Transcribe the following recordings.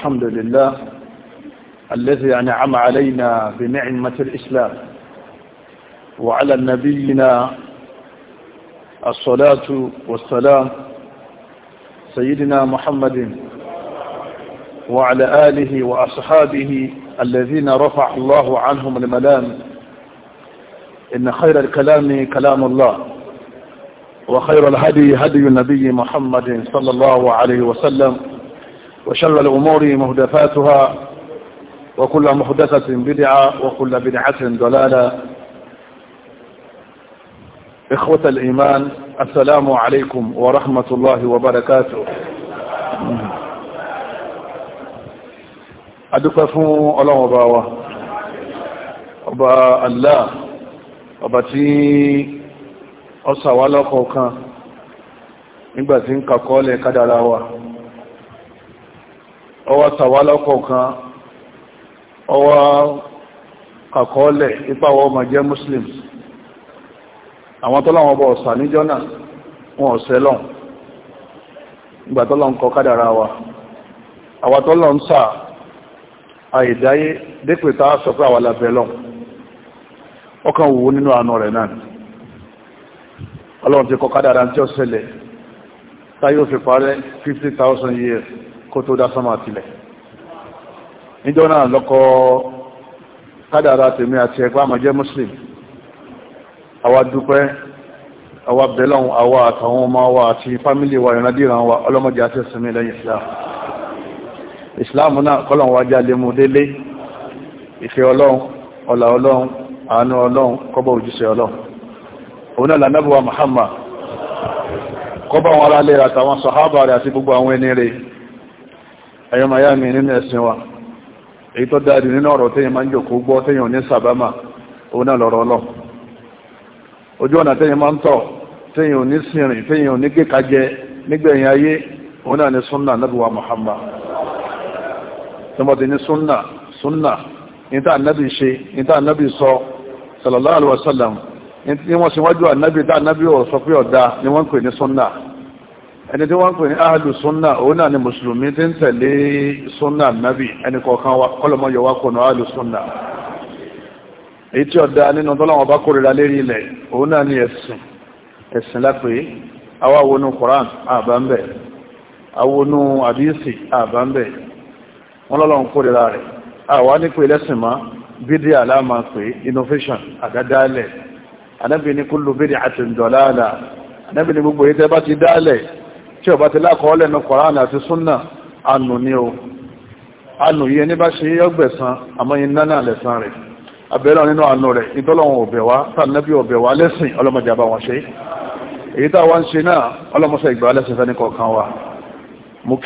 الحمد لله الذي أنعم علينا بنعمة الإسلام وعلى نبينا الصلاة والسلام سيدنا محمد وعلى آله وأصحابه الذين رفع الله عنهم الملام إن خير الكلام كلام الله وخير الهدي هدي النبي محمد صلى الله عليه وسلم وشر الأمور مهدفاتها وكل محدثة بدعة وكل بدعة ضلالة إخوة الإيمان السلام عليكم ورحمة الله وبركاته أدقفوا الله وباوة أبا الله أبا تي أصوى لكوكا نبا تنكا قولي كدراوة ọwọ́ sàwálọ́kọ̀ọ̀kan ọwọ́ àkọọ́lẹ̀ ipáwọ́ ọmọ jẹ́ muslims àwọn tọ́lọ́wọ́n bọ̀ ọ̀sà níjọ́ náà wọn ọ̀sẹ̀ ìgbà tọ́lọ́n kọ kádàrá wa àwọn tọ́lọ́n sà àìdáyé a sọ pé àwọn làbẹ̀ ọkàn wù nínú àánú rẹ̀ náà ọlọ́run ti kọ tí 50,000 years kó Sama dá sánmà tilẹ̀ níjọ́ náà lọ́kọ́ kádàrá tèmi àti ẹgbẹ́ àmọ́jẹ́ muslim àwa dúpẹ́ àwa bẹ̀lọ́n àwa àtàwọn ọmọ wa àti fámílì wa ìrìnàdíran wa ọlọ́mọdé àti ẹ̀sìnmí islam islam náà kọ́lọ̀n wájá lè mú délé ìfẹ́ ọlọ́run ọlá ọlọ́run àánú ọlọ́run kọ́bọ̀ òjíṣẹ́ ọlọ́run òun náà lànàbùwà muhammad kọ́bọ̀ àwọn àtàwọn rẹ̀ ẹ̀yọ́mà yá mi nínú ẹ̀sìn wa èyí tó dáadì nínú ọ̀rọ̀ tẹ́yìn máa ń jòkó gbọ́ tẹ́yìn ní sàbámà òun náà lọ́rọ̀ lọ ojú ọ̀nà tẹ́yìn máa ń tọ̀ tẹ́yìn ní sìnrìn tẹ́yìn ní kékajẹ nígbẹ̀yìn ayé òun náà ni sunna nabi wa Muhammad ní sunna sunna níta anabi ṣe níta anabi sọ sallallahu alaihi ní wọ́n sì wájú anabi tá anabi ò sọ pé ọ̀dá ni wọ́n ń pè ní sunna ẹni tí wọ́n ń pè ní ahlu sunna òun náà ni mùsùlùmí tí ń tẹ̀lé sunna nabi ẹni kọ̀ọ̀kan kọlọmọ yọwá kọ̀nà ahlu sunna èyí tí ọ̀dá nínú tọ́láwọn bá kórìíra lérí ilẹ̀ òun náà ni ẹ̀sìn ẹ̀sìn lápé awáwonú Quran àbámbẹ̀ awonú àdíyèsí àbámbẹ̀ wọ́n lọ́lọ́run kórìíra rẹ̀ àwa lẹ́sìn bídí àlámà pé innovation àgádálẹ̀ kúlù bídí gbogbo yìí tẹ́ bá ti tí ọba ti lákọọ́lẹ̀ ní Kùránì àti súnà anù ní o anù yìí ẹni bá ṣe ọgbẹ̀sán àmọ́ iná náà lẹ̀sán rẹ̀ abẹ́rẹ́ nínú àánú rẹ̀ ìtọ́lọ́wọ̀n ọ̀bẹ̀wá tàbí ọ̀bẹ̀wá lẹ́sìn ọlọ́mọdé àbáwọn ṣe èyí tá wá ń ṣe náà ọlọ́mọsẹ̀ ìgbà lẹ́sìn fẹ́ ní kọ̀ọ̀kan wa mú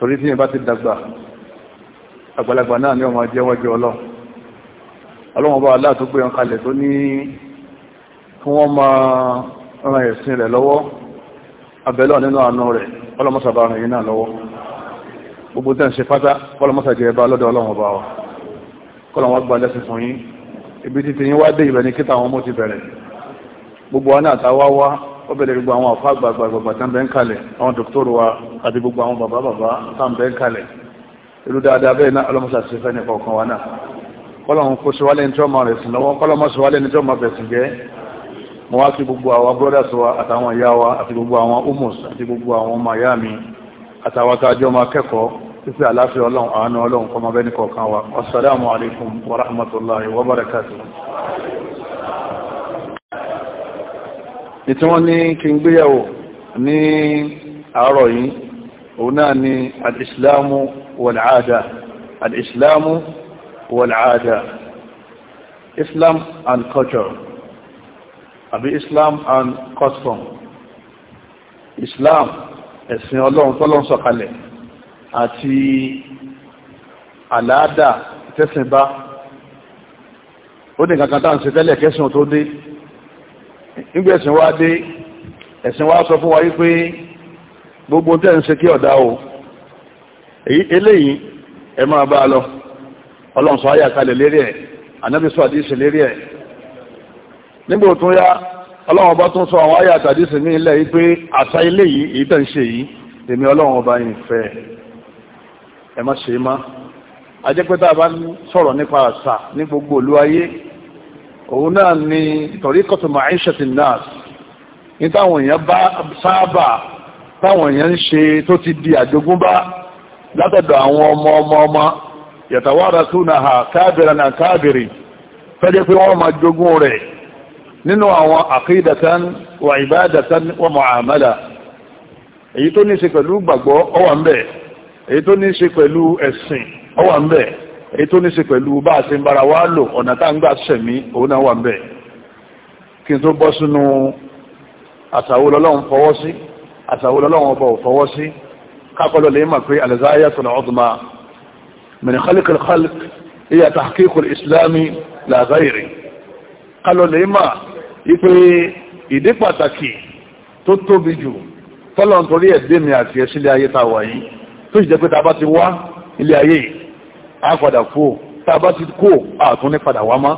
torí tí ìbá ti dàgbà àgbàlagbà náà ni ọmọ jẹ́ wọ́jọ́ ọlọ́ ọlọ́wọ́n bá aláà tó gbé wọn kalẹ̀ tó ní kí wọ́n máa ran ẹ̀sìn rẹ̀ lọ́wọ́ abẹ́lọ́ nínú àánú rẹ̀ ọlọ́mọ́sàbà rẹ̀ yìí náà lọ́wọ́ gbogbo tẹ́ ń ṣe pátá ọlọ́mọ́sàjẹ́ ẹbá lọ́dọ̀ ọlọ́wọ́n bá wa kọ́lọ̀wọ́n gba lẹ́sìn fún yín ibi títí yín wá dé ìbẹ̀ ní kíta àwọn ọmọ ti bẹ̀rẹ̀ gbogbo wa náà táwá wá ó bẹ̀rẹ̀ gbogbo àwọn àfa gbàgbàgbà tá ń bẹ́ ń kalẹ̀ àwọn dókítọ́rù wa àti gbogbo àwọn bàbá bàbá tá ń bẹ́ ń kalẹ̀ irú dáadáa bẹ́ẹ̀ náà ọlọ́mọṣà ṣe fẹ́ nípa ọkàn wa náà kọ́lọ́hún kó ṣe wálé ní tí wọ́n máa rẹ̀ sìn lọ́wọ́ kọ́lọ́mọ ṣe wálé ní tí wọ́n máa bẹ̀sìn jẹ́ mo wá sí gbogbo àwọn brothers wa àtàwọn ìyá wa àti gbogbo àwọn umus àti gbogbo àwọn ọmọ ìyá mi àtàwọn akájọ́ máa kẹ́kọ̀ọ́ títí àláfíà ọlọ́run àánú ọlọ́run kọ́mọ kọ̀ọ̀kan wa assalamu wa rahmatullahi wa barakatuh ní tí wọ́n ní kí n gbéyàwó ní àárọ̀ yìí òun náà ni al'islamu wal'ada al'islamu wal'ada islam and culture àbí islam and custom islam ẹ̀sìn ọlọ́run tọ́lọ́run sọ̀kalẹ̀ àti àlàádà tẹ́sìn bá ó ní kankan tàà ń tẹ́lẹ̀ kẹsìn tó dé nígbà ẹ̀sìn wa dé ẹ̀sìn wa sọ fún wa yí pé gbogbo tẹ́ ń se kí ọ̀dá o eléyìí ẹ máa bá a lọ ọlọ́run sọ ayé àkàlẹ̀ lérí ẹ̀ ànábì sọ àdìsí lérí ẹ̀ nígbà òtún yá ọlọ́run ọba tún sọ àwọn ayé àtàdìsí ní ilẹ̀ yìí pé àṣà eléyìí èyí tẹ́ ń ṣe yìí èmi ọlọ́run ọba yìí fẹ́ ẹ má ṣe é má ajẹ́pẹ́tà bá sọ̀rọ̀ nípa àṣà ní gbogbo olú ayé òun náà ni tọ̀ríkọ̀tù ma'ishati nas ní táwọn èèyàn bá sáábà táwọn èèyàn ń ṣe tó ti di àjogúnbá látọ̀dọ̀ àwọn ọmọ ọmọ ọmọ yàtàwárà túnà ha káàbìrì náà káàbìrì fẹ́jẹ́ pé wọ́n máa jogún rẹ̀ nínú àwọn àkídàtán wà ìbádàtán wà mu'amala èyí tó ní ṣe pẹ̀lú gbàgbọ́ ó wà ń bẹ̀ èyí tó ní ṣe pẹ̀lú ẹ̀sìn ń bẹ̀ ètò ní ṣe pẹ̀lú bá a ṣe ń bára wá lò ọ̀nà tá ń gbà sẹ̀mí òun náà wà ń bẹ̀ kí n tó bọ́ sínú àṣàwò lọ́lọ́run fọwọ́ sí àṣàwò lọ́lọ́run ọba ò fọwọ́ sí kákọ́lọ́ lè àti ẹ̀sílẹ̀ ayé ta wà yìí tó sì jẹ́ pé ta bá ti wá ilé ayé yìí á padà fò tá a bá ti kó àtún ní padà wá má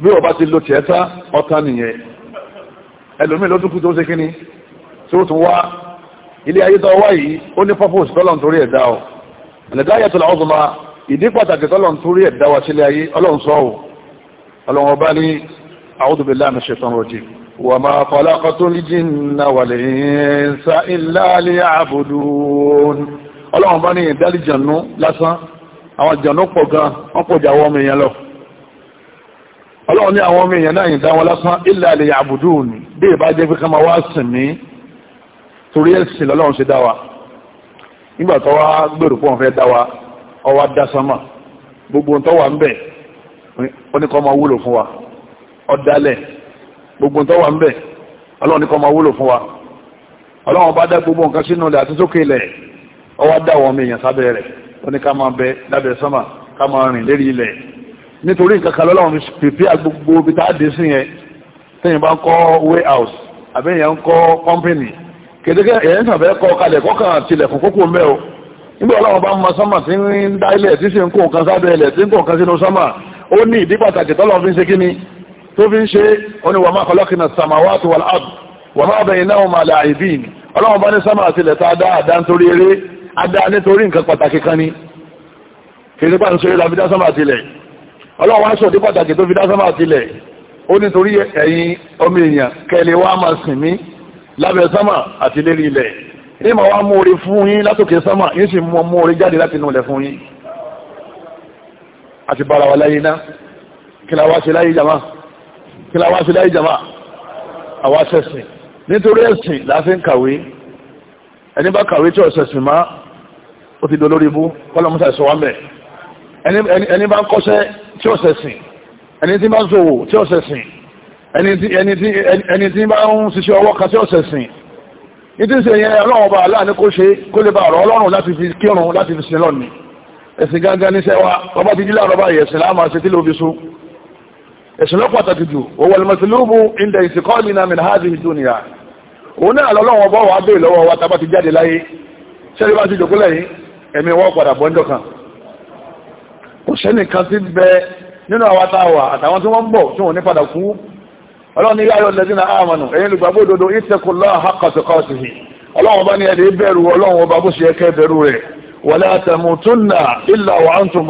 bí ọba ti lo tiẹ̀ tá ọ̀tá nìyẹn ẹlòmíì ló dúkú tó ṣe kíni tí ó tún wá ilé ayé tó wá yìí ó ní purpose tọ́lọ̀ nítorí ẹ̀dá o ẹ̀dá yàtọ̀ làwọn ọ̀gbọ̀n ìdí pàtàkì tọ́lọ̀ nítorí ẹ̀dá wa sílé ayé ọlọ́run sọ ọ́ ọlọ́run ọba ní a'udhu billahi minash shaitanir rajim wa ma khalaqtul jinna wal insa illa liya'budun ọlọ́run bá ní ìdárí jànú lásán àwọn jànú pọ̀ gan wọ́n pọ̀ jà wọ́n èèyàn lọ ọlọ́run ní àwọn ọmọ èèyàn náà yìí dá wọn lásán illa liya'budun bí ìbá jẹ́ pé ká máa wá sìn mí torí ẹ̀sìn lọ́lọ́run ṣe dá wa nígbà tó wá gbèrò pọ̀ fẹ́ dá wa ọwá dá sánmà gbogbo tó wà ń bẹ̀ ó ní kó máa wúlò fún wa ọ̀dálẹ̀ gbogbo tó wà ń bẹ̀ ọlọ́run ní kó máa wúlò fún wa ọlọ́run bá dá gbogbo nǹkan sínú ilẹ̀ àti sókè ilẹ̀ ọwọ́ dá àwọn ọmọ èèyàn sábẹ́ rẹ̀ ó ní ká máa bẹ lábẹ́ sọ́mà ká máa rìn lérí ilẹ̀ nítorí nǹkan kan lọ́lọ́run pèpè àgbogbo ibi tá a dé sí yẹn tẹ́yìn bá ń kọ́ way house àbẹ́yẹn ń kọ́ company kèdèkè èyàn sàn fẹ́ kọ́ kalẹ̀ kọ́kàn tilẹ̀kùn kókó mẹ́ o nígbà ọlọ́run bá ń ma sọ́mà tí ń dá ilẹ̀ tí sì ń kó nǹkan sábẹ́ ilẹ̀ tí ń kó nǹkan sínú sọ́mà ó ní ìdí pàtàkì tọ́lọ́ fi ń ṣe kí tó fi ń ṣe ó ní wàmá kọlọ́kìnà sàmáwá tó wà láàbù wàmá bẹ̀yìn náà mà láàbì ọlọ́run bá ní sọ́mà àti tá a dá àdá nítorí eré adá nítorí nǹkan pàtàkì kan ní kìí pàtàkì sórí la fi dá sánmà sílẹ̀ ọlọ́run wá sọ̀dí pàtàkì tó fi dá sánmà sílẹ̀ ó nítorí ẹ̀yin ọmọ èèyàn kẹlẹ̀ wá máa sìn mí lábẹ́ sánmà àti lérí ilẹ̀ ní ma wá mú orí fún yín látòkè sánmà yín sì mú mú orí jáde láti inú fún yín àti bára wa láyé náà kí la wá sí láyé jama kí la nítorí ẹ̀sìn la ń kàwé ẹni bá kàwé tí ọ̀sẹ̀sìn máa ó ti dolórí ibú kọ́lọ́mùsà ìṣòwò àmì ẹni bá ń kọ́ṣẹ́ tí ó ṣẹ̀sìn ẹni tí bá ń ṣòwò tí ó ṣẹ̀sìn ẹni tí bá ń ṣiṣẹ́ ọwọ́ kan tí ó ṣẹ̀sìn ní tí ń ṣe yẹn ọlọ́run ọba aláàánú kó ṣe kó lè ba ọ̀rọ̀ ọlọ́run láti fi kírun láti fi sin lọ́ni ẹ̀sìn gángan níṣẹ́ wa ọba ti dílé àrọ́bá ẹ̀sìn láàmà ṣe tí ló fi sún ẹ̀sìn lọ́ pàtàkì jù òwò ẹ̀lẹ́mọ̀tìlúbù ilẹ̀ ìsìnkọ́ọ̀lì náà mìíràn hajj ìdúnìyà òun náà lọ́lọ́run ọba wà á bèè lọ́wọ́ wa tá a bá ti jáde láyé ṣẹ́ni bá ẹ̀mí wọ́n padà bọ́ńdọ̀ kan kò sẹ́nìkan ti bẹ nínú àwọn táwà àtàwọn tí wọ́n ń bọ̀ tí wọ́n ní padà kú ọlọ́run ní yáyọ lẹ́sìn náà àmànù ẹ̀yin olùgbàgbọ́ òdodo ìtẹ̀kùnlá ọlọ́run ọba ní ẹ̀dẹ̀ ìbẹ̀rù ọlọ́run ọba bó ṣe ẹ̀kẹ́ bẹ̀rù rẹ̀ wala tamutunna illa wa antum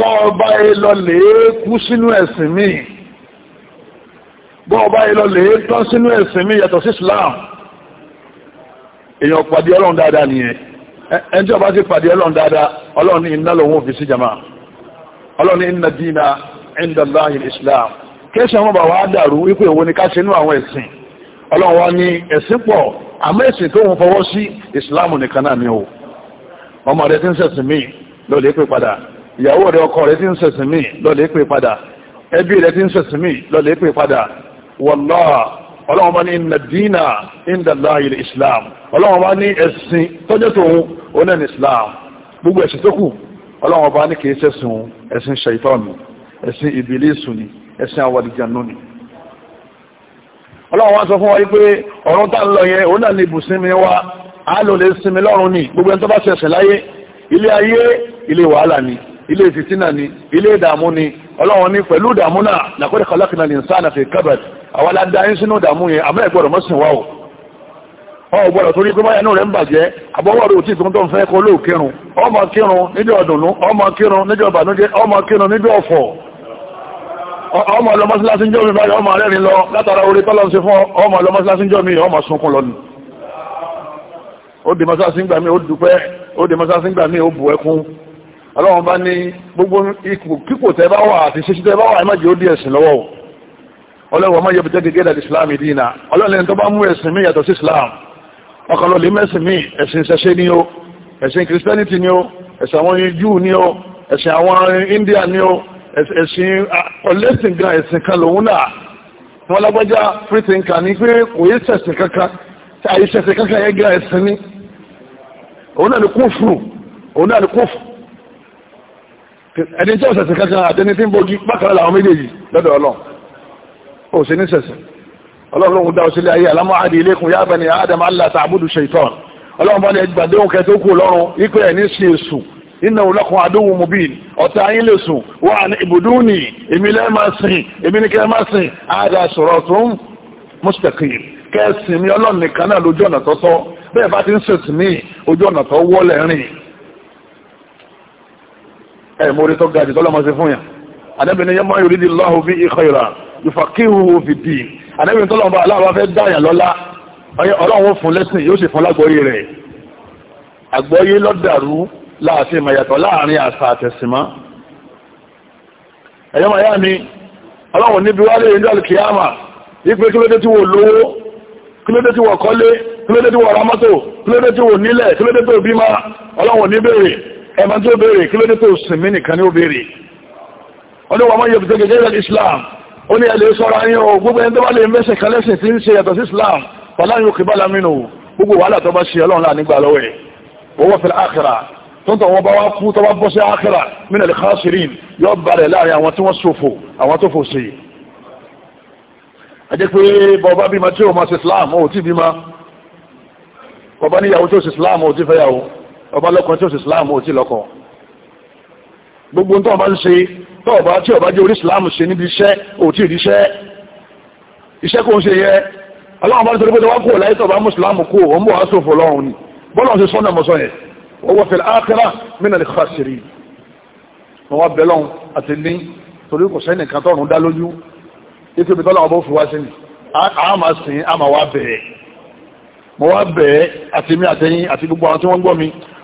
tọ́ ọba ìlọlẹ̀ kú sínú ẹ̀sìn mi bọ́ ọba ìlọlẹ̀ tọ́ sínú ẹ̀sìn mi yàtọ̀ sí Islam èyàn pàdé ọlọ́run dáadáa nìyẹn tí ọba ti pàdé ọlọ́run dáadáa ọlọ́run iná lòun sí jama ọlọ́run Islam kẹ́sì dàrú wípé òun ni ká ṣe àwọn ẹ̀sìn ọlọ́run ní ẹ̀sìn pọ̀ àmọ́ Islam nìkan náà o ọmọ rẹ ti ń míì ìyàwó rẹ̀ ọkọ rẹ̀ tí ń ṣẹ̀sìn mí lọ́lẹ̀ pè padà ẹbí rẹ̀ tí ń ṣẹ̀sìn mí lọ́lẹ̀ pè padà wọ́lá ọlọ́wọ́n bá ní nàdínà ìndàlá ilẹ̀ islam ọlọ́wọ́n bá ní ẹ̀sìn tọ́jọ́ tóun onáni islam gbogbo ẹ̀sìn tó kù ọlọ́wọ́n bá ní kìí ṣẹ̀sìn ẹ̀sìn ṣaitọ́nù ẹ̀sìn ìbílísù ni ẹ̀sìn àwàdìjànú ni ọlọ́wọ́n wá ilé ayé ilé wàhálà ni ilé ìfìtínà ni ilé ìdààmú ni ọlọ́run ní pẹ̀lú ìdààmú náà làkọ́dẹ̀ kọlọ́kìnà ní sáànà fi kábàdì àwọn aládáyín sínú ìdààmú yẹn àmọ́ ẹ̀gbọ́dọ̀ mọ́sìn wá o ọ gbọ́dọ̀ torí pé báyà náà rẹ̀ ń bàjẹ́ àbọ̀wọ́ rẹ̀ òtí ìfún tó ń fẹ́ kó lóò kírun ọmọ kírun níjọ́ ọ̀dùnnú ọmọ kírun níjọ́ ìbànújẹ́ ọmọ kírun níjọ́ ọ̀fọ̀ ọmọ lọ mọ́síláṣí ń jọ́ mi báyìí ọmọ rẹ̀ mi lọ látara orí tọ́lọ́ ń fún ọmọ lọ mọ́síláṣí ń jọ́ mi ọmọ sunkún lọ ni ó di mọ́síláṣí ń gbà mí ó dúpẹ́ ó di mọ́síláṣí ń gbà mí ó bù ẹkún ọlọ́run bá ní gbogbo kíkò tẹ́ bá wà àti ṣíṣí tẹ́ bá wà ẹmọ́jì ó dí ẹ̀sìn lọ́wọ́ ọlọ́run ọmọ yẹ gẹ́gẹ́ dàdí islam ìdínà ọlọ́run lẹ́yìn tó bá mú ẹ̀sìn mí yàtọ̀ sí islam ọkàn lọ lè mẹ́sìn mí ẹ̀sìn ṣẹṣẹ́ ni ó ẹ̀sìn christianity India ni ó ẹ̀sìn ọlẹ́sìn gan ẹ̀sìn kan lòun náà wọn lágbájá free thinker ni pé kò yé sẹ̀sìn kankan ẹni tí ọ̀sẹ̀sẹ̀ kankan àtẹni tí ń bogi bákan láwọn méjèèjì lọ́dọ̀ ọlọ́run ó sì ní sẹ̀sẹ̀ ọlọ́run dá òsílẹ̀ ayé alámọ́ àdì ilékun yá bẹni adam allah ta'budu shaitan ọlọ́run bá ní ẹgbàdéhùn kẹtó kú lọ́run ipe ẹ̀ ní sí èsù iná olókun adóhùn mubin ọ̀tá yín lè sùn wà ní ibùdó nì èmi lẹ́ máa sìn èmi ní kẹ́ máa sìn àdà siratun mustaqim kẹ́sìn mi ọlọ́run ẹ̀ mórí tó ga jùlọ lọ́mọ sí fún yàn anábì ní yamma yorùdí lọ́hù bí khayra yufaqihuhu fi din anábì tó lọ́mọ aláwọ̀ fẹ́ dáyàn lọ́lá ọlọ́run fún lẹ́sìn yóò sì fún lágbọ́yé rẹ̀ àgbọ́yé lọ́dàrú láàfin ìmọ̀yàtọ̀ láàrin àṣà àtẹ̀sìmọ́ ẹ̀yọ́ màá yá mi ọlọ́run níbi wálé ìjọ alìkìyàmà wípé kílódé tí wò lówó kílódé tí wò kọ́lé kílódé tí wò ra mọ́tò kílódé tí wò nílẹ̀ kílódé tí wò bímọ ọlọ́run níbèrè ẹ̀mà tí ó béèrè kí ló ní tó sìn mí nìkan ní ó béèrè ó ní wà máa yẹ fi tẹ́gẹ̀ gẹ́gẹ́ islam ó ní ẹ̀lẹ́ sọ́ra ní o gbogbo ẹni tó bá lè mẹ́sẹ̀ kan lẹ́sìn tí ń ṣe yàtọ̀ sí islam fàlàyé òkè bá lámínú gbogbo wàhálà tó bá ṣe ọlọ́run láà nígbà lọ́wọ́ ẹ̀ owó fẹ́ àkàrà tó ń tọ̀ ọba lọ́kàn tí ó sì islam ò tí lọ́kàn gbogbo tó ọba ń ṣe tó ọba tí ọba jẹ́ orí islam ṣe níbi iṣẹ́ ò tí ìdíṣẹ́ iṣẹ́ kò ń ṣe yẹ aláwọn bá ń torí pé wọ́n láyé tó ọba muslim kò ó ń bọ̀ wá sófò lọ́hùn ni bọ́lá ṣe sọ́nà mọ́sọ́ yẹn wọ́n wọ́n fẹ̀lẹ̀ ákẹ́rà mínà lè kà sí rí wọ́n wá bẹ̀ lọ́hùn àti ní torí kò sẹ́ni kan tọ́run dá lójú ètò ìbí tọ́lá ọba ó fi wá sí ni a máa sìn a máa wá bẹ̀ẹ́ mo wá bẹ̀ẹ́ àti mi àtẹ̀yìn àti gbogbo àwọn tí wọ́n gbọ́ mi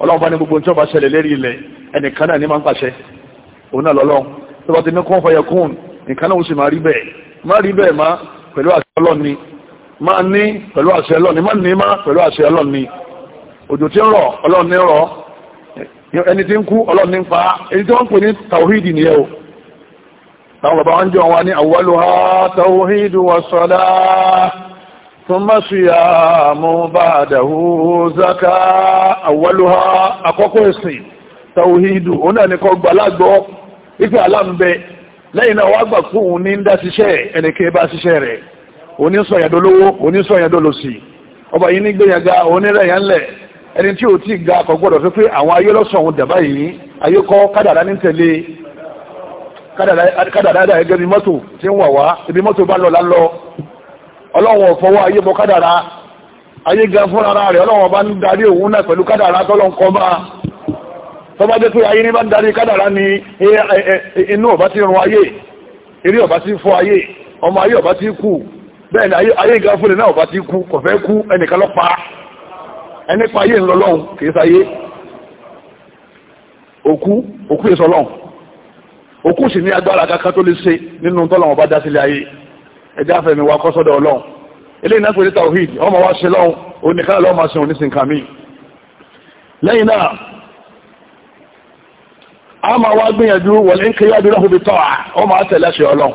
ọlọ́run bá ní gbogbo tí ó bá ṣẹlẹ̀ lérí ilẹ̀ ẹnìkan náà ní máa ń pàṣẹ òun náà lọ́lọ́run tó bá ti ní kún fọyẹ kún nìkan náà ó sì máa rí bẹ́ẹ̀ má rí bẹ́ẹ̀ má pẹ̀lú àṣẹ ọlọ́ni má ní pẹ̀lú àṣẹ ọlọ́ni má ní má pẹ̀lú àṣẹ ọlọ́ni òjò tí ń rọ̀ ọlọ́ni rọ̀ ẹni tí ń kú ọlọ́ni ń pa èyí tí wọ́n ń pè ní tàwíìdì nìyẹn o táwọn bàbá wọn jọ wọn ní àwọlùhà tàwíìdì wà sọ́dáà ثم صيام بعده زكاة أولها àkọ́kọ́ ẹ̀sìn tawhidu ọ̀nà ni kó gbalagbo ife alambe lẹ́yìn náà wá gbà fún ní ń dá síṣẹ́ ẹnìké bá síṣẹ́ rẹ̀ onísọ̀yàdólówó onísọ̀yàdólòsì ọba yìí ní gbéyànga onírẹ̀yànlẹ̀ ẹni tí ò ga kò gbọ́dọ̀ fi pé àwọn ayé lọ́sàn òun dàbá yìí ayé kọ́ kádàrá ní tẹ̀lé kádàrá gẹ́gẹ́ lọ ọlọ́wọ̀n fọwọ́ ayé bọ kádàrá ayé gan fún ara rẹ̀ ọlọ́wọ̀n bá ń darí òun náà pẹ̀lú kádàrá tọ́lọ́n kọ jẹ́ pé ayé ní bá ń darí kádàrá ni inú ọ̀bá ti rún ayé eré ọ̀bá ti fọ́ ayé ọmọ ayé ọ̀bá ti kú bẹ́ẹ̀ ni ayé gan fún náà ọ̀bá ti kú kò fẹ́ kú ẹnìkan lọ pa ẹni pa ayé ńlọlọ́hun kìí sáyé òkú òkú èso ọlọ́hun òkú sì ní agbára kankan tó lè ṣe nínú tọ́lọ́wọ̀n bá dá sílé ayé ẹjẹ́ àfẹ́mi wa kọ́sọ́dọ̀ ọlọ́run eléyìí náà pèlè tawhid ọmọ wa ṣe lọ́hun oníkà lọ́wọ́ máa ṣe òní sin kàmí lẹ́yìn náà a máa wá gbìyànjú wọlé ń kéyà dúró fún bitọ́ ọmọ àtẹ̀lé ṣe ọlọ́run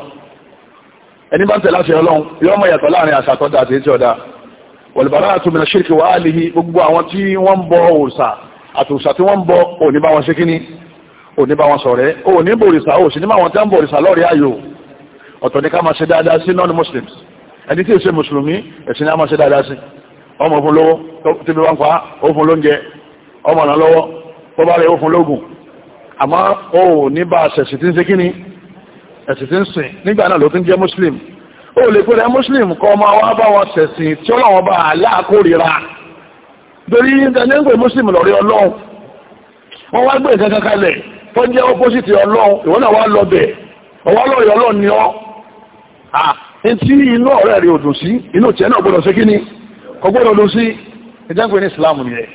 ẹni bá ń tẹ̀lé ṣe ọlọ́run yóò mọ̀ yàtọ̀ láàrin àṣà tọ́da àti etí ọ̀dà wọ̀lùbárà àtúmìnà ṣírkì wà á lèyí gbogbo àwọn tí wọ́n ń bọ ọ̀tọ̀ ní ká máa ṣe dáadáa sí non-muslims ẹni tí ì ṣe mùsùlùmí ẹ̀sìn ní a máa ṣe dáadáa sí ọmọ òfin lówó tí bí wọ́n fa òfin lóúnjẹ ọmọ ọ̀nà lọ́wọ́ tó bá rẹ̀ òfin lóògùn àmọ́ ó ní bá ṣẹ̀sì tí ń ṣe kí ni ẹ̀sì tí ń sìn nígbà náà ló ti ń jẹ́ muslim ó lè pé rẹ̀ muslim kọ́ ọmọ wa bá wọn ṣẹ̀sìn tí ọlọ́wọ́n bá aláàkórira torí ẹni pé muslim lọ́rí ọlọ́run wọ́n wá gbé nǹkan kankan lẹ̀ tó jẹ́ opposite ọlọ́run ìwọ́n náà wá lọ bẹ̀ ọwọ́ lọ́rí ọlọ́run ni ọ́ Ah, tí inú ọ̀rẹ́ rẹ̀ ò dùn sí inú tiẹ̀ náà gbọ́dọ̀ sí kí ni kò gbọ́dọ̀ dùn sí ìjẹ́gbẹ̀ ní Islam nìyẹn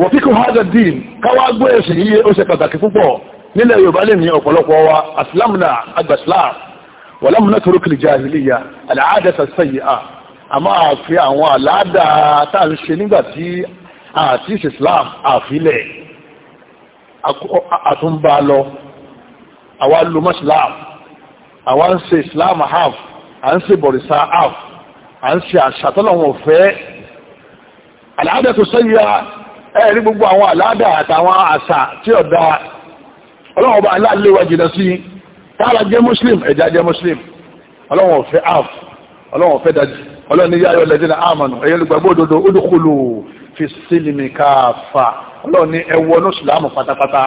wọ̀fíkù hajj dín káwá gbọ́ ẹ̀sìn yíye ó ṣe pàtàkì púpọ̀ nílẹ̀ Yorùbá lè ní ọ̀pọ̀lọpọ̀ wa Islam náà àgbà Islam wà lámùná tó rókìlì jahiliya àlàáda sàṣẹyì à a máa fi àwọn àlàáda tá à ń ṣe nígbà tí àti Islam àfilẹ̀ àtúnbá lọ àwa lu mọ́ Islam àwa ń ṣe islam half à ń ṣe bọ̀rìṣà half à ń ṣe àṣà tọ́lọ́wọ̀n fẹ́ àlàádà tó sẹ́yà ẹ̀rí gbogbo àwọn àlàádà àtàwọn àṣà tí ọ̀dà ọlọ́wọ̀n bá aláàléwà jìnà sí tààrà jẹ́ muslim ẹ̀já jẹ́ muslim ọlọ́wọ̀n fẹ́ half ọlọ́wọ̀n fẹ́ dájú ọlọ́ni yáyọ lẹ́dínà àmànù ẹ̀yẹ olùgbàgbọ́ òdodo olùkúlù fi sílìmì káàfà ọlọ́ni ẹwọ́nú ìsìlámù pátápátá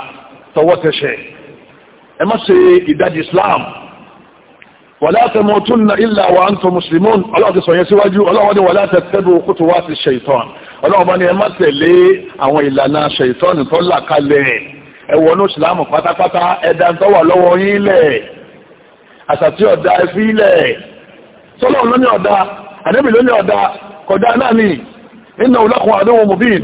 tọwọ́ tẹsẹ̀ ẹ má ṣe ìdajì Islam wàlá tamutunna illa wa antum muslimun ọlọ́run ti sọ yẹn síwájú ọlọ́run ni wàlá tattabi'u khutuwati shaytan ọlọ́run bá ní ẹ má tẹ̀lé àwọn ìlànà shaytan tó là kalẹ̀ ẹ wọnú ìsìlámù pátápátá ẹ̀dá tó wà lọ́wọ́ yín lẹ̀ àṣàtì ọ̀dà ẹ̀fí lẹ̀ sọlọ́run ló ní ọ̀dà àdébì ló ní ọ̀dà kọ̀dà náà ni innahu lakum aduwwun mubin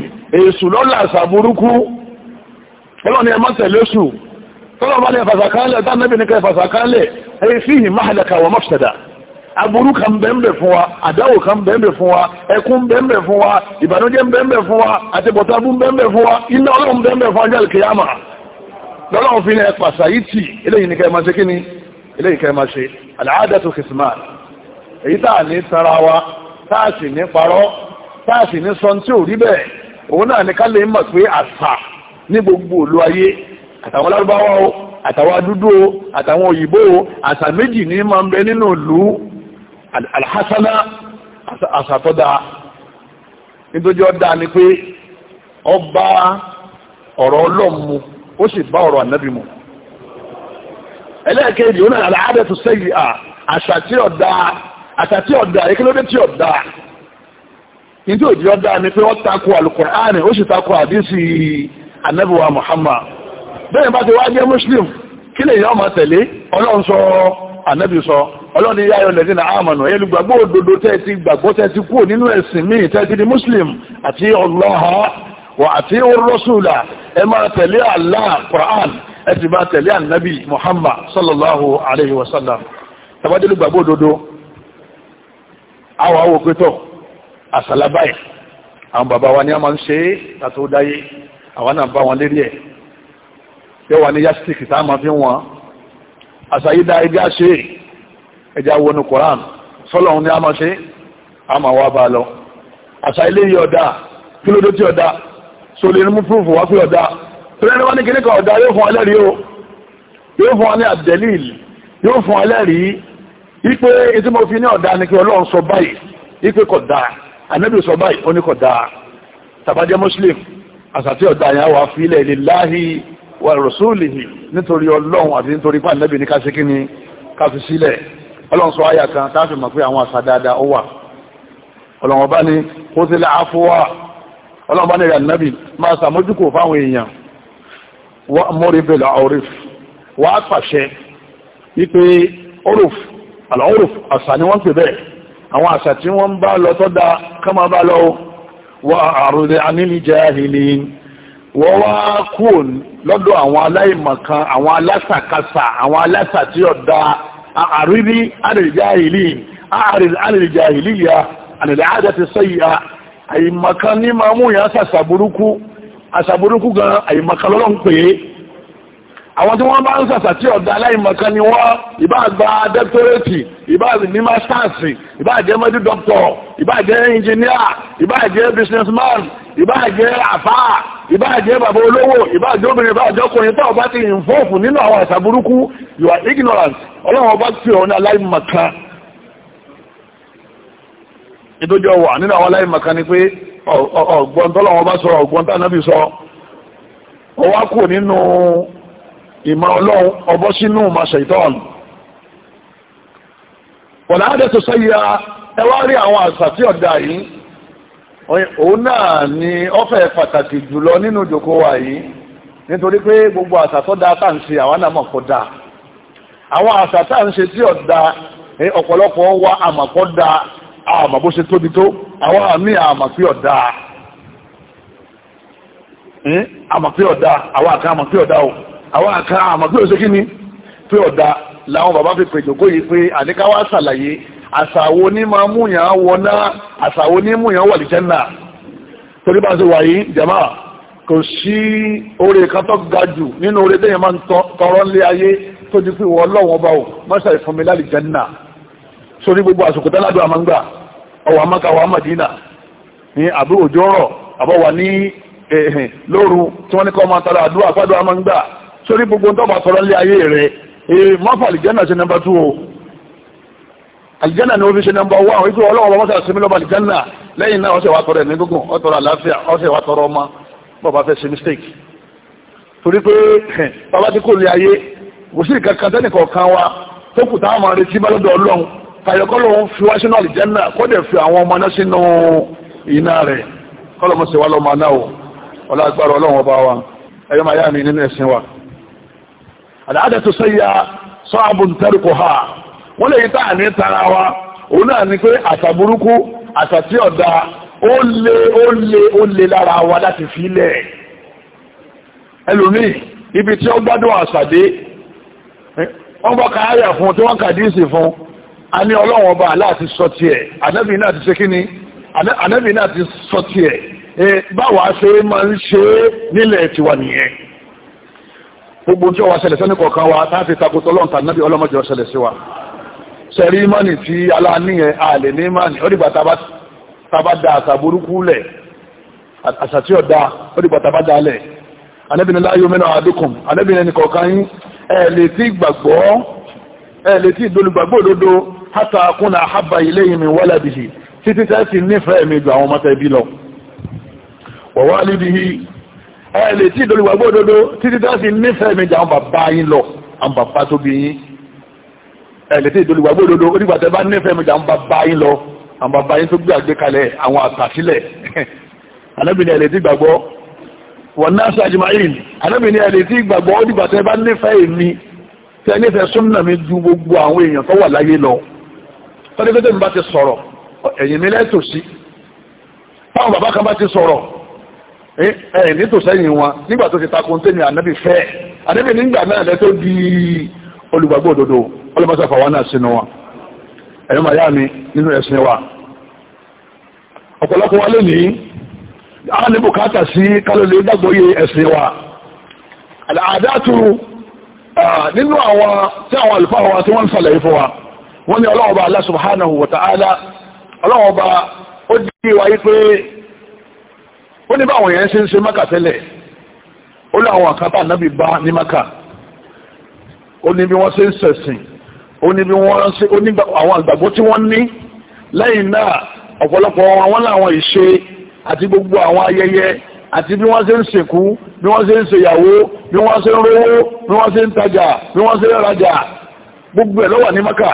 ẹ̀yìn fíhì máhàlẹ̀kà wà mọ́fṣẹ̀dà aburú kan bẹ́ẹ̀mbẹ̀ fún wa àdáwò kan bẹ́ẹ̀mbẹ̀ fún wa ẹkún bẹ́ẹ̀mbẹ̀ fún wa ìbànújẹ́ bẹ́ẹ̀mbẹ̀ fún wa àtẹ̀bọ̀tabú bẹ́ẹ̀mbẹ̀ fún wa iná ọlọ́run bẹ́ẹ̀mbẹ̀ fún ajá ìkẹyàmà lọ́lọ́run fi ní ẹ pàṣà yìí tì eléyìí ní kẹ́ máa ṣe kí ni àtàwọn dúdú o àtàwọn òyìnbó àṣà méjì ní máa ń bẹ nínú ìlú alhassana àṣà tó dáa nítorí ọ̀dà ni pé ọba ọ̀rọ̀ ọlọ́mu ó sì bá ọ̀rọ̀ ànábì mu ẹlẹ́ẹ̀kejì ó náà àlàáda tó sẹ́yìn à àṣà tí ọ̀dà àṣà tí ọ̀dà ìkílódé tí ọ̀dà nítorí ọ̀dà ni pé ó takò alukur'ani ó sì takò àdísì ànábì wa muhammad bẹ́ẹ̀ bá ti wá jẹ́ muslim kí lè yọ́ máa tẹ̀lé ọlọ́run sọ ànábì sọ ọlọ́run ní yáyọ lẹ́dí na àmànù ẹ̀yẹ́ lùgbàgbọ́ òdodo tẹ́ ti gbàgbọ́ tẹ́ ti kúrò nínú ẹ̀sìn míì tẹ́ ti di muslim àti ọlọ́ha wà àti rọ́ṣùlà ẹ máa tẹ̀lé Allah Quran ẹ ti máa tẹ̀lé ànábì Muhammad sallallahu alayhi wa sallam àwọn náà bá wọn lérí ẹ̀ yóò wà ní yastik tá a máa fi wọn àṣàyídá ẹgbẹ́ àṣẹ ẹja wọnú koran sọlọ́run ní a máa ṣe a máa wá bá a lọ àṣà ilé yìí ọ̀dà kí ló dé tí ọ̀dà so lè mú púrúfù wá pé ọ̀dà tó lẹ́nu wá ní kíní kan ọ̀dà yóò fún ẹlẹ́rìí o yóò fún alẹ́ àdẹ́lìl yóò fún ẹlẹ́rìí ipe etí mo fi ní ọ̀dà ni kí ọlọ́run sọ báyìí ipe kò dáa ànábì sọ báyìí ó ní kò dáa tàbájẹ́ wà rọ̀súlìhì nítorí ọlọ́run àti nítorí pàdé lẹ́bìn ní káṣí kí ni káṣí sílẹ̀ ọlọ́run sọ àyà kan táàfi mọ̀ pé àwọn àṣà dáadáa ó wà ọlọ́run ọba ní kó sí lẹ́ àfọwà ọlọ́run ọba ní ìrìn ànábì máa ṣàmójúkò fáwọn èèyàn wọ́n mọ́rí bẹ̀lẹ̀ á pàṣẹ wípé wọ́n wá kúrò lọ́dọ̀ àwọn aláìmọ̀kan àwọn alásàkásà àwọn alásà tí ó da àrírí ya, àrìjáìlìyà àrìjáìlìyà ti sọ́yìá àìmọ̀kan ní máa mú yàn sàṣàbúrúkú àṣàbúrúkú gan àìmọ̀kan lọ́lọ́ ń pè é àwọn tí wọ́n bá ń sàṣà tí ọ̀dà aláìmọ̀kan ni wọ́n ìbá gba dẹ́kítọ́rẹ́tì ìbá ní mástáàsì ìbá jẹ́ mẹ́dí dọ́kítọ̀ ìbá jẹ́ ẹnjìníà ìbá jẹ́ bísínẹ́sìmán ìbá jẹ́ àfáà ìbáàjẹ́ bàbá olówó ìbáàjẹ́ obìnrin ìbáàjẹ́ ọkùnrin tó ọba ti ìfọ́ọ̀fù nínú àwọn àṣà burúkú you are ignorant ọlọ́run ọba fi ọ̀nà aláìmọ̀ká ìdójọ́ wà nínú àwọn aláìmọ̀ká ni pé ọ̀gbọ́n tọ́lọ́run ọba sọ ọ̀gbọ́n tánàbí sọ ọwá kù nínú ìmọ̀ ọlọ́run ọbọ́ sínú ìmọ̀ ṣèitọ́n wọ̀nà àdẹ́sọ̀sọ́ yìí ẹwà rí àwọn àṣà tí ọ̀dà yìí òun náà ni ọ̀fẹ́ pàtàkì jùlọ nínú ìjókòó wa yìí nítorí pé gbogbo àṣà tó dáa tá à ń ṣe àwọn náà mọ̀ kó àwọn àṣà tá à ń ṣe tí ò dáa ọ̀pọ̀lọpọ̀ wa àmọ̀ kó bó ṣe tóbi tó àwọn àmì pé ò pé ò àwọn àká pé ò o àwọn àṣàwo ní máa múyàn wọná àṣàwo ní múyàn wà lìjẹ́ náà torí bá ṣe wà yìí jàmá kò sí oore kan tó ga jù nínú oore téèyàn máa ń tọrọ nílé ayé tó ti fi wọ ọlọ́wọ́n ọba o mọ́ṣá ìfúnmi lálìjẹ́ náà sórí gbogbo àsìkò tẹ́ládùn àmàǹgbà ọwọ́ amáka ọwọ́ amadina ní àbí òjò rọ̀ àbọ̀wà ní lóru tí wọ́n ní kọ́ máa tọrọ àdúrà àpádùn àmàǹgbà sórí gbogbo ń tọ́ alijanna ni o fi ṣe namba wa o ibi ọlọ́wọ́ bá wọ́n sà sinmi lọ́ba alijanna lẹ́yìn náà ọ̀sẹ̀ wa tọrọ ẹ̀mí gígùn ọ̀tọ̀rọ àlàáfíà ọ̀sẹ̀ wa tọrọ ọmọ bàbá fẹ́ ṣe mistake torí pé Baba tí kò lè ayé kò sí ìkankan tẹ́nìkan kan wa tó kù táwọn máa retí bá lọ́dọ̀ ọlọ́run tàyẹ̀kọ́ lòun fi wá sínú alijanna kó dẹ̀ fi àwọn ọmọ náà sínú iná rẹ̀ kọ́ lọ́mọ sì wá lọ́mọ náà o ọlá agbára ọlọ́run ọba wa ẹ̀yọ́ máa yá mi nínú ẹ̀sìn wa àdáadẹ́ tó sẹ́yà sọ́ àbùntẹ́rù kò wọ́n lè yí tá à ní tara wa òun náà ni pé àṣà burúkú àṣà tí ọ̀dà ó lé ó lé ó lé lára wa láti filẹ̀ ẹlòmíì ibi tí ó gbádùn àṣàdé wọ́n bá ka fún tí wọ́n kà díìsì fún a ní ọlọ́wọ́n ọba aláàtí sọ tiẹ̀ ànábì náà ti ṣe kí ni ànábì náà ti sọ tiẹ̀ báwa ṣe máa ń ṣe nílẹ̀ tiwa nìyẹn gbogbo tí ó wá ṣẹlẹ̀ sẹ́ni kọ̀ọ̀kan wa táà fi takò tọ́lọ́ǹtà nábì ọlọ́mọdé ọ̀ṣẹlẹ̀ sí wa sẹ̀rí mọ́nì tí aláníyàn àlè ní mọ́nì ó dìgbà tàbá da àṣà burúkú lẹ̀ àṣà tí ó da ó dìgbà tàbá da lẹ̀ anẹ́bìnrin láyé mẹ́nà àdókùn anẹ́bìnrin ẹni kọ̀ọ̀kan yín ẹ̀ lè tí gbàgbọ́ ẹ̀ lè tí ìdólùgbàgbọ́ òdodo hátà kúnà àhábà ilé ìmì wọ́lẹ̀bìhì títí tẹ́sí nífẹ̀ẹ́ mi ju àwọn ọmọ tẹ́bí lọ wọ̀wọ́ níbihi ẹ̀ lè tí ìdólùgbàgbọ́ òdodo bàbá yín lọ àwọn bàbá tó bí yín ẹ̀lẹ́tẹ̀ ìdólùwà gbódodo onígbàtẹ́ bá nífẹ̀ẹ́ mi jà ń bá bá yín lọ àwọn bàbá yín tó gbé àgbékalẹ̀ àwọn àtàsílẹ̀ anábìnrin ẹ̀lẹ́tẹ̀ ìgbàgbọ́ wọn náà ṣe àjùmáyìn anábìnrin ẹ̀lẹ́tẹ̀ ìgbàgbọ́ onígbàtẹ́ bá nífẹ̀ẹ́ mi tẹ́ nífẹ̀ẹ́ súnmọ́ mi ju gbogbo àwọn èèyàn tó wà láyé lọ tọ́lẹ́gbẹ́tẹ́ mi bá ti sọ̀rọ̀ ẹ̀yìn mi lẹ́tòsí táwọn bàbá kan bá ti sọ̀rọ̀ ẹ̀ nítòsẹ́yìn wọn nígbà tó ti takun tẹ́mi olùgbàgbọ́ òdodo ọlọ́mọsá fàwọn náà sínú wọn ẹ̀yọ́ màá yá mi nínú ẹ̀sìn wa ọ̀pọ̀lọpọ̀ wa lónìí a ní bùkátà sí kálọ̀lẹ̀ dágbóyè ẹ̀sìn wa àdáàtú nínú àwọn tí àwọn àlùfáà wọ́n ń Allah subhanahu wa ta'ala ọlọ́wọ́ bá wa yí pé ó ní báwọn yẹn ṣe ń ṣe maka tẹ́lẹ̀ ó láwọn bí wọ́n ṣe ń ṣẹ̀sìn ó ní bí wọ́n ṣe ó ní àwọn àgbàgbọ́ tí wọ́n ní lẹ́yìn náà ọ̀pọ̀lọpọ̀ àwọn làwọn ìṣe àti gbogbo àwọn ayẹyẹ àti bí wọ́n ṣe ń sìnkú bí wọ́n ṣe ń ṣèyàwó bí wọ́n ṣe ń rówó bí wọ́n ṣe ń tajà bí wọ́n ṣe ń rajà gbogbo ẹ̀ ló ní maka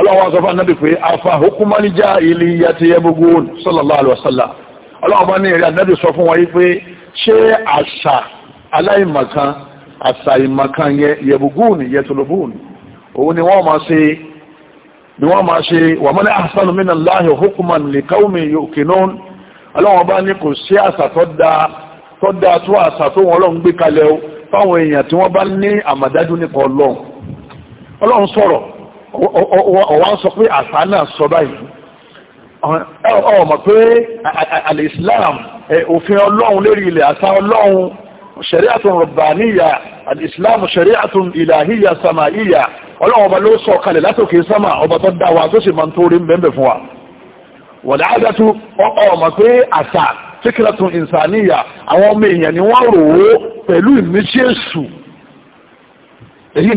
ọlọ́wọ́ sọ fún anábì pé afa hukumanija ilé iya gbogbo sallallahu alaihi wasallam ọlọ́wọ́ bá ní èrè anábì sọ fún wọn yìí pé ṣé àṣà aláìmọ̀kan yẹ yẹbùgún yẹtùlùbùn òun ni wọ́n máa ṣe ni wọ́n máa ṣe wa man ahsanu minallahi hukman liqaumin yuqinun ọlọ́wọ́n bá ní kò sí àṣà tó dáa tó dáa tó àṣà tó wọn lọ́n gbé kalẹ̀ o fáwọn èèyàn tí wọ́n bá ní àmàdájú nípa ọlọ́run ọlọ́run sọ̀rọ̀ ọ̀wá sọ pé àṣà náà sọ báyìí ọ̀mọ̀ pé al-Islam òfin ọlọ́run lérí ilẹ̀ àṣà ọlọ́run شريعة ربانية الإسلام شريعة إلهية سمائية ọlọ́wọ́ ọba ló sọ kalẹ̀ látòkè sámà ọba tó dá wa tó sì máa ń torí mẹ́mẹ́ fún wa wọ̀dá àdájú ọkọ̀ ọmọ pé àṣà tíkìlẹ̀tún ìsàníyà àwọn ọmọ èèyàn ni wọ́n rò ó pẹ̀lú ìmísíèsù èyí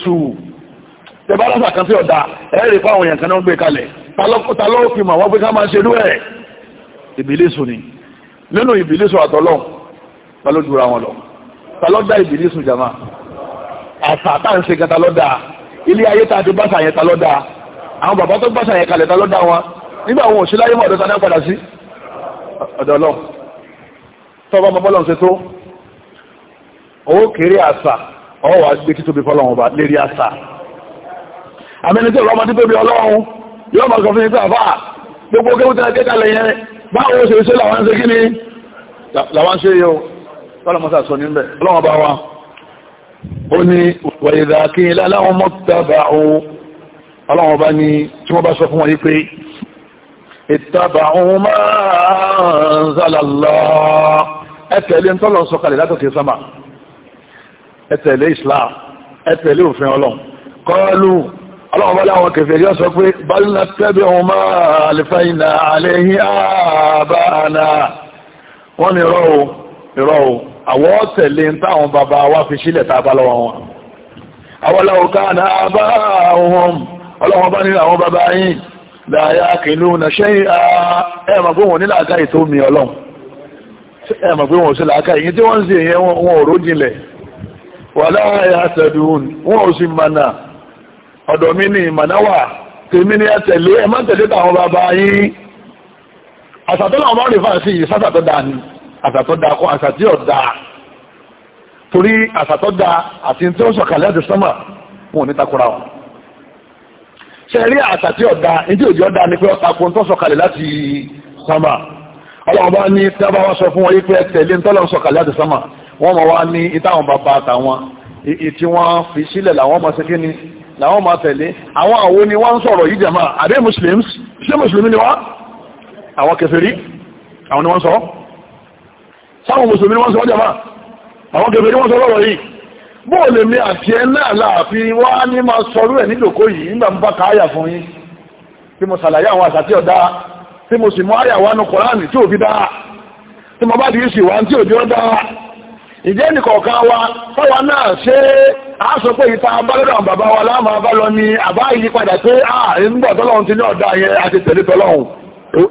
ni àwọn tẹ̀bá lásà kan sí ọ̀dà ẹ̀rì fáwọn èèyàn kan náà ń gbé kalẹ̀ ta ló fi mọ̀ wọ́n pé ká máa ṣe irú ẹ̀ ìbílísù ni nínú ìbílísù àtọ́lọ́ ta ló dúra wọn lọ ta ló dá ìbílísù jàmá àṣà tá à ń ṣe kan ta ló dá ilé ayé tá a ti báṣà yẹn ta ló dá àwọn bàbá tó báṣà yẹn kalẹ̀ ta ló dá wọn nígbà wọn ò sí láyé mọ́ ọ̀dọ́ náà padà àmẹ́ni ọlọ́mọdé tó ọlọ́run yóò mọ̀ sọ fún ìpé àfáà gbogbo kéwú tẹ́lẹ̀ kéka lè yẹn báwo ṣe ṣe làwọn ṣe kí ni làwọn ṣe yóò tọ́lọmọsà sọ níbẹ̀ ọlọ́wọ́n bá wa ó ní wàyíra kí láwọn mọ́tàbà ó ọlọ́wọ́n bá ní tí wọ́n bá sọ ọlọ́wọ́ bá láwọn kẹfẹ́ yọ́ sọ pé bálínà tẹ́bẹ̀ ohun máa àlìfàìnà àlẹ́yìn àbáàna wọ́n ni rọ́ ìrọ́ àwọ́ tẹ̀lé ń táwọn bàbá wa fi sílẹ̀ tàbá lọ́wọ́ wọn àwọ́láwọ́ káàna àbá ohun ọlọ́wọ́ bá nílò àwọn bàbá yìí dáyà kìlú ọ̀dọ̀ mi ni ìmọ̀náwà tèmi ni ẹ tẹ̀lé ẹ má tẹ̀lé tàwọn bàbá yín àṣàtọ́ làwọn bá rí sí yìí ni àṣàtọ́ da kọ́ àṣàtí ọ̀dà torí àṣàtọ́ da àti tí wọ́n sọ̀kàlẹ̀ àti sọ́mà wọn ò ní takora wọn ṣe rí àṣàtí ọ̀dà ìdí òjò ọ̀dà ni pé ọ̀takùn tó sọ̀kàlẹ̀ láti sọ́mà ọlọ́run bá ní tí a bá wá sọ fún wọn yìí pé tẹ̀lé sọ̀kàlẹ̀ àti sọ́mà wọ́n mọ̀ wá ní ìtàwọn bàbá àtàwọn ìtí wọ́n fi sílẹ̀ làwọn ọmọ sí kíni làwọn máa tẹ̀lé àwọn àwo ni wọ́n ń sọ̀rọ̀ yìí jàmá àdé muslims ṣé musulmi ni wá àwọn kèfèrí àwọn ni wọ́n sọ sáwọn musulmi ni wọ́n sọ jàmá àwọn kèfèrí wọ́n sọ lọ́rọ̀ yìí bóò lè mi àti ẹ náà láàfin wá ní máa sọrú ẹ̀ nílòkó yìí nígbà ń bá káyà fún yín tí mo ṣàlàyé àwọn àṣà tí ọ̀dá tí mo sì mú àyà wá nu tí ò fi dáa tí mo bá di ìṣìwà tí ò di ọ́ dáa ìjẹ́ nìkọ̀ọ̀kan wa fọ́wà náà ṣe a sọ pé ìta abálọ́dọ̀ bàbá wa láàmà abálọ́ ni àbá padà pé a ń tọ́lọ́run ti ní ọ̀dá yẹn àti tẹ̀lé tọ́lọ́run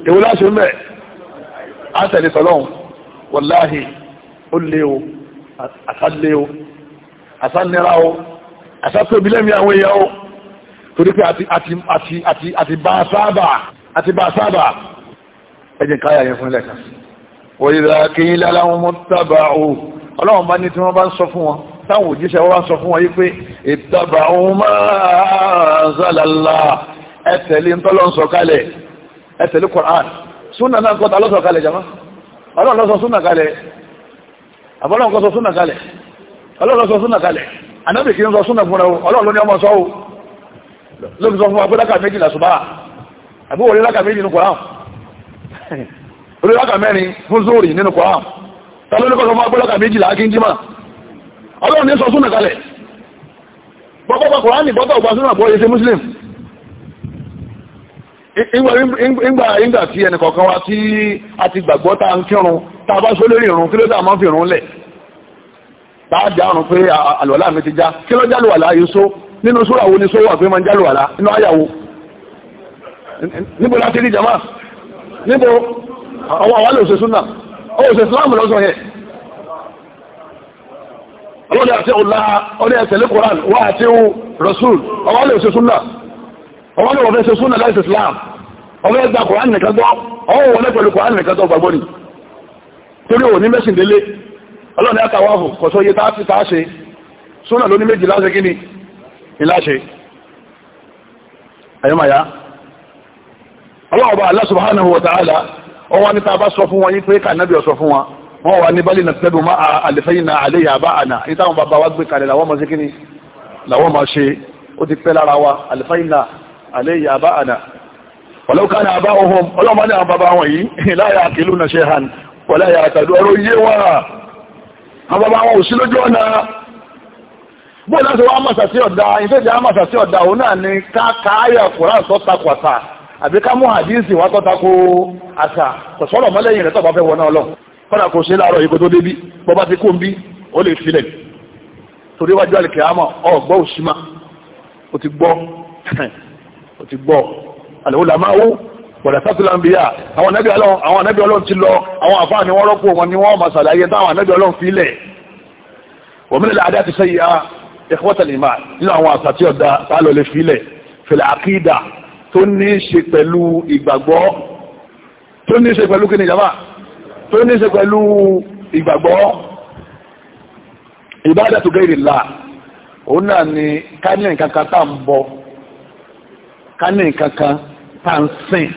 èwo láṣẹ mẹ́ a tẹ̀lé tọ́lọ́run ó o o àsánira o àsátóbi lẹ́mí àwọn èèyàn o torí pé àti bá sábà àti bá sábà káyà yẹn fún ọlọ́run bá ní tí wọ́n bá ń sọ fún wọn táwọn òjíṣẹ́ wọ́n bá ń sọ fún wọn yìí pé ìtàbà òun máa zàlàlà ẹ tẹ̀lé ńtọ́lọ́ ń sọ kalẹ̀ ẹ tẹ̀lé Qur'an súnà náà kọ́ta ló sọ kalẹ̀ jama ọlọ́run ló sọ súnà kalẹ̀ àbọ́lọ́run kọ́ sọ súnà kalẹ̀ ọlọ́run ló sọ súnà kalẹ̀ anábì kì í sọ súnà fúnra o ọlọ́run ló ní ọmọ sọ o ló fi sọ fún wa pé láka méjì làṣùbà àbúrò orí láka méjì nínú Qur'an orí láka mẹ́rin fún zóòrì nínú Qur'an tàbí ní kọ́sọ̀ fún agbọ́lọ́kà méjìlá kí n jímà ọlọ́run ní sọ súnà kalẹ̀ bọ́bọ́bọ́ kùránì bọ́bọ́ muslim ìgbà ìgbà tí ẹnì kọ̀ọ̀kan wa tí a ti gbàgbọ́ ta ń kírun ta bá só lórí ìrun kí ló dà máa fi ìrun lẹ̀ tá a já ọ̀run pé àlùwàlá mi ti já kí ló jálù wàlá yìí só nínú súrà wo ni só wà pé máa jálù wàlá nínú àyàwó níbo láti rí jama níbo àwọn àwọn àlòsè ó oh, ṣe islam lọ́sọ̀ yẹn ọlọ́dẹ àti ọ̀la ọdẹ ẹ̀tẹ̀lé koran wà àti rasul ọwọ́ lè ṣe súnà ọwọ́ lè wọ́n fẹ́ ṣe súnà láì ṣe islam ọwọ́ ẹ̀ gba koran nìkan tọ́ ọwọ́ wọlé pẹ̀lú koran nìkan tọ́ gbàgbọ́ ni torí òní mẹ́sìn délé ọlọ́dẹ àtàwọ̀ kọ̀ṣọ́ iye tá ti ta ṣe súnà lóní méjì láṣẹ kí ni ìláṣẹ ẹ̀yọ́màyá ọlọ́ọ̀bà Allah subhanahu wọ́n wá ní tá a bá sọ fún wọn yín pé kànábì ọ̀sọ̀ fún wọn wọ́n wá ní bali nàtẹ́bù má àlẹ́fẹ́yìn náà àlẹ́ yàbá àná ní táwọn bàbá wa gbé kalẹ̀ làwọn máa ṣe kíni làwọn máa ṣe ó ti pẹ́ lára wa àlẹ́fẹ́yìn náà àlẹ́ yàbá àná ọlọ́kàní àbá ohun ọlọ́mọ ní na ṣe hàn wọlé àyà àtàdù ọ̀rọ̀ yé wà àwọn àbí ká mú àdínsì wá tọ́ta kó àṣà kò sọ́rọ̀ mọ́lẹ́yìn rẹ̀ tọ́ba fẹ́ wọná ọlọ́ kọ́dà kò ṣe láàárọ̀ ikú tó débí bọ́bá ti kó ń bí ó lè filẹ̀ torí wájú àlìkẹ́ àmọ́ ọ̀gbọ́ òṣìmá ó ti gbọ́ ó ti gbọ́ àlèwò làmáwó bọ̀dà àwọn anábì ọlọ́run ti lọ ni wọ́n ni wọ́n máa ṣàlàyé táwọn anábì ọlọ́run fi lẹ̀ òmìnira adá ti sẹ́yìn á ẹ̀fọ́tàlímà nínú àwọn àṣà tí ọ̀dà tá tó ní ṣe pẹ̀lú ìgbàgbọ́ tó ní ṣe pẹ̀lú kíni jama tó ní ṣe pẹ̀lú ìgbàgbọ́ ìbádàtú gẹ́rìlá òun náà ni ká ní nǹkan kan tá ń bọ ká ní nǹkan kan tá ń sìn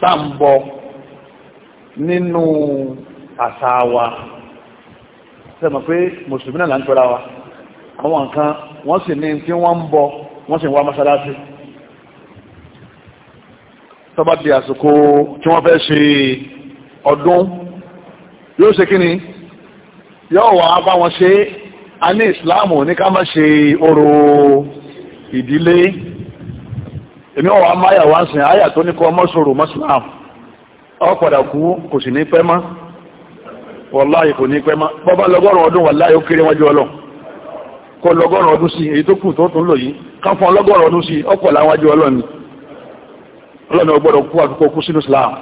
tá ń bọ nínú àṣà wa sẹ́mọ̀ pé mùsùlùmí náà là ń pẹ́ra wa àwọn nǹkan wọ́n sì ní tí wọ́n ń bọ wọ́n sì ń wá mọ́sálásí tọ́ba di àsìkò tí wọ́n fẹ́ ṣe ọdún yóò ṣe kíni yóò wá bá wọn ṣe a ní ìsìláàmù ní ká má ṣe orò ìdílé èmi ọ̀wá máyàwó àsìn àyà tó ní kọ́ ọmọ sọ̀rọ̀ mọ́síláàmù ọ padà kú kò sì ní pẹ́ mọ́ wàláyé kò ní pẹ́ mọ́ bọ́bá lọ́gọ́rùn ọdún wàláyé ó kéré wájú ọlọ́ kọ lọ́gọ́rùn ọdún sí èyí tó kù tó tún lò yìí ká fún ọlọ́gọ́rùn ọdún sí ọ̀pọ̀ láwájú ọlọ́ ni ọlọ́ni ọgbọ́dọ̀ kú àfikọ́ kú sínú Islam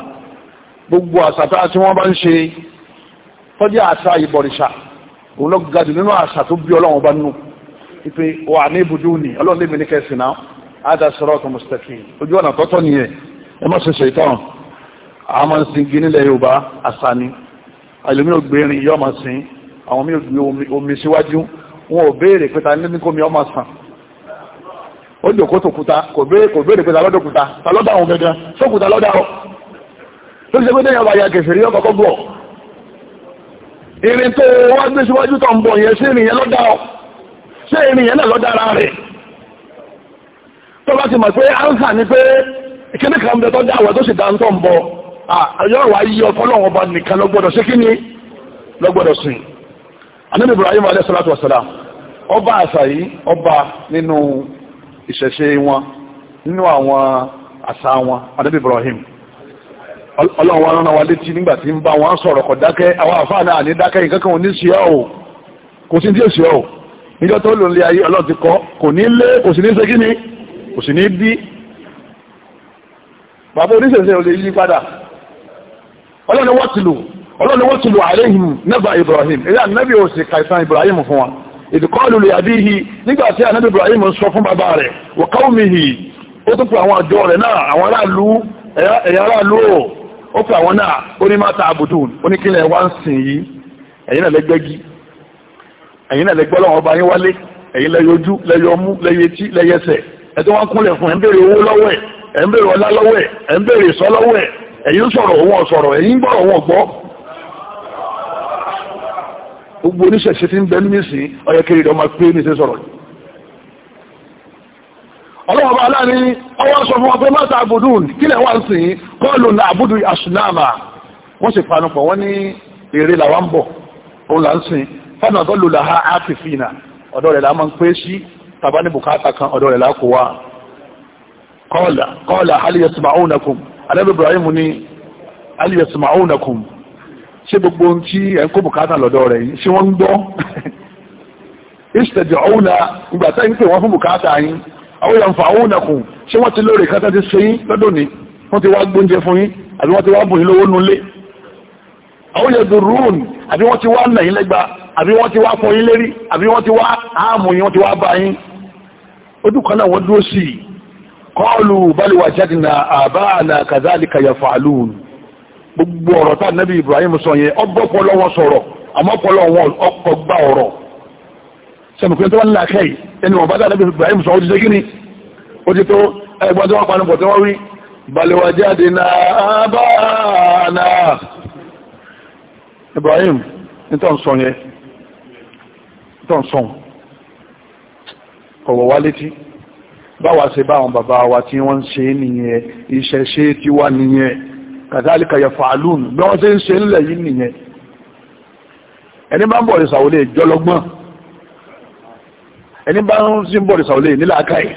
gbogbo àṣà tí wọ́n bá ń ṣe tọ́jú àṣà ìbọ̀rìṣà òun lọ gajù nínú àṣà tó bí ọlọ́run bá nù ipe wà ní ibùdó ni ọlọ́run lèmi ní kẹsì náà ada siratu mustaqim ojú ọ̀nà tọ́tọ́ nìyẹn ẹ má ṣe ṣètàn àwọn máa ń sin igi Yorùbá àṣà ni àìlèmí ò gbé rin yọ́ máa sin àwọn mi ò gbé omi síwájú wọn ò béèrè pé ta kómi ọmọ sàn ó jòkó tó kúta kò béèrè pé lọ́dọ̀ kúta ta lọ́dọ̀ àwọn gẹ́gẹ́ sókúta lọ́dọ̀ àwọn tó ṣe pé ya kẹfẹ̀rí ọkọ̀kọ́ gbọ́ irin tó wá gbé síwájú tó ń bọ̀ yẹn sí ìrìn yẹn lọ́dọ̀ ṣé ìrìn yẹn ni pé kan bẹ tó tó sì dá ń tọ́ ń bọ̀ wá yí ọkọ̀ lọ́wọ́ ọba nìkan lọ́gbọ́dọ̀ Ibrahim ọba àṣà ọba nínú ìṣẹ̀ṣe wọn nínú àwọn àṣà wọn adébí Ibrahim ọlọ́run wa rán wa létí nígbà tí ń bá wọn sọ̀rọ̀ kọ̀ dákẹ́ àwọn àfáà náà ní dákẹ́ ìkankan ní sí ọ́ kò sí ní o níjọ́ tó lò ń ayé ọlọ́run kọ́ kò ní lé kò sí ní ṣe kò sí ní Ibrahim èyí ìdíkọ́lù lè àbíhi nígbàtí ànábì Ibrahim sọ fún bàbá rẹ̀ wa ó tún fún àwọn àjọ rẹ̀ náà àwọn aráàlú ẹ̀yà aráàlú ó àwọn náà ó ní máa ta àbùdùn ó ní kí lẹ̀ wá ń sìn yìí gbogbo oníṣẹ̀ṣe tí ń bẹ ní nísìn ọyẹ kiri ọmọ pé ní ṣe sọ̀rọ̀ ọlọ́wọ́ bá aláàní ọwọ́ sọ fún wọn pé mọ́ta àbùdù kílẹ̀ wà ń sìn kọ́ọ̀lù na àbùdù àṣùnáàmà wọ́n sì panupọ̀ wọ́n ní èrè làwọn ń bọ̀ òun là ń sìn fọ́nà tó lù làhá áfìfìnà ọ̀dọ́ rẹ̀ là máa ń pé sí tàbá ṣé gbogbo ohun tí ẹ̀ ń kó bùkátà lọ́dọ̀ rẹ̀ yìí ṣé wọ́n ń gbọ́ ìṣẹ̀jẹ̀ ọ̀húnà ìgbà tẹ́yìn pé wọ́n fún bùkátà yín àwọn èèyàn fà ọ̀húnà kù ṣé wọ́n ti lóore kátà ti ṣe yín lọ́dọ̀ ni wọ́n ti wá gbóúnjẹ fún yín àbí wọ́n ti wá bùn yín lówó nulé àwọn èèyàn dùn rúùn àbí wọ́n ti wá nà yín lẹ́gba àbí wọ́n ti wá fún yín lérí àbí wọ́n ti wá ààmù yín wọ́n ti wá bá yín ojú kan náà wọ́n dúró sí kọ́ọ̀lù baliwa jáde na àbá àna kàzálì kàyàfà gbogbo ọ̀rọ̀ tá nẹ́bí Ibrahim sọ yẹn ọgbọ́ pọlọ wọn sọ̀rọ̀ àmọ́ pọlọ wọn ọkọ̀ gbá ọ̀rọ̀ sẹ́mùkúrin tó wá nílá kẹ́ ẹni wọ̀n bá dá nẹ́bí Ibrahim sọ ó ti ṣe kí ni ó ti tó ẹgbọ́n tó wọ́n panupọ̀ tó wọ́n rí balẹ̀wà jáde náà bá náà Ibrahim nítorí sọ yẹn nítorí sọ ọ̀wọ̀ wá létí báwa ṣe bá àwọn bàbá wa tí wọ́n ń ṣe nìyẹn ìṣẹ̀ṣe tiwa nìyẹn kàtàlíkà yaf'alun bí wọ́n ṣe ń ṣe ńlẹ̀ yìí nìyẹn ẹni bá ń bọ̀ ìsàwọlé jọlọgbọ́n ẹni bá ń sí ń bọ̀ ìsàwọlé nílà akáyì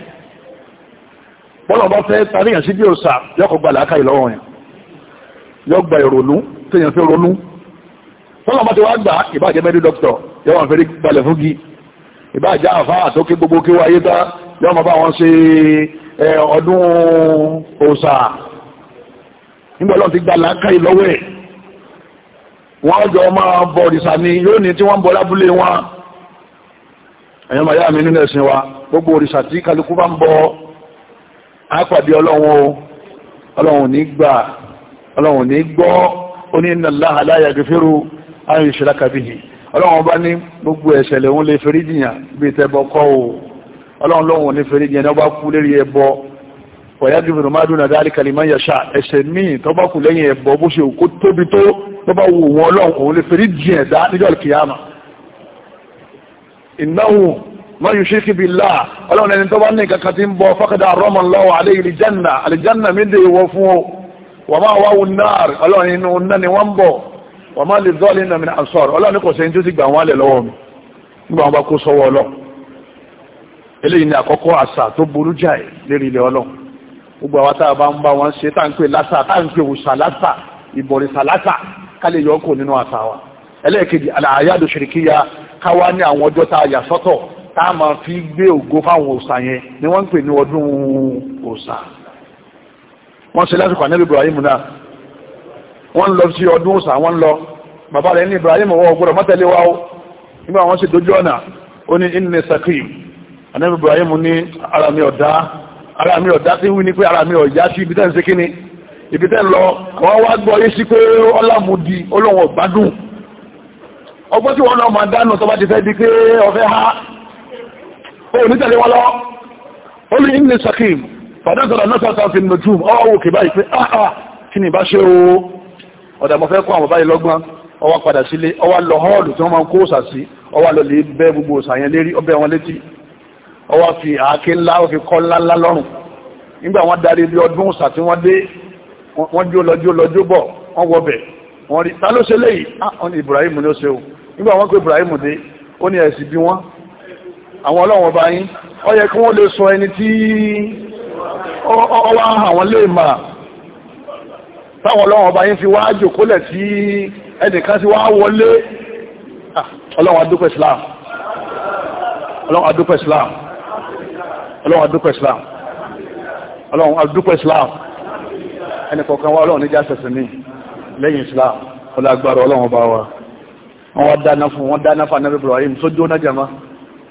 bọ́lọ̀ bá fẹ́ tàríyàn sí bí ó sà yọ́kọ̀ gbà láàkáyì lọ́wọ́ yẹn yọ́ gba ìrònú tèèyàn fi ronú bọ́lọ̀ bá ti wá gbà ìbájẹ́ mẹ́rin dókítọ̀ yọ́ wọn fẹ́rí gbalẹ̀ fún gi ìbájẹ́ àfá àtókè gbogbo kí wáyé tá yọ́ bá wọn ṣe ọdún òòsà nígbà lọ́n ti gba làákàyè lọ́wọ́ ẹ̀ wọ́n jọ máa bọ òrìṣà ni yóò ní tí wọ́n ń bọ lábúlé wọn ẹ̀yọ́ màá yá mi nínú ẹ̀sìn wa gbogbo òrìṣà tí kálukú bá ń bọ á pàdé ọlọ́run o ọlọ́run ní gbà ọlọ́run ní gbọ́ ó ní inna Allaha la yaghfiru an yushraka bihi ọlọ́run bá ní gbogbo ẹ̀ṣẹ̀ lẹ́hún lè fẹ́rí jìyàn bí tẹ́bọ kọ́ o ọlọ́run lọ́hùn ní fẹ́rí jìyàn ní ọba kú lérí ẹbọ wọ̀yá gbẹ̀rù máa dúnà dárí kalimá yàṣà ẹ̀ṣẹ̀ míì tó bá kù lẹ́yìn ẹ̀bọ̀ bó ṣe kó tóbi tó tó bá wù wọn lọ́wọ́ òun lè fẹ́rí jìn ẹ̀dá níjọ́ kìyàmà ìnáwó máa yù ṣíkì bí láà ọlọ́run ẹni tó bá ní kankan ti ń bọ fọ́kàdá rọ́mọ̀ lọ́wọ́ alẹ́ mi dè wọ fún o wà máa wá wù náà ọlọ́run inú náà ni wọ́n ń bọ̀ wà máa lè zọ́ọ̀lì nàmì àṣọr ọlọ́run kò sẹ́yìn tó ti gbà wọ́n lẹ̀ lọ́wọ́ mi nígbà wọn bá kó sọ́wọ́ ọlọ́ eléyìí ni àkọ́kọ́ àṣà tó burú jáì lérí ilẹ̀ ọlọ́run gbogbo àwọn tá a bá ń bá wọn ṣe tá à pè lásà tá à pè òòṣà lásà ìbọ̀rìṣà lásà ká lè yọ kó nínú àṣà wa ẹlẹ́ẹ̀kejì àyàdò ṣèríkíyà káwá ní àwọn ọjọ́ tá a yà sọ́tọ̀ tá a máa fi gbé ògo fáwọn òòṣà yẹn ni wọ́n ń pè ní ọdún òòṣà wọ́n ṣe lásìkò ànábì Ibrahim náà wọ́n lọ sí ọdún òòṣà wọ́n lọ bàbá rẹ̀ ní Ibrahim wọ́n gbọ́dọ̀ mọ́tẹ́lẹ́ wa ó nígbà wọ́n ṣe dojú ọ̀nà ó ní inni sakim ànábì Ibrahim ní ara mi ọ̀dá ara mi ọ̀dá sí wí ni pé ara mi ọ̀yá sí ibi tẹ́ ń ṣe kíni ibi tẹ́ ń lọ àwọn wá gbọ́ yé sí pé ọlámùdí olóhùn ọ̀gbádùn ọgbọ́n tí wọ́n náà máa dánù tó bá ti fẹ́ di pé ọ̀fẹ́ ha ó ní tẹ̀lé wọn lọ ó ní ilé sakim fàdákọ̀dà náà sọ́ta fi nù jù ọwọ́ òkè báyìí pé áà ah, ah, kí ni ìbá ṣe o ọ̀dà mo fẹ́ kó àwọn báyìí lọ́gbọ́n ọwọ́ padà sílé ọwọ́ lọ họ́ọ̀lù tí wọ́n máa ń kó òsà sí ọwọ́ lọ lè bẹ́ gbogbo òsà yẹn lérí ọbẹ̀ wọn létí ó fi àáké ńlá ó fi kọ́ ńláńlá lọ́rùn nígbà wọ́n darí ibi ọdún sà tí wọ́n dé wọ́n jó lọ́jọ́ lọ́jọ́ bọ̀ wọ́n wọbẹ̀ wọ́n rí ta ló ṣe léyìí ah, wọ́n ní Ibrahim ló ṣe o nígbà wọ́n pé Ibrahim dé ó ní ẹ̀sìn bí wọ́n àwọn ọlọ́run ọba yín ó yẹ kí wọ́n lè sọ ẹni tí ọwọ́ àwọn lè mà táwọn ọlọ́run ọba yín fi wá jòkólẹ̀ tí ẹnìkan sí wá wọlé ah, ọlọ́run adúpẹ́ Islam ọlọ́run adúpẹ́ Islam ọlọ́run adúpẹ́ islam ọlọ́run adúpẹ́ islam ẹni kọ̀ọ̀kan wá ọlọ́run níjà sẹ̀sẹ̀ ní lẹ́yìn islam ọlágbára ọlọ́run bá wa wọ́n wá dáná fún wọ́n dáná fún anábì ibrahim tó jóná jama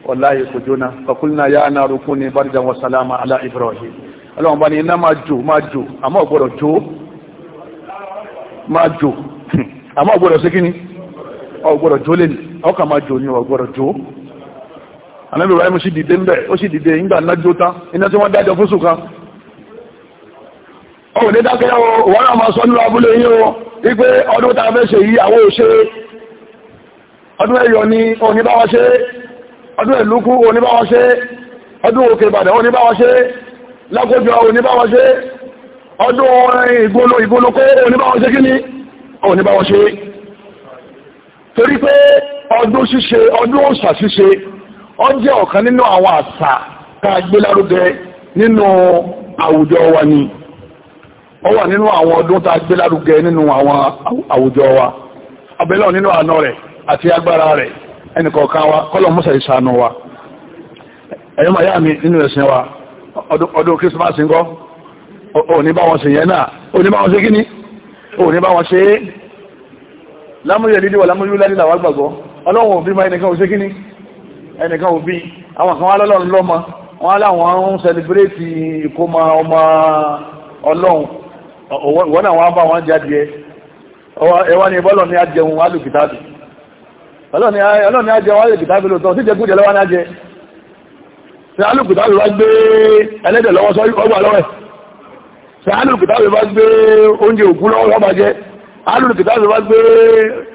wọláyé kò jóná fakulna ya na rukun ni barjan wa salama ala ibrahim ọlọ́run bá ní iná máa jò máa jò àmọ́ ọ̀gbọ́dọ̀ jò máa jò àmọ́ ọ̀gbọ́dọ̀ sí kíní ọ̀gbọ́dọ̀ jò lè jò anabi ibrahim sì dìde ń bẹ̀ ó sì dìde ìgbà nájó tán iná tí wọ́n dájọ fóṣù kan ọ̀rọ̀ ní dákẹ́ wọ́n náà máa sọ nínú abúlé yín o wípé ọdún tá a fẹ́ ṣe yí àwọn òṣè ọdún ẹ̀yọ̀ ni oníbáwá ṣe ọdún ẹ̀lúkú oníbáwá ṣe ọdún òkè ìbàdàn oníbáwá ṣe lákòjọ oníbáwá ṣe ọdún ìgbólo ìgbólokó oníbáwá ṣe kíni oníbáwá ṣe torí pé ọdún ṣíṣe ọdún òṣà ṣíṣe ó jẹ́ ọ̀kan nínú àwọn àṣà tá a gbé lárugẹ nínú àwùjọ wa ni ó wà nínú àwọn ọdún tá a gbé lárugẹ nínú àwọn àwùjọ wa abẹ́lẹ̀ nínú àánú rẹ̀ àti agbára rẹ̀ ẹnìkọ̀ọ̀kan wa kọ́lọ̀ mọ́sà ìṣàánú wa ẹ̀yọ́ màá yá mi nínú ẹ̀sìn wa ọdún Christmas ń gọ́ òní bá wọn ṣe yẹn náà òní bá wọn ṣe kíní òní bá wọn ṣe lámúyẹ̀ lídíwà lámúyẹ̀ lídíwà lágbàgbọ́ ọlọ́run òbí máa ẹnìkan ò ṣe kíní ẹnìkan òbí àwọn kan wá lọ́lọ́run lọ́mọ wọ́n láwọn ń sẹlẹ̀bírẹ́tì ìkómọ ọmọ ọlọ́run wọ́n náà wọ́n bá wọn jáde ẹwà ni bọ́lọ̀ ní ajẹun alùkìtàbì ọlọ́run ní ajẹun alùkìtàbì lóòótọ́ tí jẹ́kújẹ lọ́wọ́ ní ajẹ ṣe alùkìtàbì wá gbé ẹlẹ́dẹ̀ lọ́wọ́ sọ ọgbà lọ́wẹ́ ṣe alùkìtàbì wá gbé oúnjẹ lọ́wọ́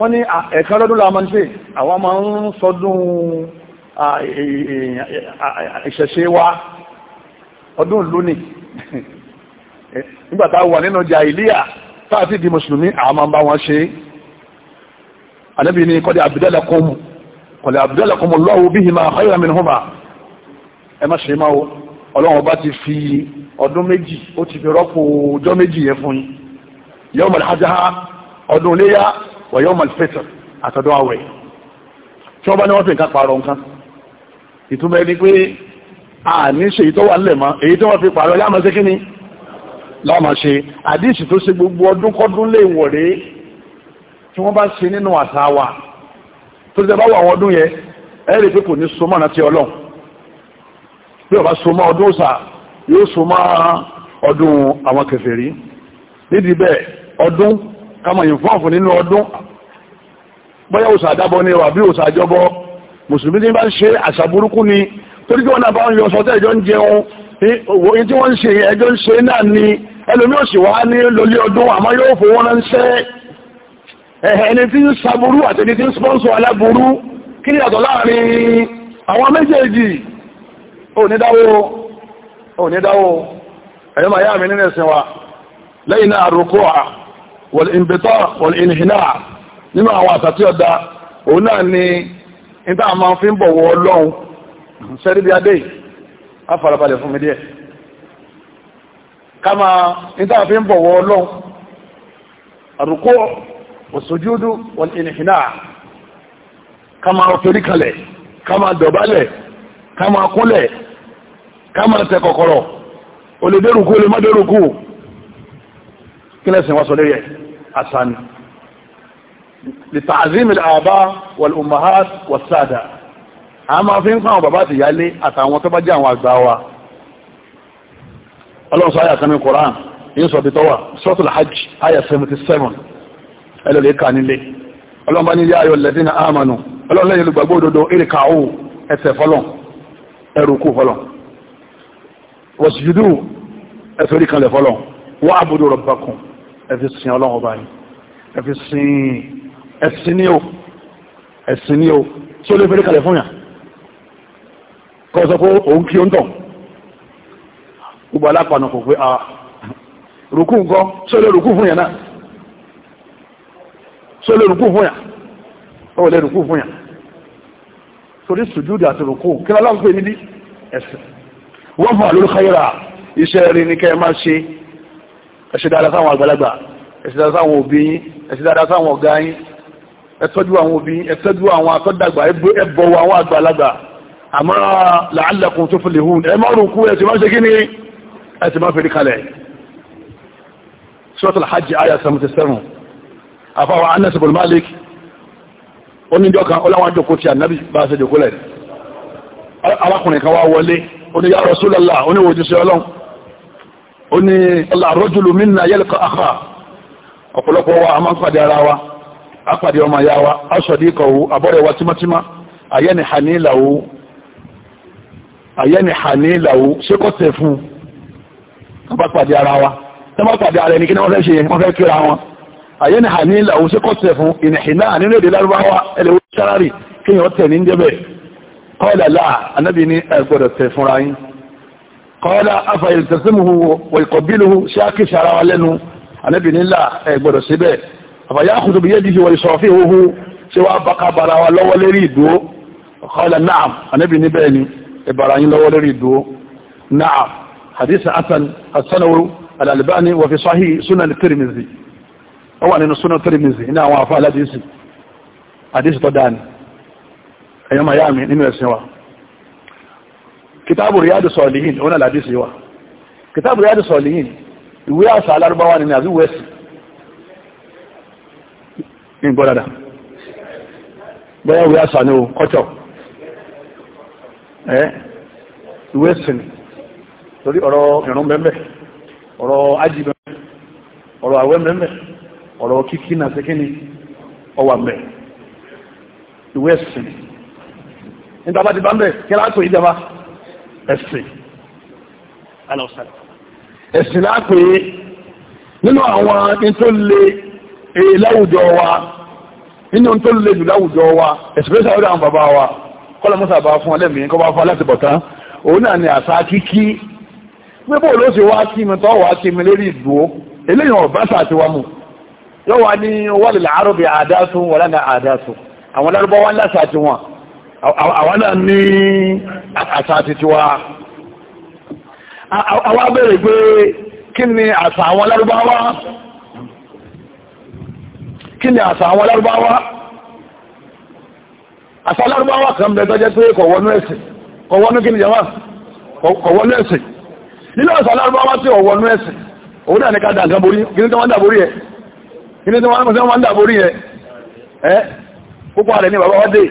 wọ́n ní ẹ̀kan lọ́dún la máa ń ṣe àwọn máa ń sọdún ìṣẹ̀ṣe wa ọdún lónìí nígbàtá wà nínú jàìlíà táàtì di mùsùlùmí àwọn máa ń bá wọn ṣe ànábì ní kọ́dẹ̀ àbìdẹ́lẹ̀kùn kọ̀lẹ̀ àbìdẹ́lẹ̀kùn lọ́wọ́ bí i máa khayran minhuma ẹ má ṣe máa ọlọ́run bá ti fi ọdún wọ̀yọ́ malfẹ́tọ̀ àtọ́dọ́ àwẹ̀ tí wọ́n bá ní wọ́n fi nǹkan pààrọ̀ nǹkan ìtumọ̀ ẹni pé a ní ṣe èyí tó wà nílẹ̀ mọ́ èyí tó wọ́n fi pààrọ̀ yá máa ni láwọn máa ṣe àdíṣì tó ṣe gbogbo ọdún kọ́dún lè wọ̀ rèé tí wọ́n bá ṣe nínú àṣà wa tó ṣe bá wà àwọn ọdún yẹn ẹ rí pé kò ní so mọ́ra ti ọlọ́run bí ọba kama ìfọ́ọ̀fù nínú ọdún bọ́yá òsà àdábọ́ ní wà bí òsà tí bá ń ṣe àṣà ni torí kí wọ́n náà bá ń yọ sọ́tẹ́ ìjọ ń jẹun òyìn tí wọ́n ń ṣe ẹjọ́ ń ṣe náà ni ẹlòmí òsì wá ní lólé ọdún àmọ́ yóò fowó ránṣẹ́ lẹ́yìn náà àrùkọ́ wọ̀lìǹbẹ̀tọ́ wọ̀lìǹhìnà nínú àwọn àṣà ọ̀dá òun náà ni níta àmà fi ń bọ̀wọ̀ ọlọ́run sẹ́rí bí adé afarabalẹ̀ fún mi díẹ̀ kama níta fi ń ọlọ́run àrùkọ́ òsòjúdú kama fẹ́rí kalẹ̀ kama dọ̀bálẹ̀ kama kúnlẹ̀ kama tẹ kọ̀kọ̀rọ̀ kí lẹ́sìn wá sọ lórí ẹ̀ àṣà ni لتعظيم الآباء والأمهات والسادة a máa fi ń fáwọn bàbá àti ìyálé àtàwọn tó bá jẹ́ àwọn àgbà wa ọlọ́sọ ayà kan ní koran yíò sọ bitọ́wà sọ́tùl hajj ayà 77 ẹlọ́lẹ̀ ká nílé ọlọ́mbá ní yáyọ lẹ́dínà àmànù ọlọ́lẹ́yìn olùgbàgbọ́ òdodo ìrìkàwò ẹsẹ̀ fọ́lọ̀n ẹrùkú fọ́lọ̀n wọ́sùjúdú ẹfi sin ọlọ́run ọba yìí ẹfi sin ẹ̀sìn ní o ẹ̀sìn ní o tí ó lè fẹ́rẹ́ kalẹ̀ fún yà kọ́ sọ pé òun kí ó ń tọ̀ gbogbo alápàánù kò pé a ah, rùkú nǹkan tí ó lè rùkú fún yà náà tí ó lè rùkú fún yà ó lè rùkú fún yà torí sùjúdì àti rùkú kí lọ́lọ́run pè níbi ẹ̀sìn wọ́n fún àlórí káyọ̀rà iṣẹ́ rí ní kẹ́ máa ṣe ẹ ṣe dáadáa sáwọn àgbàlagbà ẹ ṣe dáadáa sáwọn òbí yín ẹ ṣe dáadáa sáwọn ọ̀gá yín ẹ tọ́jú àwọn òbí yín ẹ tọ́jú àwọn àtọ́dàgbà ẹ bọ̀wọ̀ àwọn àgbàlagbà àmọ́ la'allakum tuflihun ẹ má rùkú ẹ sì má ṣe kí ni ẹ sì má fèrè kalẹ̀ Suratul Hajj aya 77 àfàwọn Anas ibn Malik oníjọ́ kan ọláwọn àjòkó ti ànábì bá ṣe jòkó lẹ̀ arákùnrin kan wá wọlé oníyà Rasulullah oníwòjúṣe ọlọ́run ó ní ọlọ́rọ́jùlù mí nà yẹ́lẹ̀kọ́ àkà ọ̀pọ̀lọpọ̀ wa a máa ń pàdé ara wa a pàdé ọmọ ya wa a sọ̀dí ìkọ̀wò àbọ̀rẹ̀ wa tímátímá àyẹ́ni hàní ìlàwó àyẹ́ni hàní ìlàwó ṣé kọ́ tẹ̀ fún un bá pàdé ara wa tẹ́ bá pàdé ara ẹni kí ni wọ́n fẹ́ ṣe wọ́n fẹ́ kíra wọn àyẹ́ni hàní ìlàwó ṣé kọ́ kọ́ọ́lá afayẹ̀ tẹ̀símuhu wọ ìkọ̀bíluhu sí àkíṣe ara wa lẹ́nu anábì nílà ẹ̀gbọ́dọ̀ síbẹ̀ àfàyà àkùtù bí yéjì wọ ìṣọ̀fí òhu ṣé wàá bá kábàrà wa lọ́wọ́ lérí ìdúró kọ́ọ́lá naam dáa ni ẹ̀yọ́ mayami nínú ẹ̀sìn wa kìtàbù ríádù sọ̀lìyìn ó náà làdísì wà kìtàbù ríádù sọ̀lìyìn ìwé àṣà alárúbáwá ni àbí wẹ́sì ní gbọ́dada bọ́yá ìwé àṣà ní ọ̀tọ̀ ẹ́ ìwé sìn torí ọ̀rọ̀ ìrún bẹ́ẹ̀ ọ̀rọ̀ ájì bẹ́ẹ̀ ọ̀rọ̀ àwẹ̀ bẹ́ẹ̀ ọ̀rọ̀ kíkí náà sí kíni ọwà bẹ́ẹ̀ ìwé sìn nígbà bá ti bá ń bẹ̀ kí ẹ̀sìn alọ́sàlẹ̀ ẹ̀sìn lápé nínú àwọn tó lè èyí e, láwùjọ wa nínú tó lè jù láwùjọ wa especially ọ̀dọ̀ àwọn bàbá wa kọ́lọ̀mọ́sà bá fún ọlẹ́mìí kọ́ bá fún aláti bọ̀tán òun náà ni àṣà kíkí pípò ló ṣe wá sí mi tọ́ wá sí mi lérí ìdúró eléyìn ọ̀bá sàti wa mú yọ́wà ní wọ́lẹ̀ àárọ̀bì àdásùn wọ́lẹ́ àdásùn àwọn lárúbọ́ wá ńlá sàti wọn àwọn náà ní àṣà títí wa àwọn abẹ́rẹ̀ pé kí ni àṣà àwọn lárúbáwá kí ni àṣà àwọn lárúbáwá àṣà lárúbáwá kan bẹ̀ tọ́jẹ́ pé kò wọnú ẹ̀sìn kò wọnú kí ni jama kò wọnú ẹ̀sìn nínú àṣà lárúbáwá tí ò wọnú ẹ̀sìn òun náà ní ká dàgbà borí kí ni tí wọ́n dàborí ẹ̀ kí ni tí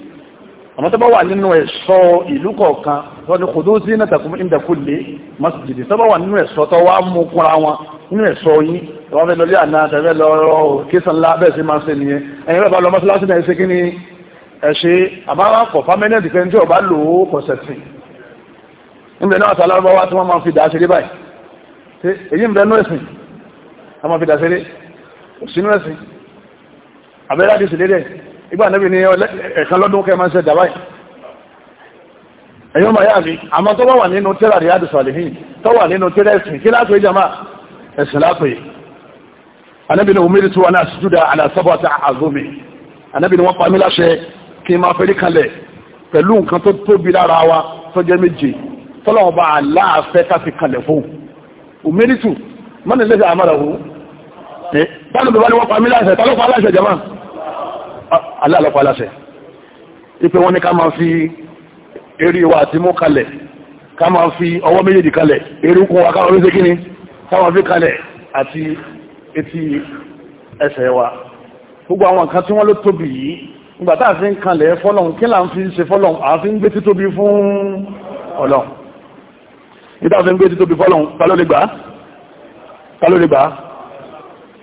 àmọ́ tó bá wà nínú ẹ̀ṣọ́ ìlú kọ̀ọ̀kan tó ní kòdó sí náà tàkùn ìdá kulli masjidi tó bá wà nínú ẹ̀ṣọ́ tó wá mú kúra wọn nínú ẹ̀ṣọ́ yín wọ́n fẹ́ lọlé àná tẹ̀fẹ́ lọ kéṣàn ńlá bẹ́ẹ̀ sí máa ń ṣe nìyẹn ẹ̀yin bẹ́ẹ̀ bá lọ mọ́ṣáláṣí náà ṣe kí ni ẹ̀ṣẹ́ àbáwá kọ̀ fámẹ́nẹ́ẹ̀dì pé tí ọba lò ìgbà níbi ni ẹ̀kan lọ́dún kẹ́ máa ń ṣe dàbáyì ẹ̀yọ́ ma yá mi àmọ́ tó wà nínú tẹ́rà rí àdìsàlìhìn tó wà nínú tẹ́rà ẹ̀sìn kí láàpẹ́ jama ẹ̀sìn láàpẹ́ anábìnú omi tó wà náà sùjúdà àdàsábọ̀tà àzómi anábìnú wọn pàmí láṣẹ kí máa fẹ́rí kalẹ̀ pẹ̀lú nǹkan tó tóbi lára wa tó jẹ́ méje tọ́lọ́wọ́ bá aláàfẹ́ aláàlọ́pàá aláṣẹ ipe wọ́n ní ká máa fi eré wa àti mú kalẹ̀ ká máa fi ọwọ́ méjèèjì kalẹ̀ erúkún wa káwọn oríṣẹ́ kíní káwọn fi kalẹ̀ àti etí ẹsẹ̀ wa gbogbo àwọn nǹkan tí wọ́n ló tóbi yìí nígbà tá a fi ń kalẹ̀ fọ́lọ̀n kí là ń fi ṣe fọ́lọ̀n à ń gbé títóbi fún ọlọ́n nígbà fi ń gbé títóbi fọ́lọ̀n ta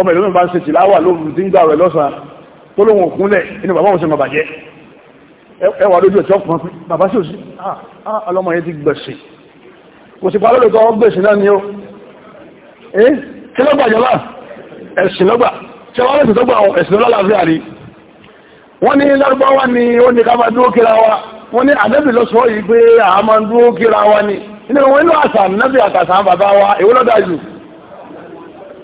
ọmọ ìlú bá ń ṣe tìláwà lóòrùn tí ń gbà rẹ̀ lọ́sàn tó lóhun òkúnlẹ̀ inú bàbá òun ṣe máa bàjẹ́ ẹwà lójú ọ̀tọ́ kan pín bàbá sí òsì ah, ah, ọlọ́mọ yẹn ti gbẹ̀ṣẹ̀ kò sì parọ́ lóòtọ́ gbẹ̀ṣẹ̀ náà ni ó eh kí lọ́gbà jọba ẹ̀sìn lọ́gbà tí wọ́n lẹ́sìn lọ́gbà ẹ̀sìn lọ́láàfíà ni wọ́n ní lárúbáwá ni ó ní ká máa dúró kíra wa wọ́n ní àdẹ́bì lọ sọ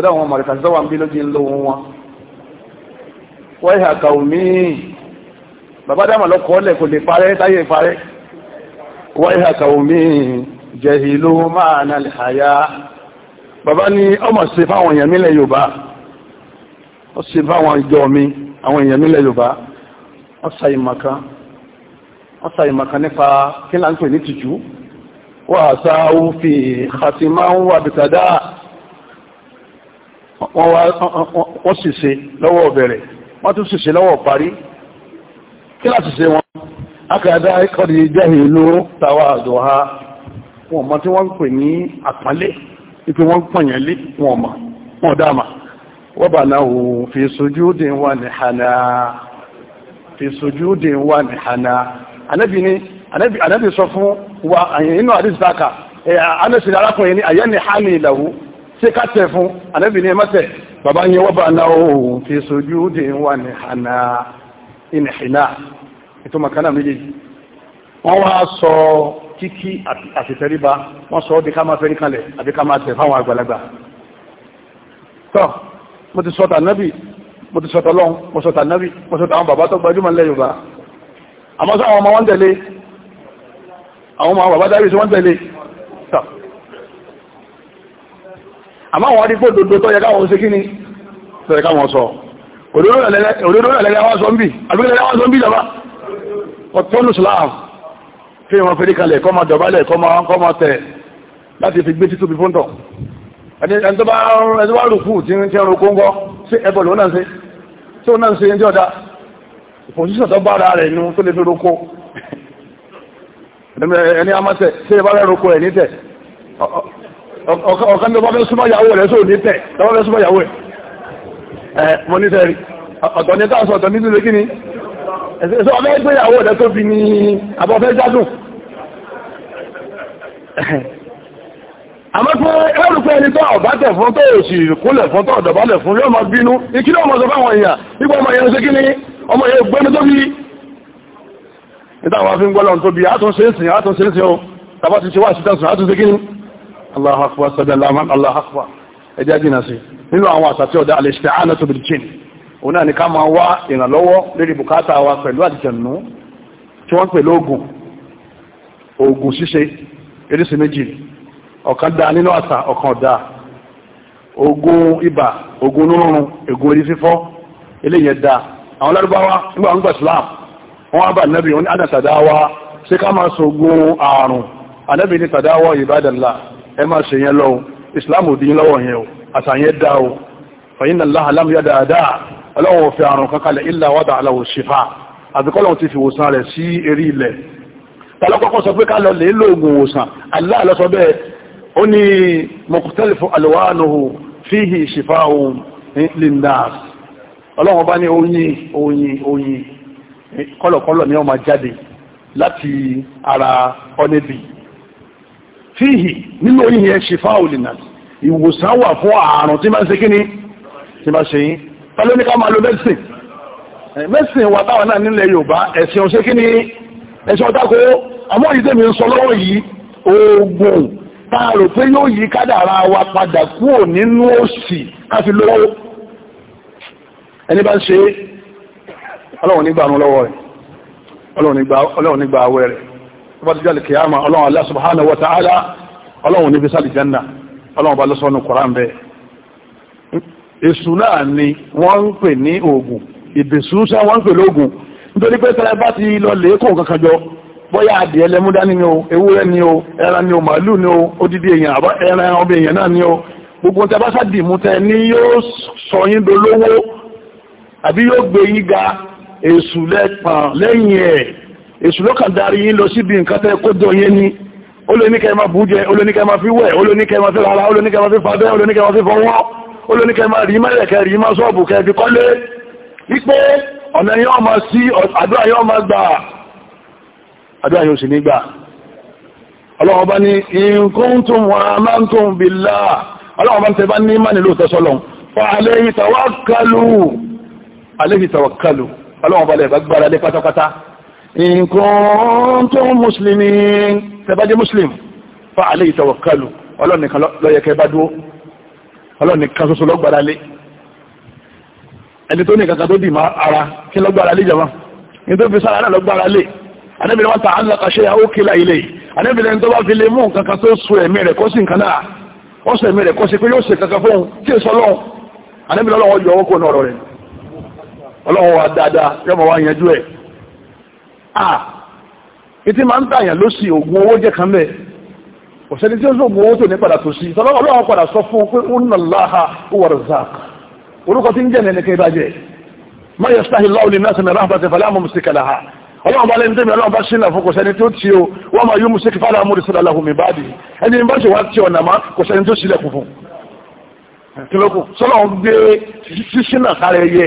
tẹ́lẹ̀ àwọn mọ̀lẹ́ta tí sọ́wọ́n bí ló ti ń lo ohun wọn wọ́n ìhà kàwù míì bàbá dáàmà lọ kọ́ lẹ̀ kò lè parẹ́ táyé parẹ́ wọ́n ìhà kàwù míì jẹ̀hì ló máa nà lè àyà bàbá ní ọmọ ṣe fáwọn èèyàn mílẹ̀ Yorùbá ó ṣe fáwọn ìjọ mi àwọn èèyàn mílẹ̀ Yorùbá wọ́n sa ìmọ̀kan wọ́n sa ìmọ̀kan nípa kí láńpẹ̀ ní tìjú wọ́n àṣà òfin àti máa ń wà bìtàdáà wọ́n sì ṣe lọ́wọ́ bẹ̀rẹ̀ wọ́n tún sì ṣe lọ́wọ́ parí kí láti ṣe wọn akàdá ẹkọ̀dì jẹ́hìn ló tàwà àdọ̀ha wọn mọ́ tí wọ́n ń pè ní àpálẹ́ ipé wọ́n pọ̀nyẹ̀lé wọn mọ̀ wọn dáma wọ́n bà náà fi sojú dín wà ní hànà fi sojú dín wà ní hànà anábì ni anábì sọ fún wa àyìn inú àdìsítáka ẹ̀yà anẹ́sìn arákùnrin ni àyẹ́ ni hànà ìlàwó ṣe ká tẹ̀ fún ànábì ní ẹmọ́tẹ̀ bàbá yẹn wọ́n bá ná ohun fi sojú dì ń wà ní àná ìnìhìnà ètò mọ̀kánà méjèèjì wọ́n wá sọ kíkí àtìtẹríba wọ́n sọ bí ká máa fẹ́rí kalẹ̀ àbí ká máa tẹ̀ fáwọn àgbàlagbà tọ́ mo ti sọta nábì mo ti sọta lọ́n mo sọta nábì mo sọta àwọn bàbá tó gbajúmọ̀ lẹ́yìn Yorùbá àmọ́ sọ àwọn ọmọ wọn tẹ̀lé àwọn ọmọ bàbá dábì tí wọ́n tẹ̀lé àmọ́ àwọn adígbò dòdò tó yẹ káwọn ṣe kí ni tó yẹ káwọn sọ òdòdó lẹ́lẹ́ wá sọ ń bì àbíkẹ́lẹ́ wá sọ ń bì jọba ọ̀tọ́nù sùláàf fi wọn fẹ́rí kalẹ̀ kọ́ máa dọ̀bálẹ̀ kọ́ máa tẹ̀ láti fi gbé títú bí fóńtọ̀ ẹni tó bá rùkú tí ń tẹ́rù kóńgọ́ sí ẹbọ̀ lónà ń ṣe tí ó náà ń ṣe ń jọ́ da pòsíṣọ̀ tó bá ara rẹ̀ inú tó lè fi roko ẹni a máa tẹ̀ sí ẹbá rẹ̀ roko ẹ̀ ní tẹ̀ ọ̀kan tó bá fẹ́ súnmọ́ ìyàwó rẹ̀ sóò ní tẹ̀ tó fẹ́ súnmọ́ ìyàwó ẹ̀ ẹ̀ ní tẹ̀rí ọ̀tọ̀ ní káàsọ̀ ọ̀tọ̀ ní lílo kíni ẹ̀sẹ̀ ọ̀fẹ́ gbé ìyàwó rẹ̀ tó fi ní abọ́fẹ́ jádùn àmọ́ pé ẹrù pé ẹni tó ọ̀bá tẹ̀ fún tó òsì kúlẹ̀ fún tó ọ̀dọ̀bálẹ̀ fún yóò máa bínú ìkílẹ̀ ọmọ sọ fáwọn èèyàn nígbà ọmọ yẹn ṣe kí ọmọ yẹn gbẹ́nu tó bí nígbà wọn fi tó bí àtúnṣe ń sìn àtúnṣe ń sìn ó tàbá ti sí tẹ̀sùn àtúnṣe kí Allahu akbar sọ́dọ̀ lámán Allahu akbar ẹjẹ́ jìnà sí nínú àwọn àṣà tí ọ̀dá al-isti'anatu bil-jinn òun náà ni ká máa wá ìrànlọ́wọ́ lórí bùkátà wa pẹ̀lú àdìjẹ̀nú tí wọ́n pè lóògùn òògùn ṣíṣe eréṣe méjì ọ̀kan dáa nínú àṣà ọ̀kan ọ̀dá òògùn ibà òògùn onírúurú ègùn orí fífọ́ eléyẹ dáa àwọn lárúbáwá nígbà wọn gbà Islam wọn wá bá nẹ́bí wọn ní àdàtàdáwá ṣé ká máa sògùn àrùn ànẹ́bí ní tàdáwọ́ ìbádàlá ẹ máa ṣe yẹn lọ́wọ́ islam ò dín lọ́wọ́ yẹn o àtàyẹn dá o fàyínà láhàlámù yá dáadáa ọlọ́wọ́ fi àrùn kankalẹ̀ ilẹ̀ wádà aláwọ̀ ṣífà àbíkọ́lọ̀ ti fi wòsàn rẹ̀ sí eré ilẹ̀ tàlọ́kọ́kọ́ sọ pé ká lọ lè lóògùn wòsàn Allah ló sọ bẹ́ẹ̀ ó ní mọ̀kútẹ́lifù alwanuhu fíhì shifaa'un linnas fíhì nínú oyin yẹn ṣìfà òlìnà ìwòsàn wà fún ààrùn tí máa ń ṣe kí ni tí máa ṣe yín pẹ̀lú ní ká máa lo mẹ́sìn mẹ́sìn wà táwọn náà nílẹ̀ Yorùbá ẹ̀sìn ọ̀ṣẹ́ kí ni ẹ̀sìn ọ̀tako àmọ́ yìí tẹ̀mí ń sọ lọ́wọ́ yìí oògùn tá a rò pé yóò yí kádàrá wa padà kúrò nínú òsì káfí lówó ẹni bá ń ṣe ọlọ́run nígbà ọlọ́run nígbà awẹ́ rẹ̀ bá ti jáde kìyàmà ọlọ́run Allah subhanahu wa ta'ala ọlọ́run ní fi sáàlì jẹ́nà ọlọ́run bá lọ́sọ́nù koran bẹ́ẹ̀ èṣù náà ni wọ́n ń pè ní oògùn ìbèsúsá wọ́n ń pè lóògùn nítorí pé tẹ́lẹ̀ bá ti lọ lè kó kankan jọ bóyá adìẹ lẹ́múdá ni o ewúrẹ́ ni o ẹran ni o màálù ni o odidi èèyàn àbá ẹran ọbẹ̀ èèyàn náà ni o gbogbo tẹ bá sáàdì mú tẹ yóò sọ dolówó àbí yóò gbé yín ga èṣù lẹ́yìn èṣù ló kàn darí yín lọ síbi nǹkan tẹ́ kó jọ yẹn ni ó lè ní kẹ́ẹ̀má bú jẹ ó lè ní kẹ́ẹ̀má fi wẹ̀ ó lè ní kẹ́ẹ̀má fi rárá ó lè ní kẹ́ẹ̀má fi fàbẹ́ ó lè ní kẹ́ẹ̀má fi fọwọ́ ó lè ní kẹ́ẹ̀má rí mẹ́rẹ̀ kẹ́ rí má sọ́ọ̀bù kẹ́ fi kọ́lé wípé ọ̀nà yẹn ọmọ sí àdúrà yẹn ọmọ gbà àdúrà yẹn ò sì in kuntum muslimin tẹbájẹ́ muslim fa alayhi tawakkalu ọlọ́nìkan lọ́yẹ̀kẹ́ bá dúó ọlọ́nìkan ṣoṣo lọ́gbàrá lé ẹni tó ní kankan tó dì máa ara kí lọ́gbàrá lé jama ní tó fi sára náà lọ́gbàrá lé anẹ́bìnrin wọ́n ta aláka ṣe àwọn òkèlà ilé anẹ́bìnrin tó bá fi lè mú nǹkan tó so ẹ̀mí rẹ̀ kó sí nǹkan náà ó sọ ẹ̀mí rẹ̀ kó sí pé yóò ṣe kankan fóun à ìtí máa ń tààyàn ló sì ògùn owó jẹ́ kan bẹ́ẹ̀ òṣèlú tí ó sì ògùn owó tó ní padà tó sí ọlọ́wọ́ padà sọ fún pé ó nà láha ó wọ̀rọ̀ zak orúkọ tí ń jẹ́ nẹnìkan ìbàjẹ́ má yẹ sáhì lọ́wọ́ lè mẹ́sàn mẹ́rán bàtẹ̀ fàlẹ́ àmọ́ mùsíkà láha ọlọ́wọ́ bá lẹ́ni tẹ́mi ọlọ́wọ́ bá ṣínà fún kò sẹ́ni tó ti o wọ́n máa yú mùsíkì fàlẹ́ àmúrí sílẹ̀ aláhùn mi báàdì ẹni bá ṣe wá tí ọ̀nà má kò sẹ́ni tó sílẹ̀ kù fún kílókù sọ́lọ́wọ́ gbé ṣíṣínà kárẹ̀ yẹ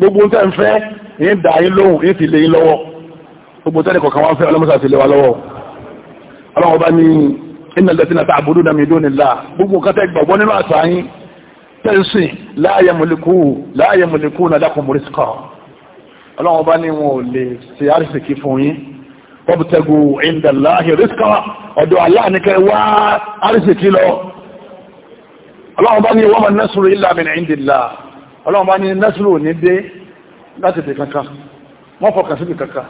gbogbo tẹ́ ń fẹ́ yín dà yín lóhùn yín sì lé yín lọ́wọ́ gbogbo tẹ́ ní kọ̀ọ̀kan wá fẹ́ ọlọ́mọsà sì lé wa lọ́wọ́ ọlọ́wọ́ bá ní iná lẹ́tí náà tààbùdó nàmì ìdó nílá gbogbo nǹkan tẹ́ nínú àṣà yín tẹ́ ń sìn láàyè mọ̀lẹ́kù láàyè mọ̀lẹ́kù náà dákun mọ̀rí sùkọ́ ọlọ́wọ́ bá ní wọn ò lè ṣe àrísìkí fún yín wọ́pútẹ́gù ìndàláhì rísíkà ọ̀dọ̀ aláàníkẹ́ wá àrísìkí lọ ọlọ́wọ́ bá ní wọ́n mọ̀ nẹ́sùrù ìlàmì ìndìlá ọlọ́run bá ní nẹ́sùlù ní dé láti fi kankan wọ́n fọkàn sí kankan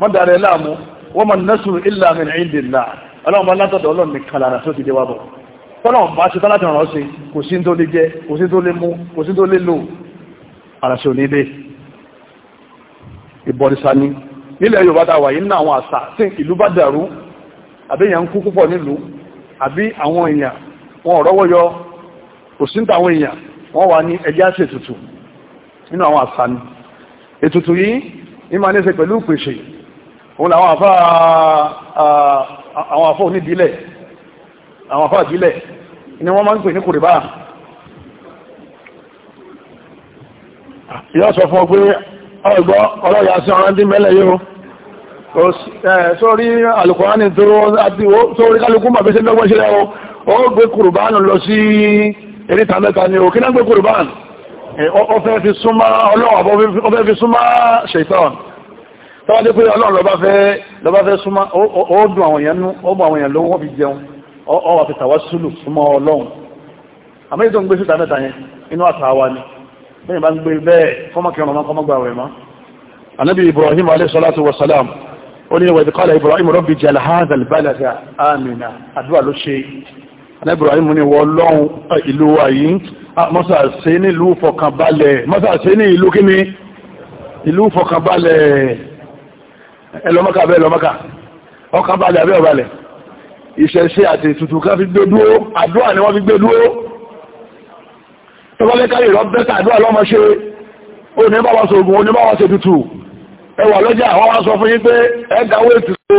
wọ́n dàrẹ láàmú wọ́n mọ̀ nẹ́sùlù ilẹ̀ àmì ìdìlá ọlọ́run bá látọ̀dọ̀ ọlọ́run nìkan lára tó ti dé wá bọ̀ tọ́lọ́run bá ṣe tán láti ràn ọ́ sí kò sí tó lè jẹ kò sí tó lè mú kò sí tó lè lò àràṣẹ ò wọn rọ́wọ́ yọ kò èèyàn wọ́n wà ní ẹjẹ́ àṣẹ ètùtù nínú àwọn àṣà ni ètùtù yìí ní máa léṣe pẹ̀lú ìpèsè òun làwọn àwọn àfá onídìílẹ̀ àwọn àfá àdílẹ̀ ni wọ́n máa ń pè ní kùrìbá yóò sọ fún ọ pé ọgbọ́ ọlọ́yà sí ọ̀rán dín mẹ́lẹ̀ yóò sórí alùkùnrin tó eríta mẹ́ta ni òkè náà gbé kùrùbán ọfẹ́ fi súnmá ọlọ́wọ́ ọfẹ́ fi súnmá ṣètọ́n tọ́wọ́ dé pé ọlọ́run lọ́bá fẹ́ súnmá ọdún àwọn èèyàn nú ọgbọ̀n àwọn èèyàn ló wọ́n fi jẹun ọwà fi tàwá súlù súnmọ́ ọlọ́run àmọ́ ìtò ń gbé síta mẹ́ta yẹn inú àtàwà ni bẹ́ẹ̀ bá ń gbé bẹ́ẹ̀ fọ́mọ́kẹrùn-ún ọmọ kọmọ́gbà rẹ̀ mọ́ anẹ́bùrahim ni wọ́n lọ́hun ah, ìlú wa yìí ah, mọ́sàṣẹ́ ní ìlú fọkànbalẹ̀ mọ́sàṣẹ́ ní ìlú kíní ìlú fọkànbalẹ̀ ẹlọ́mọ́ka abẹ́ ẹlọ́mọ́ka ọkànbalẹ̀ abẹ́ ọ̀balẹ̀ ìṣẹ̀ṣẹ́ àti ètùtù ká fi gbé dúró ni wọ́n fi gbé dúró tọ́bọ́lẹ́kárí rọ bẹ́ta àdúrà lọ́mọ ṣe ó ní báwọn sọ̀gùn ó ní báwọn ṣe tutù ẹwà lọ́jà wọ́n wá sọ fún yín pé ẹgbàwó ètùtù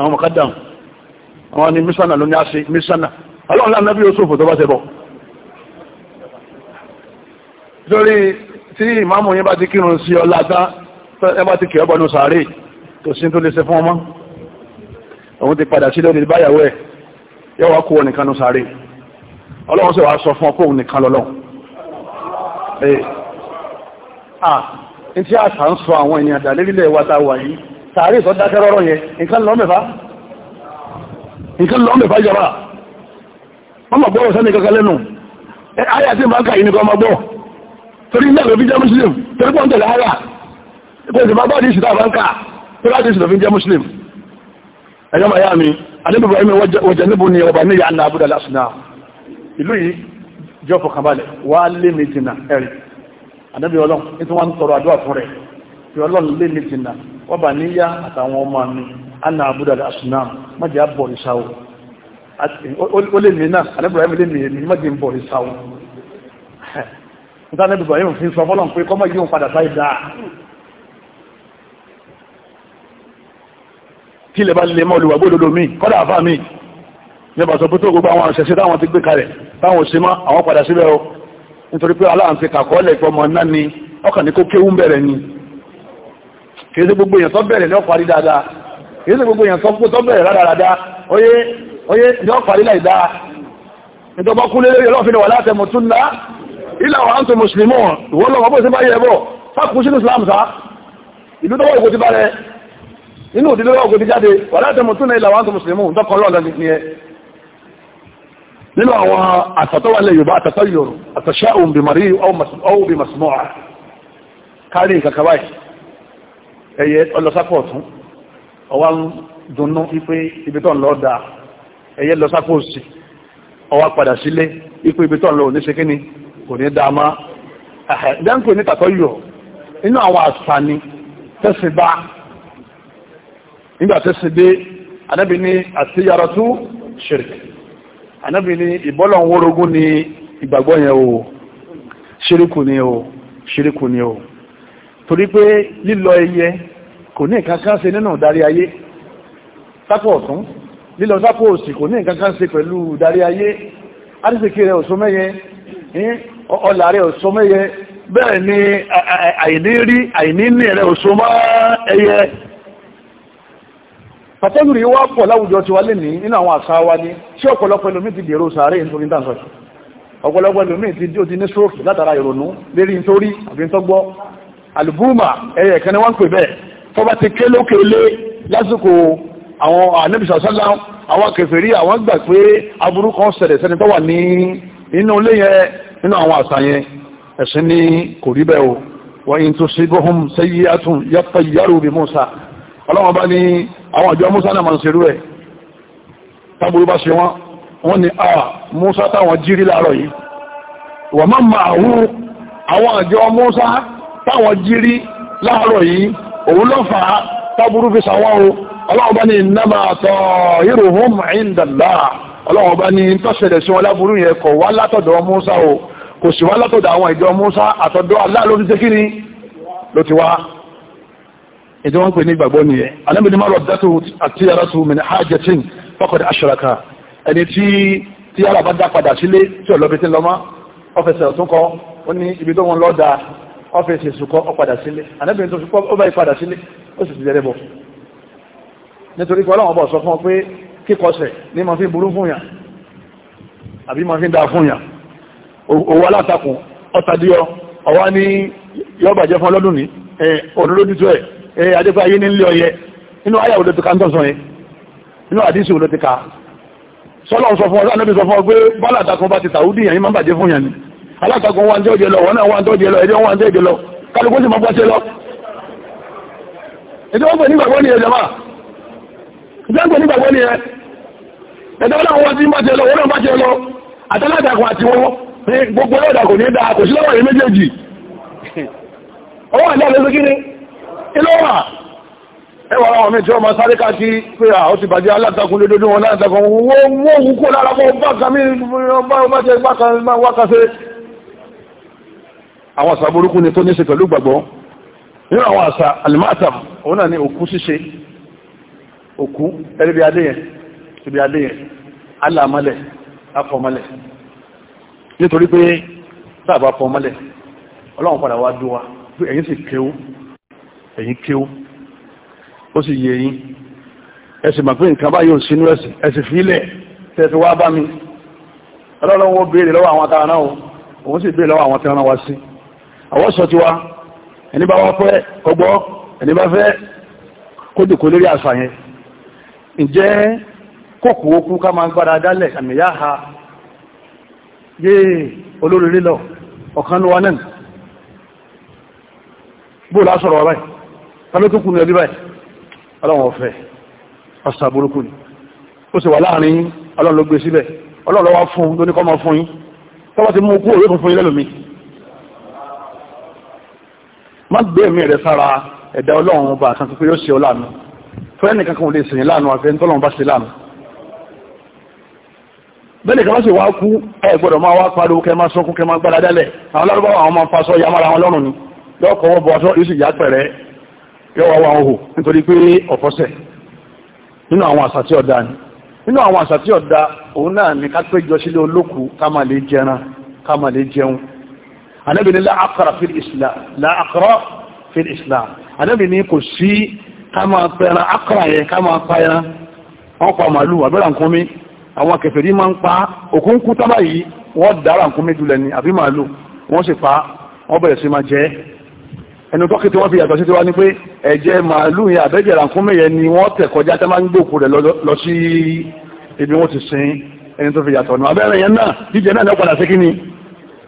àwọn mọ̀kádàm àwọn ni mísánà ló ní á sí mísánà ọlọ́run láàrín nábí Yusuf tó bá ṣe bọ̀ lórí tí ìmáàmù yẹn bá ti kírun sí ọlá dá ẹ bá ti kìí ọgbọ̀nù sàárè kò sí tó lè ṣe fún ọmọ òun ti padà sí lórí ah ní tí àṣà ń sọ àwọn ènìyàn dà lérílẹ̀ wa yìí sàárì sọ dákẹ́ rọ́rọ́ yẹn nǹkan lọ mẹ́fà nǹkan lọ mẹ́fà jọba wọ́n mọ̀ gbọ́rọ̀ sẹ́ni kankan lẹ́nu ayà tí máa ń kàyí nìkan ọmọ gbọ́ torí ní fi jẹ́ muslim torí pọ́n tẹ̀lé ayà kò sì máa gbọ́ àdìsí tàbá ń kà torí àdìsí tó fi jẹ́ muslim ẹ̀yọ́ màá yá mi adébùbọ̀ ẹ̀mí wọ́jẹ̀ ni ọba níyà ń nàbúdà lásìnà ìlú yìí jọ́ fọkànbalẹ̀ wà lé mi jìnà ẹ̀rì àdébì ọlọ́run ní tí wọ́n ń fi ọlọ́run lé ní jìnnà wọ́n bà níyà àtàwọn ọmọ mi anna abudu al-asnam mọ́jẹ́ àbọ̀ ìṣàwọ̀ ó lè mí náà alẹ́bùrẹ́ mi lè mí èmi mọ́jẹ́ ń bọ̀ ìṣàwọ̀ nítorí ẹ̀bùbọ̀ yóò fi sọ fọ́lọ́n pé kọ́mọ̀ yóò padà sáì dáa kí lè bá lè mọ́ olùwà gbódodo mi kọ́dà àfá nígbà sọ pútó gbogbo àwọn àṣẹṣẹ́ táwọn ti gbé kalẹ̀ táwọn òṣèmá àwọn padà síbẹ̀ o nítorí pé aláàǹtí kàkọ́ọ́lẹ̀ ìpọmọ náà ni ọkàn kéwú bẹ̀rẹ̀ ni kìí ṣe gbogbo èèyàn tó bẹ̀rẹ̀ ní ọ̀parí dáadáa kìí ṣe gbogbo èèyàn tó bẹ̀rẹ̀ rádaràdá oyé oyé ní ọ̀parí láìdáa ìjọba kú lélẹ́ ọlọ́fin wà láti ẹmọ̀ tún náà ilẹ̀ àwọn àǹtò mùsùlùmí ìwọ́n lọ́wọ́ bó ṣe bá yẹ bọ́ fákùn sínú Islam sá ìlú tọwọ́ ìkò ti bá rẹ inú òdílé ọkọ̀ ti jáde wà láti ẹmọ̀ tún náà ilẹ̀ ẹyẹ ọlọ́sápọ̀ ọ̀tún ọwá ń dunnú wípé ibi tó ń lọ dáa ẹyẹ lọ́sápọ̀ òsì ọwá padà sílé wípé ibi lọ òní ṣe kíni kò ní dáa má dáńkò ní tàtọ́ yọ inú àwọn àṣà ni tẹ́sí bá nígbà tẹ́sí dé anábì ní àṣeyọrọ tú ṣìrìkì anábì ní ìbọ́lọ̀ ń wórogún ní ìgbàgbọ́ yẹn o ṣìrìkù ni o ṣìrìkù ni o torí pé lílọ ẹyẹ kò ní nǹkan kan ṣe nínú ìdarí ayé sápò ọ̀tún lílọ sápò òsì kò ní nǹkan kan ṣe pẹ̀lú ìdarí ayé àdìsíkì rẹ̀ òṣó mẹ́yẹ ọlà rẹ̀ òṣó mẹ́yẹ bẹ́ẹ̀ ni àìní rí àìní ní rẹ̀ òṣó mọ́ ẹyẹ pàtẹ́gùrì wá pọ̀ láwùjọ ti wá lẹ́ni nínú àwọn àṣà wa ni ṣé ọ̀pọ̀lọpọ̀ ẹlòmí ti dèrò sàárè nítorí dáńsọ̀ ọ̀pọ̀lọpọ̀ ẹlòmí ti dí ó ti ní stroke látara ìrònú lérí nítorí àbí nítogbọ́ àlùbúmà ẹyẹ wọ́n ń pè bẹ́ẹ̀ tó bá ti ké lókè lé lásìkò àwọn ànábìsà sálá àwọn kèfèrí àwọn gbà pé aburú kan ṣẹlẹ̀ sẹ́ni tó wà ní inú ilé yẹn nínú àwọn àṣà yẹn ẹ̀sìn ní kò rí bẹ́ẹ̀ o wọ́n yìí tó ṣe bóhùn sẹ́yí àtún yàtọ̀ yàrù bí Musa ọlọ́wọ́n bá ní àwọn àjọ Musa náà máa ń ṣerú ẹ̀ tábùrú bá ṣe wọ́n wọ́n ni a Musa táwọn jírí láàárọ̀ yìí wọ́n máa máa hú àwọn àjọ Musa táwọn jírí láàárọ̀ yìí òun ló fà á táburú fi sàwọn o ọlọ́wọ́ bá ní nàmà àtọ̀ yìrò hóm ìndàlá ọlọ́wọ́ bá ní tọ́sẹ̀lẹ̀ sí wọn láburú yẹn kọ̀ wá látọ̀dọ̀ Musa o kò sì wá látọ̀dọ̀ àwọn ìjọ Musa àtọ̀dọ̀ Allah ló ti ṣe kíni ló ti wá ètò wọn pè ní ìgbàgbọ́ nìyẹn anábìnrin má rọ̀ dátò àti yàrá mìíràn hajjatin faqad ashraka ẹni tí tí yàrá bá dá padà sílé tí ọ̀lọ́bi ti lọ́mọ́ ọ̀fẹsẹ̀ ọ̀tún kọ́ ó ní ibi tó wọn lọ́ọ́ dáa ọ́fíìsì ìsùkọ́ ọ̀padà sílé ànábìrin tó fi kọ́ ó bá ìpadà sílé ó sì ti jẹ́rẹ́ bọ̀ nítorí pé ọlọ́wọ́n bọ̀ sọ fún ọ pé kíkọsẹ̀ ní ma fi burú fún yàn àbí ma fi dáa fún yàn owó alátakùn ọ̀tàdíọ́ ọwá ní yọ́bàjẹ́ fún ọlọ́dún ní ọ̀dọ́dójútó ẹ̀ adépa ayé ní ilé ọyẹ inú ayà òdó ti ka ń tọ́sán yẹn inú àdísì òdó ti ka sọ́lọ́ sọ fún ọ alátakùn wa ń tẹ́ òjè lọ wọn náà wa ń tẹ́ òjè lọ èdè wọn wa ń tẹ́ òjè lọ kálukú sì máa bọ́sẹ̀ lọ. èdè wọn pè ní gbàgbọ́ nìyẹn jama ìjọba pè ní gbàgbọ́ nìyẹn èdè wọn náà wọn ti ń bàtẹ lọ wọn náà bàtẹ lọ àtàlátakùn àti wọn gbogbo ọlọ́dà kò ní dáa kò sí lọ́wọ́ yìí méjèèjì ọwọ́ àdá lọ́sọ kí ni ilé àwọn àṣà burúkú ni tó ní ṣe pẹ̀lú gbàgbọ́ nínú àwọn àṣà alimatam òun náà ni òkú ṣíṣe òkú ẹ̀rí bí adé yẹn ibi adé yẹn alàmọ́lẹ̀ afọmọ́lẹ̀ nítorí pé sáàbà fọmọ́lẹ̀ ọlọ́run padà wá dúwa pé ẹ̀yin sì kéwú ẹ̀yin kéwú ó sì yẹ yín òun sì béèrè lọ́wọ́ àwọn tẹ́ràn wá sí àwọn sọ tiwa ẹni bá wá pẹ́ ọgbọ́ ẹni bá fẹ́ kó dìkò lórí àṣà yẹn ǹjẹ́ kòkò okú ká máa gbára dálẹ̀ àmìyá ha yéè olórí lílọ ọ̀kan ló wá náà bó lásọ̀rọ̀ ọ̀rẹ́ tàbíkùnkùn ẹbí báyìí ọlọ́run ọ̀fẹ́ ọ̀sà burúkú ni ló gbé síbẹ̀ ọlọ́run ló wá fún lóníkọ́ máa fún yín tọ́wọ́ ti mú okú òwe fún fún yín má gbé ẹ̀mí rẹ̀ sára ẹ̀dá ọlọ́run ọba àkàntí pé yóò ṣe ọ láàánú fẹ́ẹ̀nì kankan láàánú àfẹ́ tọ́lọ́run bá ṣe láàánú bẹ́ẹ̀ni kan wá kú máa wá pariwo kẹ máa kẹ máa gbára dálẹ̀ àwọn ya mara wọn lọ́rùn ni yóò kọ́wọ́ bọ aṣọ yóò sì yá pẹ̀rẹ́ yóò wá wọn nítorí pé ọ̀fọ́sẹ̀ nínú àwọn àṣà tí anábì ní láàkàrà fil islam láàkàrà fil islam anábì ní kò sí ká máa pẹran akàrà yẹn ká máa pa ẹran wọ́n pa màálù àbẹ́rà nǹkan mi àwọn kèfèrí máa ń pa òkúńkú tábà yìí wọ́n dára nǹkan mi dulẹ̀ ni àbí màálù wọ́n sì pa wọ́n bẹ̀rẹ̀ sí máa jẹ ẹnu tọ́kì tí wọ́n fi yàtọ̀ sí ti wá ní pé ẹ̀jẹ̀ màálù yẹn àbẹ́jẹ̀ rànkúnmí yẹn ni wọ́n tẹ̀ kọjá tá máa ń gbòkú rẹ̀ lọ sí ibi wọ́n ti sin ẹni tó fi yàtọ̀ nù abẹ́rẹ́ yẹn náà jíjẹ náà lọ́padà sí kí ni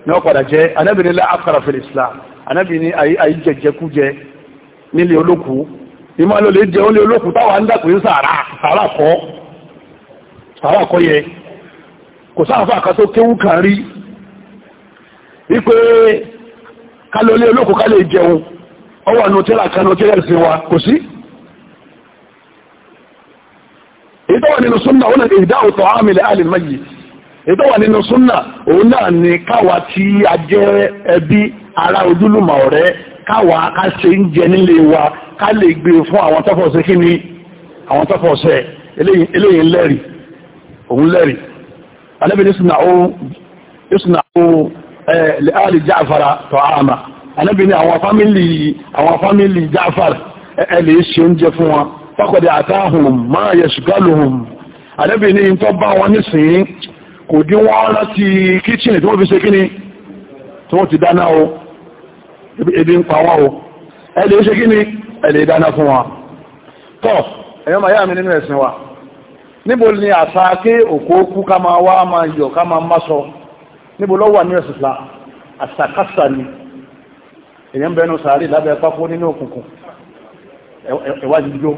ní ọ̀padà jẹ́ anábì ní láàkàrà fil islam anábì ní ayé jẹjẹkújẹ nílé olókù ìmọ̀ ló lè jẹun lé olókù táwa ń dàpín sàárà sàárà kọ́ sàárà kọ́ yẹ kò sáàfà kan tó kéwú kan rí wípé ká lọ lé olókù ká lè jẹun ọwọ́ nínú súnmọ́ ọ̀nà ìdá òtọ̀ àmì lẹ́ àlè ètò wà nínú súnà òun náà ni káwa tí a jẹ́ ẹbí ara ojúlùmọ̀ ọ̀rẹ́ káwa ká ṣe ń jẹ nílé wa ká lè gbé e fún àwọn tọ́fọ̀ọ́sẹ́ kí ni àwọn tọ́fọ̀ọ́sẹ́ eléyìí lẹ́rì òun lẹ́rì alẹ́bìn ìsìnà ó fún kò dín wọ́n láti kíchìnì tí wọ́n fi ṣe kí ni tí wọ́n ti dáná o ebi ń pa wọ́n o ẹ̀lẹ́ ṣe kí ni ẹ̀lẹ́ dáná fún wa tọ́ ẹ̀yọ́ màá yà mí nínú ẹ̀sìn wa níbo ni àṣà ké òkú kú ká máa wá máa yọ̀ ká máa má sọ níbo lọ́wọ́ àmì ẹ̀sìn fìlà àṣàkáṣà ni èyàn ń bẹnu sàárì lábẹ́ pápó nínú òkùnkùn ẹ̀wádìí jó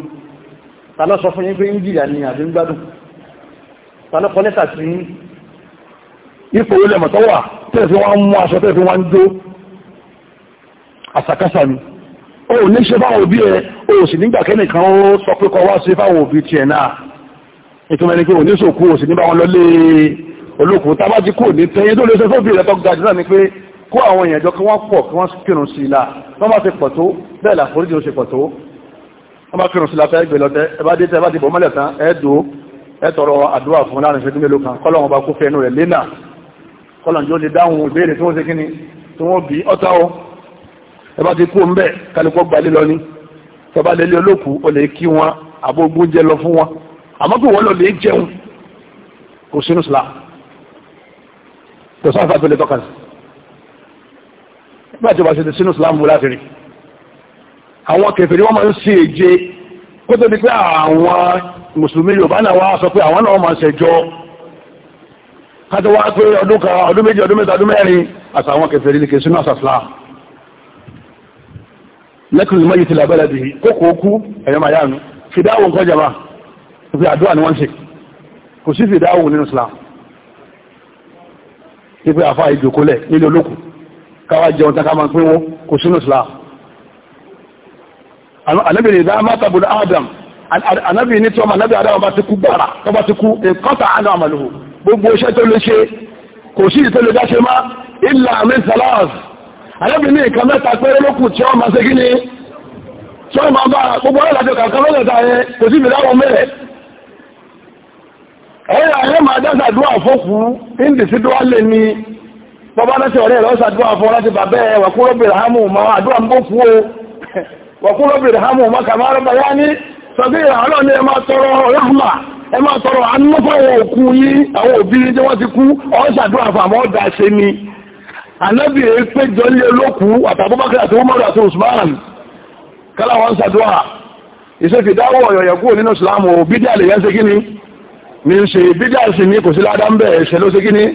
ta ló sọ fún yín pé ń jìyà ni àbí ń gbádùn ta ló kọ́ lẹ́tà sí ìfowó lẹ́mọ̀ tó wà tẹ́ẹ̀fí wọ́n mú aṣọ tẹ́ẹ̀fí wọ́n jó àsàkásà ni o ní ṣe fáwọn òbí ẹ o sì nígbà kẹ́nìkan ó sọ pé kọ wá sí fáwọn òbí tiẹ̀ náà ìtumọ̀ ẹni pé òní sòkú o sì ní ni pé kó àwọn èèyàn jọ kí wọ́n pọ̀ kí wọ́n kírun sí ilá wọ́n bá ti pọ̀ tó bẹ́ẹ̀ là foríjì ó ṣe pọ̀ tó wọ́n bá kírun sí ilá fẹ́ gbé lọ tẹ ẹ bá dé tẹ kọ́lọ̀n yóò lè dáhùn ìbéèrè tí wọ́n ṣe kí ni tí wọ́n bí ọ́tá ọ ẹbá ti kú ńbẹ̀ kálukọ́ gbalé lọ ní tọba lélẹ̀ olóòkú o lè kí wọn àbógún jẹ lọ fún wọn àmọ́ kò wọ́n lọ lè jẹun kò sínú sílá kò sáfà tó lè tọ́ka sí nígbà tí wọ́n ṣe ti sínú sílá ń bu láti rí àwọn kèfèrí wọ́n máa ń ṣe èje kó tó di pé àwọn mùsùlùmí Yorùbá náà wá sọ pé àwọn náà máa ń ṣẹjọ́ kátó wá pé ọdún kan ọdún méjì ọdún mẹ́ta ọdún mẹ́rin àti àwọn kẹfẹ́rí ní kẹsínú àsàfilà lẹ́kùnrin mọ́yì ti làbẹ́rẹ̀ bìí kókò ókú ẹ̀yọ́ máa yánu fìdáwò nǹkan jẹba fi àdúrà ni wọ́n ṣe kò sí fìdáwò nínú Islam ipe àfa ìjòkólẹ̀ nílé olókùn káwá jẹun tán ká máa pínwó kò sínú Islam anábìnrin ìdá mátàbùn Adam anábìnrin tí wọ́n máa nábì Adam bá ti kú gbára tó bá ti kú nǹkan tà á náà gbogbo iṣẹ́ tó lè ṣe kò sí tó lè dáṣe má ilà àmì salas alábìnrin nǹkan mẹ́ta péré lókù tí wọ́n máa ṣe kíni tí wọ́n máa bá gbogbo ọ̀rọ̀ àjọ kankan lọ́nà ta yẹn kò sí ìdáwọ̀ mẹ́rẹ̀ ẹ̀yà ayé máa dáṣà dúà fókù ìndìsí dúà lè ní bọ́bá láti ọ̀rẹ́ ẹ̀rọ ṣàdúà fún láti bàbẹ́ wàkúrọ́bìnrin hamu ma àdúà ń bó fún o wàkúrọ́bìnrin hamu ma kàmárọ̀ bayani sọ ẹ máa tọrọ àánú fáwọn òkú yín àwọn òbí yín tí wọ́n ti kú ọ́n ṣàdúrà fún àmọ́ ọ̀dà ṣe ni ànábì péjọ lé olókù àtàbọ́bákẹ́ àti wọ́mọ́rọ̀ àti usman kálá wọn ṣàdúrà ìṣe fìdáwọ̀ ọ̀yọ̀yọ̀ kúrò nínú ìsìlámù bídí àlè yẹn ṣe kí ni ní ṣe bídí àṣì ni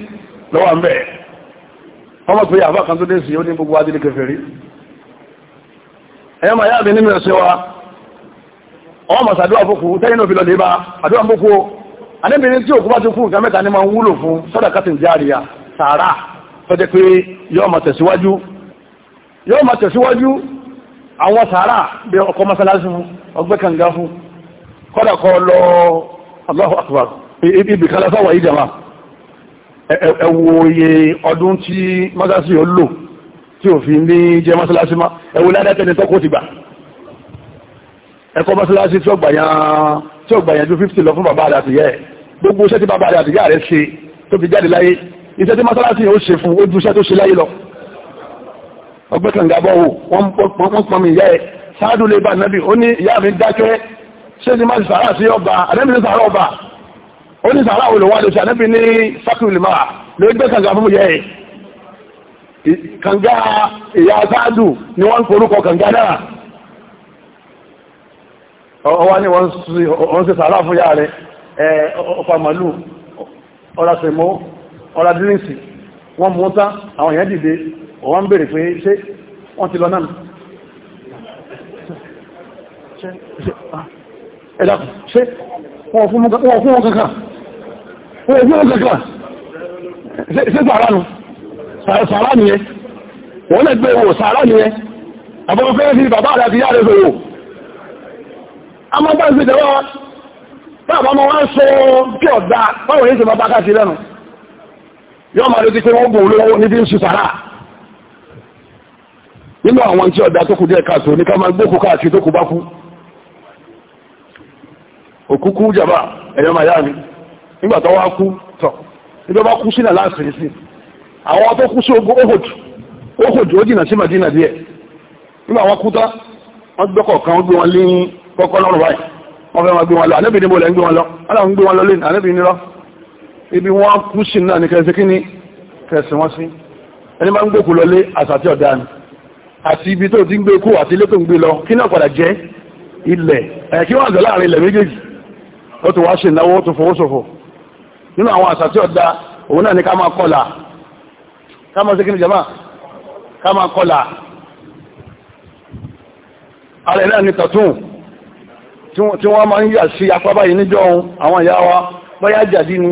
lọ́wọ́ wa ọwọ́ mọ̀ sàdúrà fókù tẹ́yìn òfin lọ́lẹ́ bá àdúrà fókù o anẹ́bìnrin tí òkú bá ti kú nǹkan mẹ́ta ní ma ń wúlò fún sọ́dà kátìn járíà sàárà tọ́jẹ́ pé yọ́ ma tẹ̀síwájú yọ́ ma tẹ̀síwájú àwọn sàárà bí ọkọ̀ masalasi fún ọgbẹ́ kànga fún kọ́dà kọ́ lọ Allahu Akbar ibi kalafa wà ìjàmà ẹwọ iye ọdún tí masalasi yóò lò tí òfin ní ẹ̀kọ́ mọ́sálásí tí ó gbàyàn ju 50 lọ fún bàbá rẹ̀ àti yẹ́ gbogbo iṣẹ́ tí bàbá rẹ̀ àti yá rẹ̀ ṣe tó fi jáde láyé iṣẹ́ tí mọ́sálásí yóò ṣe fún ojú iṣẹ́ tó ṣe láyé lọ ọgbẹ́ kàngàbọ̀ wọ́n pọ̀ mi ìyá ẹ̀ sáádù lè bá nábì ó ní ìyá mi dákẹ́ ṣé ni máa sàárà sí ọba àdẹ́bì ní sàárà ọba ó ní sàárà olùwà lè ṣe àdẹ́bì ní fákìlìmà lè gbé kàngà fún ìyá ẹ̀ kàngà ìyá sáádù ni wọ́n ń forúkọ kàngà náà ọwá ní wọ́n ṣe sàárà fún yà rẹ̀ ọpa màlú ọ̀rà sẹ̀mọ́ ọ̀rà dírínsì wọ́n mú tán àwọn èèyàn dìde wọ́n bèèrè pé ṣé wọ́n ti lọ náà ẹ̀dà ṣe wọ́n fún wọn kankan wọ́n fún wọn kankan ṣe sàárà nù sàárà nìyẹn wọ́n lẹ́gbẹ̀ẹ́ wò sàárà nìyẹn àbọ́n fẹ́ sí bàbá àti yà rẹ̀ fẹ́ wò amọ́gbà ń gbèsè wọ́n báwọn ọmọ wọn sọ bí ọ̀dá báwọn yìí ṣe bá bákà sí lẹ́nu yọ́ máa retí pé wọ́n gùn lọ́wọ́ níbi ń sùsàrà nínú àwọn tí ọ̀dá tó kù díẹ̀ káàtó ní ká máa gbókù káàkiri tó kù bá kú òkúkú jàbá ẹ̀yọ́ máa yá mi nígbà tó wá kú tọ̀ níbi ọba kú sínà láàrin sí àwọn tó kú sí ogun óhòdù óhòdù ó jìnà sí màdínà díẹ̀ nígbà kọ́kọ́ lọ́rùn báyìí wọ́n fẹ́ wọn gbé wọn lọ ànábì níbo lẹ́ ń gbé wọn lọ aláwọn gbé wọn lọ lẹ́nu ànábì nírọ́ ibi wọ́n kú sí náà ní kẹsí kí ni kẹsì wọ́n sí ẹni máa ń gbé kú lọ lé àsàtì ọ̀dà ni àti ibi tó ti ń gbé kú àti ilé tó ń gbé lọ kí náà padà jẹ́ ilẹ̀ ẹ̀ kí wọ́n àjọ láàrin ilẹ̀ méjèèjì ó ti wá ṣe ìnáwó tó fowó ṣòfò nínú àwọn àṣà tí òun náà ni ká máa kọlà ká máa sékínì jama ká máa kọlà ààrẹ náà ni tọ̀tún tí wọ́n máa ń yà sí apá báyìí níjọ́ ohun àwọn ìyá wa bóyá àjàdí ni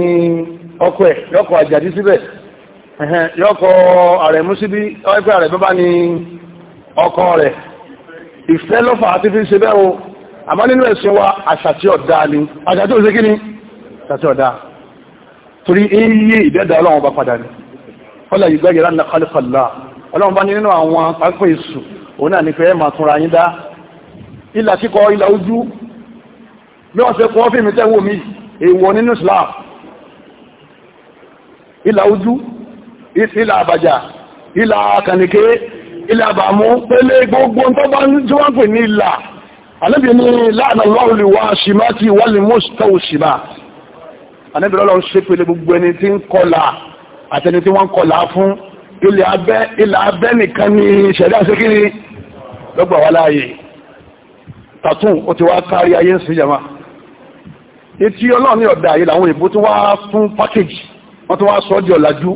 ọkọ ẹ̀ yọ́kọ̀ àjàdí síbẹ̀ yọ́kọ̀ ààrẹ mú síbí ọ́ẹ́pẹ́ ààrẹ bábá ni ọkọ rẹ̀ ìfẹ́ lọ́fà àti fi ṣe bẹ́ẹ̀ o àmọ́ nínú ẹ̀sìn wa àṣà tí ọ̀dá ni àṣà tí ò ṣe kí ni àṣà tí ọ̀dá torí iye ìdẹ́dà ọlọ́run bá padà ní ọlá yìí ojú bí wọ́n ṣe kọ́ ọ́fíìmì tẹ́wò mi èèwọ̀ nínú Islam ilà ojú ilà àbàjá ilà kànìké ilà àbàmú pélé gbogbo tó bá ń tí wọ́n pè ní ilà alẹ́bì ní láàrín ọlọ́rùn wa ṣìmá ti wọ́lì mọ́sítọ́ òṣìmá alẹ́bì lọ́lọ́run ṣe pélé gbogbo ẹni tí ń kọlà àtẹni tí wọ́n kọlà fún ilẹ̀ abẹ́ ilẹ̀ abẹ́ nìkan ni ṣẹ̀dá sí kí ni lọ́gbà wà láàyè tàtún ó ti wá kárí ayé ń sí jama etí ọlọ́run ní ọ̀dà yìí làwọn èèbó tó wá fún pákéjì wọ́n tó wá sọ di ọ̀làjú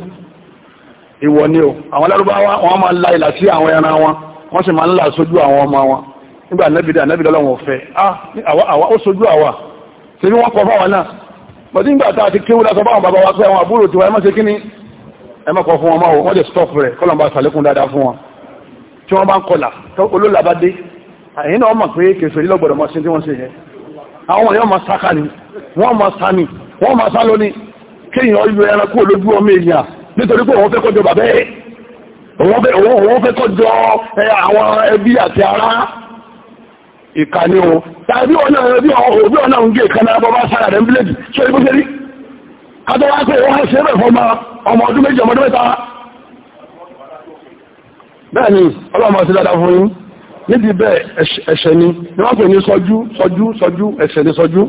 ìwọ̀ ni o àwọn alárúbáwá wọ́n máa la ìlà sí àwọn ẹran wọn wọ́n sì máa ń là sójú àwọn ọmọ wọn nígbà nẹ́bìdì ànẹ́bìdì ọlọ́run ọ̀fẹ́ ah, àwa ó sójú àwa ṣe bí wọ́n kọ fáwọn náà bọ̀dí nígbà tá a ti kéwú lásọ báwọn bàbá wa pé àwọn àbúrò tiwa ẹ má ṣe kí ni ẹ kọ fún wọn máa wọ́n jẹ́ stop rẹ̀ kọ́lọ̀ bá sàlékún dáadáa fún wọn tí wọ́n bá ń kọlà olólàbádé àyínà ọmọ pé kèsòrí lọ́gbọ̀dọ̀ mọ́ sí tí wọ́n ṣe yẹn àwọn ọmọ ya máa sáka ni wọ́n máa sá ni wọ́n máa sá lóní kéèyàn ìlú ẹranko ọmọ nítorí pé òun fẹ́ kọjọ òun fẹ́ kọjọ àwọn ẹbí àti o tàbí ọ̀nà ẹbí òbí ọ̀nà ń gé ìkànnì abọ́ sára rẹ̀ ń bílẹ̀dì ṣe ibú ṣe rí pé ọmọ níbi bẹ́ẹ̀ ẹ̀ṣẹ̀ ni ni wọ́n pè ní sọjú sọjú sọjú ẹ̀ṣẹ̀ ni sọjú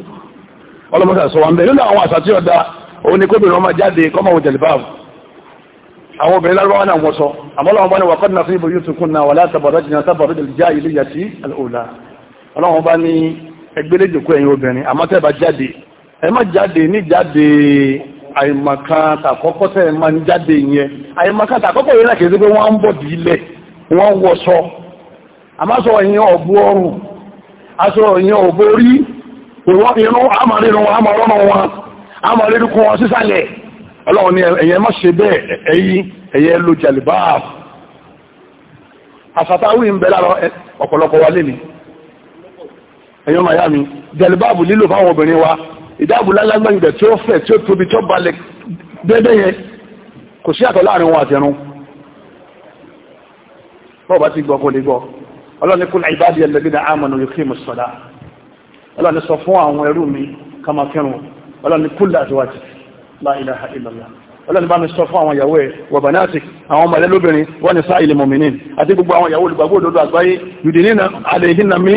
ọlọ́mọdé sọ wà ń bẹ̀ nínú àwọn àṣà tí ó da òun ni kóbìnrin ọmọ jáde kọ́mọ òun jẹ̀lẹ̀ báàbù àwọn obìnrin lárúbáwá náà wọ́n sọ àmọ́ lọ́wọ́ bá ní wà kọ́dínà fún ibùdó tuntun náà wà látàbọ̀dọ̀ jìnnà sábàdọ̀ jẹ̀lẹ̀ já ìlú yàtí àlòlà ọlọ́wọ́n bá ní ẹgbẹ́lẹ́ jòkó ẹ̀yin obìnrin àmọ́ tẹ́ bá jáde ẹ má jáde ní jáde àìmọ̀kan wọ́n ń sọ àmásọ ìyẹn ọ̀bọ̀ ọrùn aṣọ ìyẹn ọ̀bọ̀ orí ìrún àmàrírun àmàrọ́nà wọn àmàrírukun wọn sísàlẹ̀ ọlọ́run ni ẹ̀yẹ má ṣe bẹ́ẹ̀ ẹ̀yí ẹ̀yẹ ló jàlìbá àsàtàwì ń bẹ lára ọ̀pọ̀lọpọ̀ wa lẹ́ni miami jàlìbáàbù lílò fáwọn obìnrin wa ìdáàbù lálágbàyìnbẹ̀ tí ó fẹ̀ tí ó tóbi tí ó balẹ̀ dédé yẹn kò sí àtọ̀ láàrin wọn àtẹrun bọ́ọ̀ bá ti gbọ́ kó lè gbọ́ ọlọ́ni kúlẹ̀ ìbáàdì ẹlẹ́gbẹ̀dà àmọ̀nà yóò kí mùsọ̀lá ọlọ́ni sọ fún àwọn ẹrú mi kama kẹrùn ọlọ́ni kúlẹ̀ àdúwàjì láìláha ìlàlá ọlọ́ni bá mi sọ fún àwọn ìyàwó ẹ̀ wọ̀bànáàtì àwọn ọmọ ẹlẹ́lóbìnrin wọ́n ni sá ilẹ̀ mọ̀mìnì àti gbogbo àwọn ìyàwó olùgbàgbọ́ òdodo àgbáyé yùdìnínà àlèhìnà mi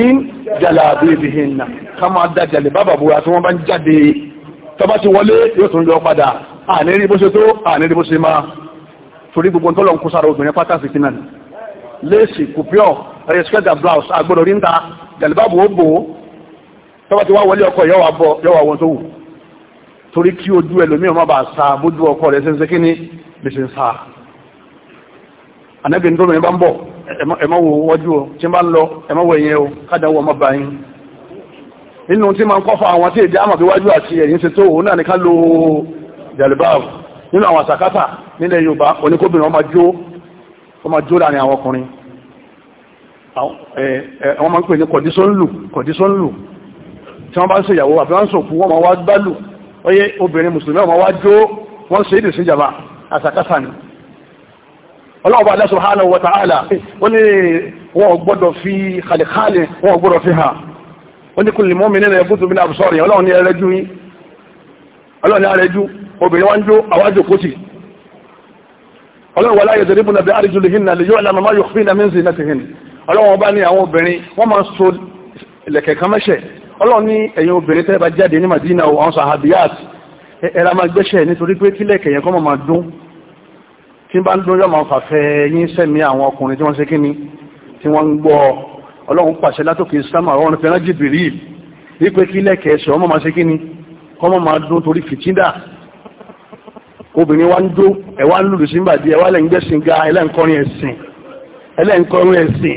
jàlá àbíbìhìnà ká máa da jàlè bá bàbúrà tí wọ́n bá ń jáde tó ti wọlé yóò tún yọ padà àníri bó ṣe tó àníri bó ṣe máa torí gbogbo tọ́lọ̀ ń kó sára obìnrin pátá fìtínà léèsì kùpíọ̀ ọ̀yẹ́ skẹ́gà blouse agbọ́dọ̀ rí ń ta jàlìbáàbù ó bò ó tọ́wọ́ ti wá wọlé ọkọ̀ yọ́wà bọ̀ yọ́wà wọn tó wù torí kí ojú ẹlòmíì má bàa sa bójú ọkọ̀ rẹ̀ ṣe kíní lè ṣe ń sa ànẹ́bì ní tó mẹ́rin bá ń bọ̀ ẹ̀mọ́ wo wọ́jú o tí bá ń lọ ẹ̀mọ́ wo ẹ̀yẹ o kájà ọmọ bá yín nínú tí máa ń kọ́fà àwọn tí èdè àmàbí wájú àti ẹ̀yìn ṣe tó òun náà ní ká lo jàlìbáàbù nínú àwọn àsàkátà nílẹ̀ Yorùbá oníkóbìnrin ọmọ jó ọmọ jó láàrin àwọn ọkùnrin wọ́n máa ń pè ní kọ̀dísọ́nlù kọ̀dísọ́nlù tí wọ́n bá ń ṣe ìyàwó àbí wọ́n ń sòkú wọ́n máa wá gbálù ọyẹ́ obìnrin mùsùlùmí wọ́n máa wá jó wọ́n ṣe èdè síjàmà àsàkásà ni ọlọ́ọ̀bá wa ta'ala wọ́n ní wọ́n fi kàlẹ̀kàlẹ̀ wọ́n gbọ́dọ̀ fi hàn wọ́n ní kulli mu'minina yaghuddu min absarihim ọlọ́run ní ẹrẹ́jú yín ọlọ́run ní ẹrẹ́jú obìnrin wọ́n jó àwájò kòtì ọlọ́run wala yadribna bi arjulihinna liyu'lama ma ọlọ́wọ́n bá ní àwọn obìnrin wọ́n máa so lẹ̀kẹ̀ kan mẹ́ṣẹ̀ ọlọ́wọ́n ní ẹ̀yin obìnrin tẹ́ bá jáde ní Madina àwọn sahabiyat ẹ̀ra máa gbẹ́ṣẹ̀ nítorí pé kí lẹ̀kẹ̀ yẹn kọ́ máa dún tí bá ni tí wọ́n ń gbọ́ ọlọ́run pàṣẹ látòkè sámà ọ̀run fẹ́ràn jìbìrì wípé kí lẹ̀kẹ̀ ẹsẹ̀ ọmọ máa ṣe kí ni kọ́mọ máa dún torí fìtíndà obìnrin wa ń dún ẹ̀wá ń lùlù sí ìbàdí ẹ̀wá lẹ́yìn gbẹ̀sìn ga ẹlẹ́ǹkọrin ẹ̀sìn ẹlẹ́ǹkọrin ẹ̀sìn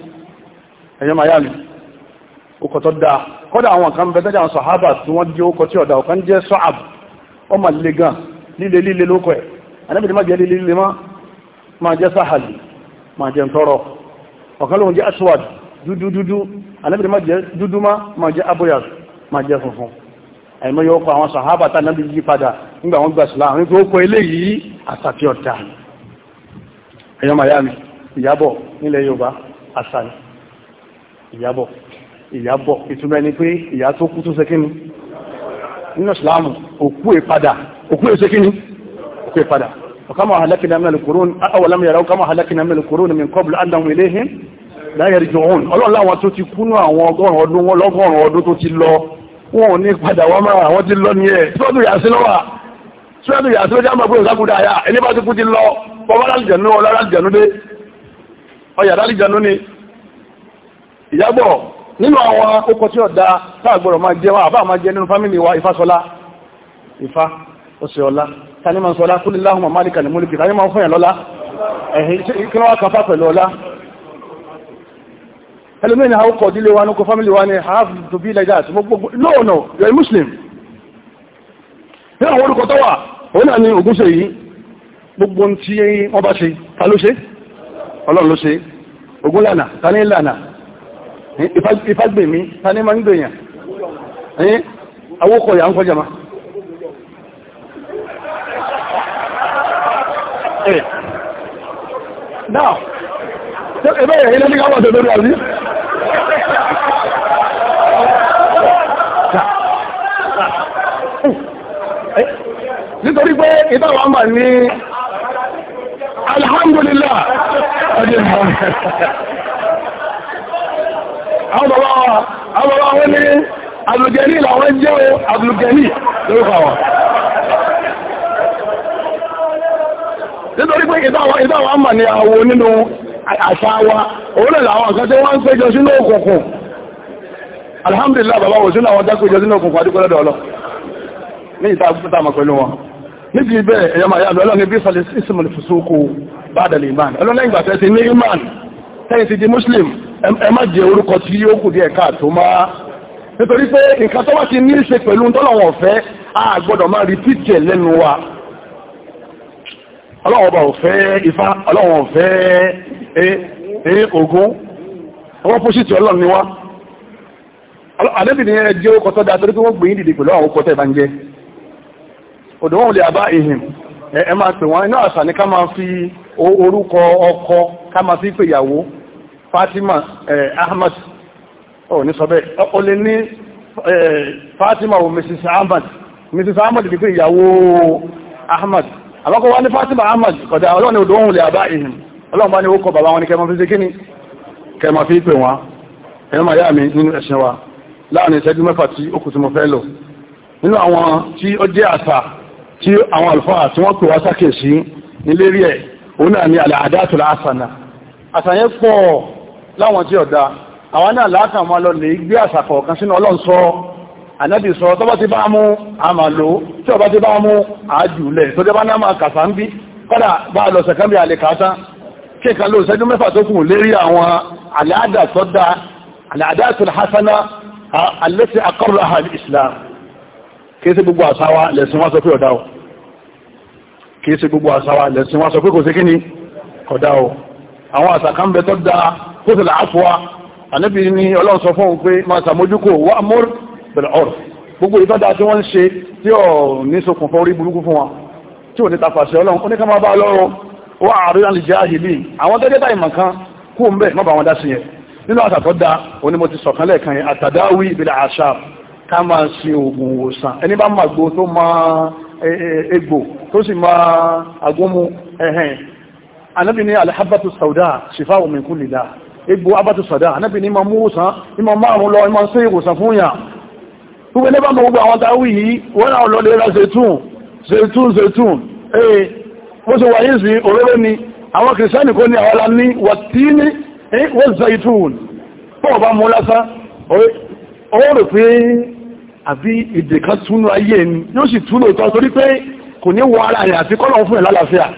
ẹ̀yọ́ miami ọkọ̀ tó dáa kọ́dà àwọn kan bẹ tẹ́jà sọ̀hábà tí wọ́n jẹ́ ọkọ̀ tí ọ̀dà ọ̀kan jẹ́ sọ́àb ọmọ líle gan líle líle lóko ẹ̀ anábìdì má jẹ́ líle líle má máa jẹ́ sáhàlì máa jẹ́ ntọ́rọ̀ ọ̀kan lóhun jẹ́ aswad dúdú dúdú anábìdì má jẹ́ dúdú má máa jẹ́ aboyaz máa jẹ́ funfun àìmọ́ yóò kọ àwọn sọ̀hábà tá náà yí padà nígbà wọn gbà sílá àwọn ìgbókò eléyìí àsàtì ọ̀tà ìyábọ̀ nílẹ̀ yorùbá àsàlì ìyàbọ̀ ìyàbọ̀ ìtumọ̀ ẹni pé ìyà tó kú tó sẹ́kínú nínú ìsìláàmù òkú ìpadà òkú ìsẹ́kínú òkú ìpadà وكما هلكنا من القرون أولم يروا كما هلكنا من القرون من قبل أنهم إليهم لا يرجعون ọlọ́run láwọn tó ti kú náà àwọn ọgọ́rùn ọdún wọn lọ́gọ́rùn ọdún tó ti lọ wọn ò ní padà wọn máa àwọn ti lọ ní ẹ̀ tíwọ́dù yàtí ìyábọ̀ nínú àwọn okọ̀ tí ó da táàgbọ̀rọ̀ máa jẹ́ wọn àbá máa jẹ́ nínú fámílì wa ìfásọlá ìfá òṣèọlá tani máa sọlá kúlẹ̀ láhùn máa lè kàlẹ̀ múlùkì tani máa fún ẹ̀ lọ́lá ẹ̀hìn kí wọ́n kàfà pẹ̀lú ọlá ẹlòmínà have to be like that no no you a muslim nínú àwọn orúkọ tó ni ògúnṣe yìí gbogbo tí wọ́n bá ṣe ta ìfàgbèmí ta ní ma ń gbèyàn ẹ̀yìn awókọ̀ ìyà ń kọjá ma náà ẹgbẹ́ ìyà ilẹ̀ ní káwọ̀ tó lórí àrí nítorí pé ìtàwà mà ní alhamdulillah ọdí ìhàn àwọn bàbá wọn ní Abdulgani làwọn jẹ́ Abdulgani lórúkọ àwọn nítorí pé ìdáwọn àmà ni àwọ nínú àṣà wa òun lè àwọn àkàtẹ́ wọ́n ń sínú òkùnkùn alhamdulillah bàbá wò sínú àwọn dákòjọ sínú òkùnkùn àdúgbọ́lọ́dọ̀ ọlọ́ tẹ́yìn ti di muslim ẹ má jẹ orúkọ tí ó kù díẹ̀ káàtó máa nítorí pé nǹkan tó wá ti ní ṣe pẹ̀lú tọ́lọ̀wọ̀n ọ̀fẹ́ a gbọ́dọ̀ máa repeat ẹ̀ lẹ́nu wa ọlọ́wọ̀n bá ọ̀fẹ́ ifá ọlọ́wọ̀n ọ̀fẹ́ ẹ ogun ọwọ́ pósítì ọlọ́run ni wá àdébìnrin ẹ jẹ́ orúkọ tó dáa torí pé wọ́n gbìyìn dìde pẹ̀lú àwọn orúkọ tẹ́ bá ń jẹ́ òdò Fatima eh, Ahmad oh ní sọ bẹ́ẹ̀ ó lè ní Fatima o Mrs Ahmad Mrs Ahmad bí pé ìyàwó Ahmad àbákọ̀ wá ní Fatima Ahmad kọ̀dá ọlọ́ni odò ohun lè àbá ìhìn ọlọ́run bá ní ókọ̀ bàbá wọn ni kẹma fi ṣe kíni kẹma fi pè wọn ẹ̀rọ màá yá mi nínú ẹ̀ṣẹ̀ wa láàrin ìṣẹ́jú mẹ́fà tí ó kù tí mo fẹ́ lò ni àlẹ́ àdá àtúlá àṣà náà pọ̀ láwọn tí ọ̀dá àwọn náà látàn máa lọ lè gbé àṣà kọ̀ọ̀kan sínú ọlọ́run sọ ànábì sọ tó bá ti bá mú àmà lò tí ọba ti bá mú àjùlẹ̀ tó jẹ́ bá náà máa kàsà ń bí kọ́dà bá lọ sẹ̀kẹ́mbì àlèkàtà kíkà ló ṣẹ́jú mẹ́fà tó kù lérí àwọn àlàádà tó dá àwọn àṣàkà ń bẹ tó dáa kó sì làáfọ́wá ànábì ni ọlọ́run sọ fún òun pé máa ṣàmójúkò wà mọ́r bẹ̀rẹ̀ ọ̀rọ̀ gbogbo ìtọ́jà tí wọ́n ń ṣe tí ọ̀ ní ṣokùnfà orí burúkú fún wa tí ò ní tafàṣẹ ọlọ́run ó ní ká máa bá lọ́rọ̀ wà àríyá lè jẹ́ àyè bí àwọn tó jẹ́ta ìmọ̀ kan kú ń bẹ̀ má bá wọn dá sí yẹn nínú àṣà tó dáa òní mo ti sọ̀kan lẹ́ẹ̀kan yẹn àtàdáwì ìbílẹ̀ àṣà ká máa ṣe oògùn òwòsàn ẹni bá máa gbó tó máa e, e, egbò tó sì máa agúnmu anábì ní alhabatu sauda shifa min kulli da egbò abatu sauda anábì ní ma mú sán ima márùn lọ ima sí ìwòsàn fún yà gbogbo ní bá mọ̀ gbogbo àwọn tàwí yìí wọ́n náà lọ lè ra zetun zetun zetun ee ó sì wáyé sí òróró ni àwọn kìrìsìtẹ́nì kò ní àwọn ọlá ní wà tí ní wọ́n zaitun pọ̀ bá mú lásán ó rò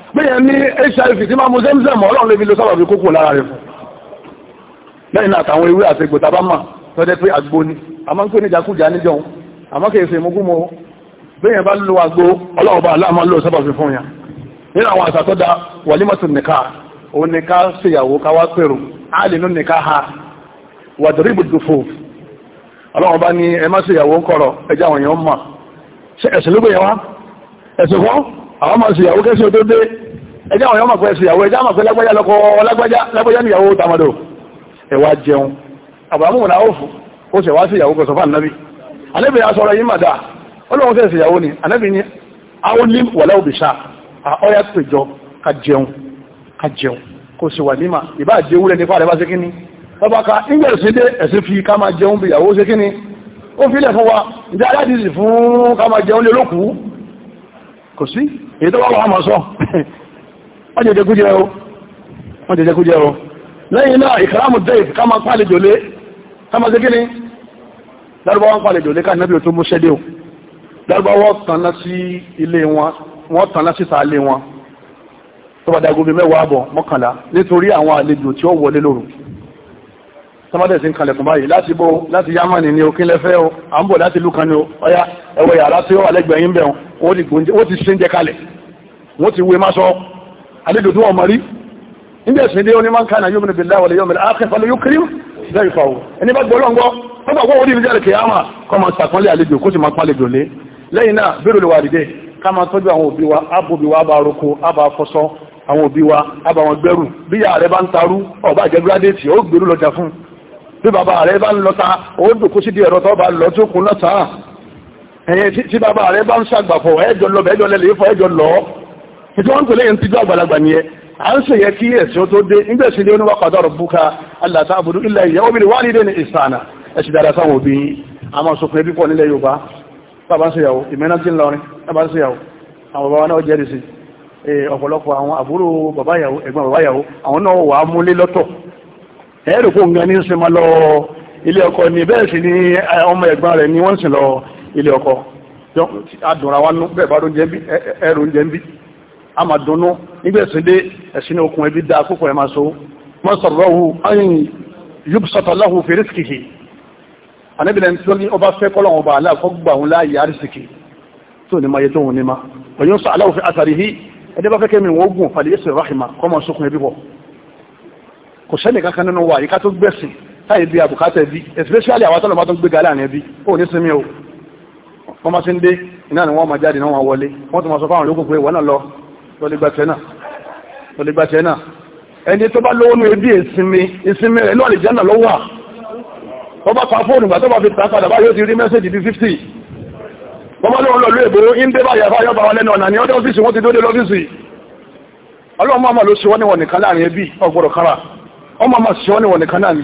gbéyàn ní hiv tí máa mú zemzem ọlọ́run lè fi lo sábàbí kókò lára rẹ̀ fún lẹ́yìn àtàwọn ewé àti egbò tàbá mà tọ́jẹ́ pé àgbo ni a máa ń pè ní ìjàkújà níjọ àmọ́ kìí ṣe ìmúgúnmọ́ gbéyàn bá lo àgbo ọlọ́run bá aláàmọ́ lo sábàbí fún ha wàdúrígbù dùfò ọlọ́run bá ní ẹ má ṣèyàwó ń kọ̀rọ̀ fún àwọn máa ṣe ìyàwó kẹ́sí òdódé ẹjá àwọn ọmọ pẹ́ sí ìyàwó ẹjá àmọ̀ pẹ́ lágbájá lọ́kọ lágbájá níyàwó tamadò ẹwà jẹun àbàmù náà ó fún ó ṣe wá sí ìyàwó kọsọ fún ànábì ànábì yà sọ̀rọ̀ yìí màdá ni ànábì ni àwọn ní wọ̀lá òbìṣà ọyà péjọ ká jẹun ká jẹun kò sì wà ìyàwó ó fi ilẹ̀ fún wa fún ká jẹun lé lókùú kò sí èyí tó wà wà mọ̀ sọ wọ́n jẹ́ jẹ́kújẹ́ o wọ́n jẹ́ jẹ́kújẹ́ o lẹ́yìn náà ìkàrámù dave ká máa pàlè jòlé ká máa jẹ́kí ni lárúbáwọ́ pàlè jòlé ká nẹ́bí tó mú ṣẹ́dẹ̀ o lárúbáwọ́ tànlá sí ilé wọn wọ́n tànlá sí sàálé wọn tó bá dago bí mẹ́wàá bọ̀ mọ́kànlá nítorí àwọn àlejò tí ó wọlé lóru tọ́mọ́dẹ̀ sí ń kalẹ̀kùn báyìí láti bó láti yámánì ni òkínlẹ́fẹ́ o a ń bọ̀ láti lúkan ni ó ọya ẹwọ yàrá tí ó wà lẹ́gbẹ̀ẹ́ yín bẹ̀rún wọ́n ti ṣe ń jẹ kalẹ̀ wọ́n ti wé máa sọ àlejò tí wọ́n mọ̀ rí nígbà ìsìn dé onímọ̀ nǹkan àyọ̀mọ̀ níbi láwọ̀ lè yọ̀mọ̀ láàkẹ́ falẹ̀ yóò kiri bẹ́ẹ̀ ìfà o ẹni bá gbọ́lọ́ ńgọ́ wọ́n gbàgbọ́ orí ìlú jẹ́rìí kìyàmà kọ́ máa sàpọ́nlé àlejò kó sì máa pọ́n àlejò lé lẹ́yìn náà bẹ́rù lè wà dìde ká máa tọ́jú àwọn òbí wa ábòbí wa bá roko ábà fọṣọ àwọn òbí wa ábà wọn gbẹrù bí ìyá rẹ bá ń tarú ọba jẹ gírádéètì ó gbèrú lọjà fún bí bàbá rẹ bá ń lọta ó ẹ̀yẹ tí bàbá rẹ̀ bá ń ṣàgbàfọ̀ ẹjọ́ lọ bẹ̀ẹ́jọ́ lẹ́lẹ̀ ìfọ̀ ẹjọ́ lọ ìtí wọ́n ń pèlè yẹn ti jọ àgbàlagbà ni ẹ a ń ṣe yẹ kí ẹ̀sìn ó tó dé nígbà sí ilé oníwà pàdé ọ̀rọ̀ búka Allah ta'budu illa iyyahu obìnrin wà nílé ní ìsànà ẹ̀sìn dáadáa sáwọn òbí a máa sọ pé pípọ̀ nílẹ̀ Yorùbá bàbá ń ṣe máa lọ ni bẹ́ẹ̀ sì ni ni wọ́n ilé ọkọ adùnra wa nú bẹ́ẹ̀ bá ló jẹ́ bí ẹrù jẹ́ bí a máa dunnú nígbẹ̀sìn dé ẹ̀sìn okùn ẹbí dáa púpọ̀ ẹ̀ máa so wọ́n sọ̀rọ̀ lọ́wọ́ ayin yóò sọ̀tọ̀ lọ́wọ́ fèrèsìkì anábìlẹ̀ tí ó ní ọba fẹ́ kọ́lọ̀wọ̀n bá aláàkọ́ gbà wọn láàyè àrísìkì tó ní máa yẹ tó wọn ní ma ọ̀yọ́ sọ aláwọ̀ fi àtàrí hí ẹdẹ́ bá fẹ́ kẹ́mi wọ́n gùn fàlẹ́ yẹ́sẹ̀ ráhìmá kọ́mọ sókun ẹbí bọ̀ kò sẹ́ni kankan nínú wa ìka tó gbẹ̀sìn táyé bí abùkátà ẹbí especially àwọn tọ́lọ̀ bá tó gbéga láàrin ẹbí ó ní sinmi o wọ́n máa ṣe ń dé iná ni wọ́n máa jáde náà wọ́n wọlé wọ́n tó máa sọ fáwọn olókùn pé wọ́n náà lọ lọ́lẹ́gbàtẹ́ náà ẹni tó bá lówó ní ebí ìsinmi ìsinmi rẹ̀ lọ́lẹ̀ jẹ́nà ló wà wọ́n bá pa fóònù gbà tó bá fi tà padà bá yóò ti rí mẹ́sẹ̀jì bí 50 wọ́n bá lóòrùn lọ́lú èbò ń dé bá yàfá yọba wọn lẹ́nu ọ̀nà ní ọdún ọ́fíìsì wọ́n ti dóde lọ́fíìsì ọlọ́run máa ló ṣe wọ́n níwọ̀n nìkan láàrin ẹbí ọgbọ̀rọ̀ kára ọmọ máa ṣe wọ́n níwọ̀n nìkan náà ni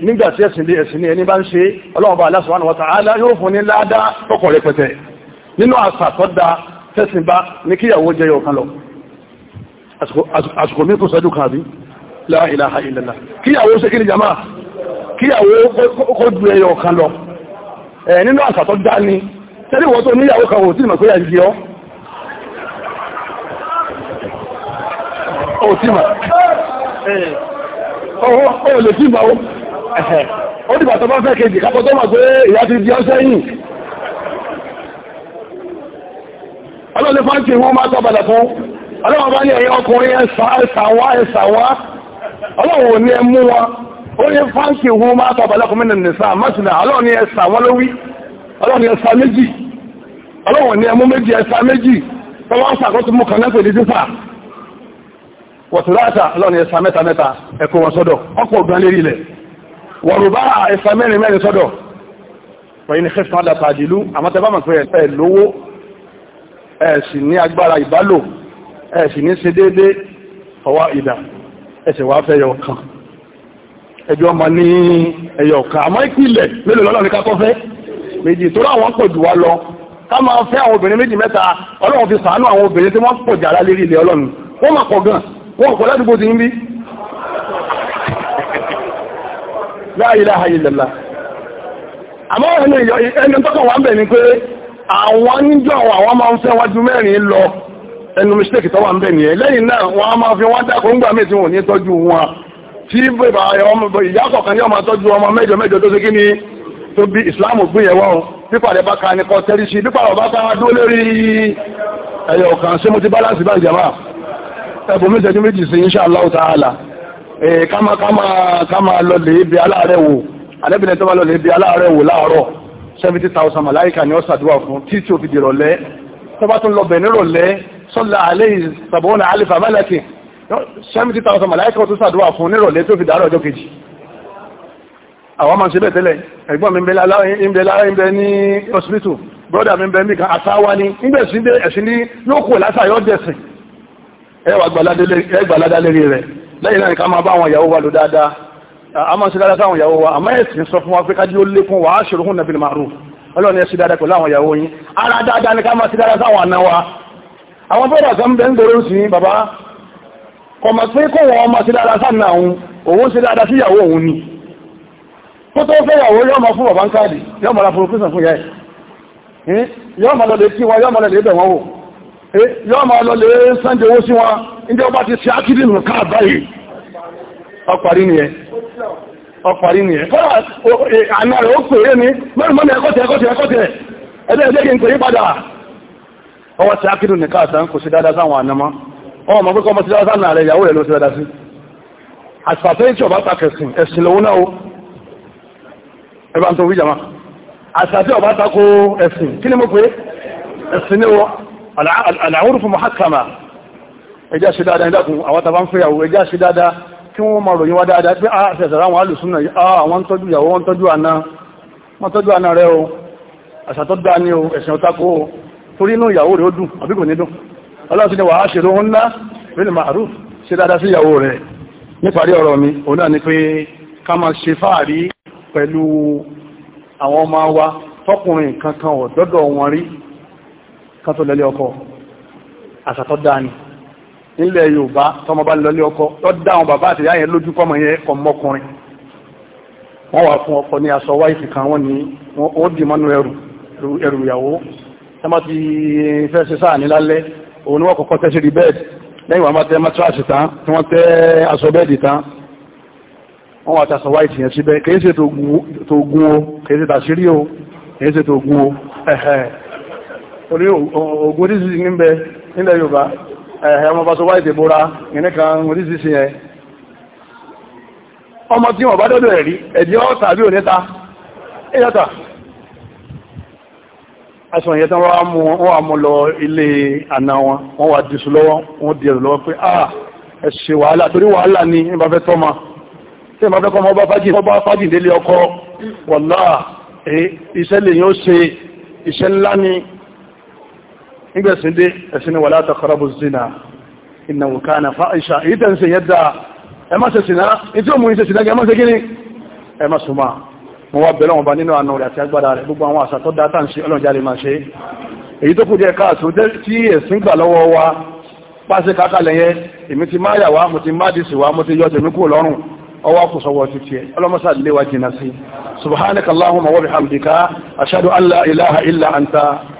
nígbà tí ẹ̀sìn lé ẹ̀sìn ní ẹni bá ń ṣe ọlọ́run bá Allah subhanahu wa ta'ala yóò fún ní ládàá tọkọ̀ rẹpẹtẹ nínú àṣà tó da tẹ́sìn bá ní kíyàwó jẹyọ kan lọ àsìkò mi kò sọ́jú kan àbí la ilaha illallah kíyàwó ṣe kí ni jama kíyàwó kó ju ẹyọ kan lọ ẹ̀ nínú àṣà tó dá ní tẹ́lẹ̀ wọ́n tó níyàwó kan wò tí mọ̀ pé yà jẹ́ ọ́ ò tí mọ̀ ọ̀ lè ó dìgbà tó bá fẹ́ kejì kápọ̀ tó mọ̀ pé ìyá ti di ọsẹ́ yìí ọlọ́dún fáńtì wọn máa tọ́ padà fún ọlọ́wọ́n bá ní ẹ̀yẹ ọkùnrin ẹ̀sà wá ẹ̀sà wá ọlọ́wọ́n wa ó ní fáńtì wọn máa tọ́ fún mẹ́rin nìsá mọ́sílá ẹ̀sà wọ̀rùbá ẹ̀sà mẹ́rin mẹ́rin sọ́dọ̀ pẹ̀lú ní kẹfà dàtà àdìlú àmọ́tẹ́bàmọ̀ pé ẹ̀ lówó ẹ̀ sì ní agbára ìbálò ẹ̀ sì ní ṣe déédé ọwá ìdà ẹ̀sẹ̀ wá fẹ́ yọ̀ọ̀kan ẹjọ́ ma ní ẹyọ̀ọ̀kan àmọ́ ìpìlẹ̀ mélòó lọ́lọ́ ní kakọ́ fẹ́ méjì tó láwọn pọ̀ jù wá lọ ká máa fẹ́ àwọn obìnrin méjì mẹ́ta ọlọ́run fi sàánú àwọn obìnrin tí wọ́n pọ̀ jà lálérí la ilaha illallah ẹni tọ́kọ̀ wà ń ni pé àwọn níjọ́ àwọn máa ń fẹ́ wájú mẹ́rin lọ ẹnu mistake wà ń bẹ̀ ní ẹ lẹ́yìn náà wọ́n a máa fi wọ́n dákò ń gbà mí tí ní tọ́jú wọn tí bèbà ìyá kọ̀ọ̀kan tọ́jú ọmọ mẹ́jọ mẹ́jọ tó ni tó bí Islam pípàdé bá ka ní kọ́ tẹ́rí kama lọ lè bi aláàrẹ̀ wò alẹ́bìnrin tó bá lọ lè bi aláàrẹ̀ wò láàárọ̀ seventy thousand malaika ni ó ṣàdúrà fún títí ó fi di rọ̀lẹ́ tó bá tún lọ bẹ̀ ní rọ̀lẹ́ sọ́lá alẹ́ sàbọ̀nà alifa malaki seventy thousand malaika ó tún ṣàdúrà fún ní rọ̀lẹ́ tó fi dàárọ̀ ọjọ́ kejì àwọn máa ń ṣe bẹ́ẹ̀ tẹ́lẹ̀ ẹ̀gbọ́n mi ń lẹ́yìn náà ká máa bá àwọn ìyàwó wa lò dáadáa a máa ń ṣe dáadáa táwọn ìyàwó wa àmọ́ ẹ̀sìn sọ fún wa pé kájí ó lékún wa ashiruhunna bil ma'ruf ọlọ́run ẹ ṣe dáadáa pẹ̀lú àwọn ìyàwó yín ara dáadáa ni ká máa ṣe dáadáa táwọn àna wa àwọn bọ́ọ̀dà kan ń gbèrò ni kó tó fẹ́ ìyàwó yọ́ mọ fún bàbá ń káàdì yọ́ mọ̀ láfún písàn fún yẹ́ yọ́ mọ̀ lọ lè kí wọn yọ́ mọ̀ lọ lè bẹ̀ wọn wò yọ́ mọ̀ lọ lè sáǹjẹ owó sí wọn ìjọ bá ti ṣe ákìdì nù káà báyìí ọparí nìyẹn ọparí nìyẹn fọ́nà àmì rẹ̀ ó pèrè ní mẹ́rin mọ́mí ẹkọ́tẹ̀ ẹkọ́tẹ̀ ẹkọ́tẹ̀ ẹ̀dẹ́ ẹ̀dẹ́ kí n pèrè padà ọwọ́ ṣe ákìdì nù káà tán kò sí dáadáa sáwọn ànàmọ́ ọmọ mọ̀ pẹ́kọ́ ọmọ sí dáadáa sáwọn àrẹ̀ ìyàwó rẹ̀ ló ni mo pé ẹ̀sìn ni wọ́n àlàáwùrùfù ẹjá ṣe dáadáa ìdákun àwọn tàbá ń fẹ́yàwó ẹjá ṣe dáadáa kí wọ́n máa ròyìn wá dáadáa pé àṣẹ̀sẹ̀rá ah, ah, àwọn alùsúnà àwọn tọ́jú ìyàwó wọ́n tọ́jú àna wọ́n tọ́jú àna rẹ̀ o ma'ruf ṣe dáadáa sí ìyàwó rẹ̀ níparí ọ̀rọ̀ mi òun náà ni pé ká máa ṣe fáàrí pẹ̀lú àwọn ọmọ wa tọkùnrin kankan ọ̀dọ́dọ̀ wọn rí kan tó lẹ́lẹ́ ọkọ àṣàtọ́ ni nílẹ̀ yorùbá tọmọ bá lọlé ọkọ lọ dá àwọn bàbá àti ìyá yẹn lójú kọmọ yẹn kọ mọkùnrin wọ́n wà fún ọkọ ní aṣọ wáìfì kan wọ́n ní wọ́n dì mọ́nú ẹrù ìyàwó ẹ ti fẹ́ ṣe sáà ní lálẹ́ ni wọ́n kọ́kọ́ tẹ́ sírí bẹ́ẹ̀dì lẹ́yìn wọ́n má tẹ́ matrasi tán tí wọ́n tẹ́ aṣọ bẹ́ẹ̀dì tán wọ́n wà taṣọ wáìfì yẹn síbẹ̀ kìí ṣe tó gún o kìí ṣe tàṣírí o kìí ṣe tó gún o ẹ̀hẹ̀ orí ogun tí sì ń bẹ nílẹ̀ yorùbá ẹ̀hẹ̀ ọmọ bá sọ wáyé tèbóra ìníkan oríṣiṣi ẹ̀ ọmọ tí wọ́n bá dọ́dọ̀ ẹ̀rí ẹ̀dí ọ́ tàbí oníta ẹ̀yọ́ta aṣọ ìyẹ́ tán wọ́n wá mú lọ ilé àna wọn wọ́n wá dìṣù lọ́wọ́ wọ́n di ẹ̀rù lọ́wọ́ pé ah ẹ ṣe wàhálà torí wàhálà ni ìbá fẹ́ tọ́mà tí ìbá fẹ́ kọ́ ọba fájì ọba fájì délé ọkọ wọ̀lá iṣẹ́ lè yóò ṣe iṣẹ́ ńlá ni nígbẹ̀sìn dé ẹ̀sìn ni wala taqrabu zina innahu kana fa'isha èyí tẹ́ ń ṣe yẹ́dà ẹ má ṣe sìná ètí ò mú ní ṣe sìná ẹ má ṣe kíní ẹ má súnmọ́ wọn wá bẹ̀rẹ̀ wọn bá nínú àna rẹ̀ àti agbára rẹ̀ gbogbo àwọn àṣà tó dá tá ń ṣe ọlọ́njáde máa ṣe èyí tó kù díẹ̀ káàtó tí ẹ̀sìn gbà lọ́wọ́ wa pàṣẹ kákàlẹ̀ yẹn ti máa yà wá mo ti má dìsì wá mo ti yọ tèmi kúrò lọ́rùn ọwọ́ kò sọ̀wọ́ ti tiẹ̀ ọlọ́mọsá lè wá jìnnà sí subhanakallahumma wa bihamdika ashhadu an la ilaha illa anta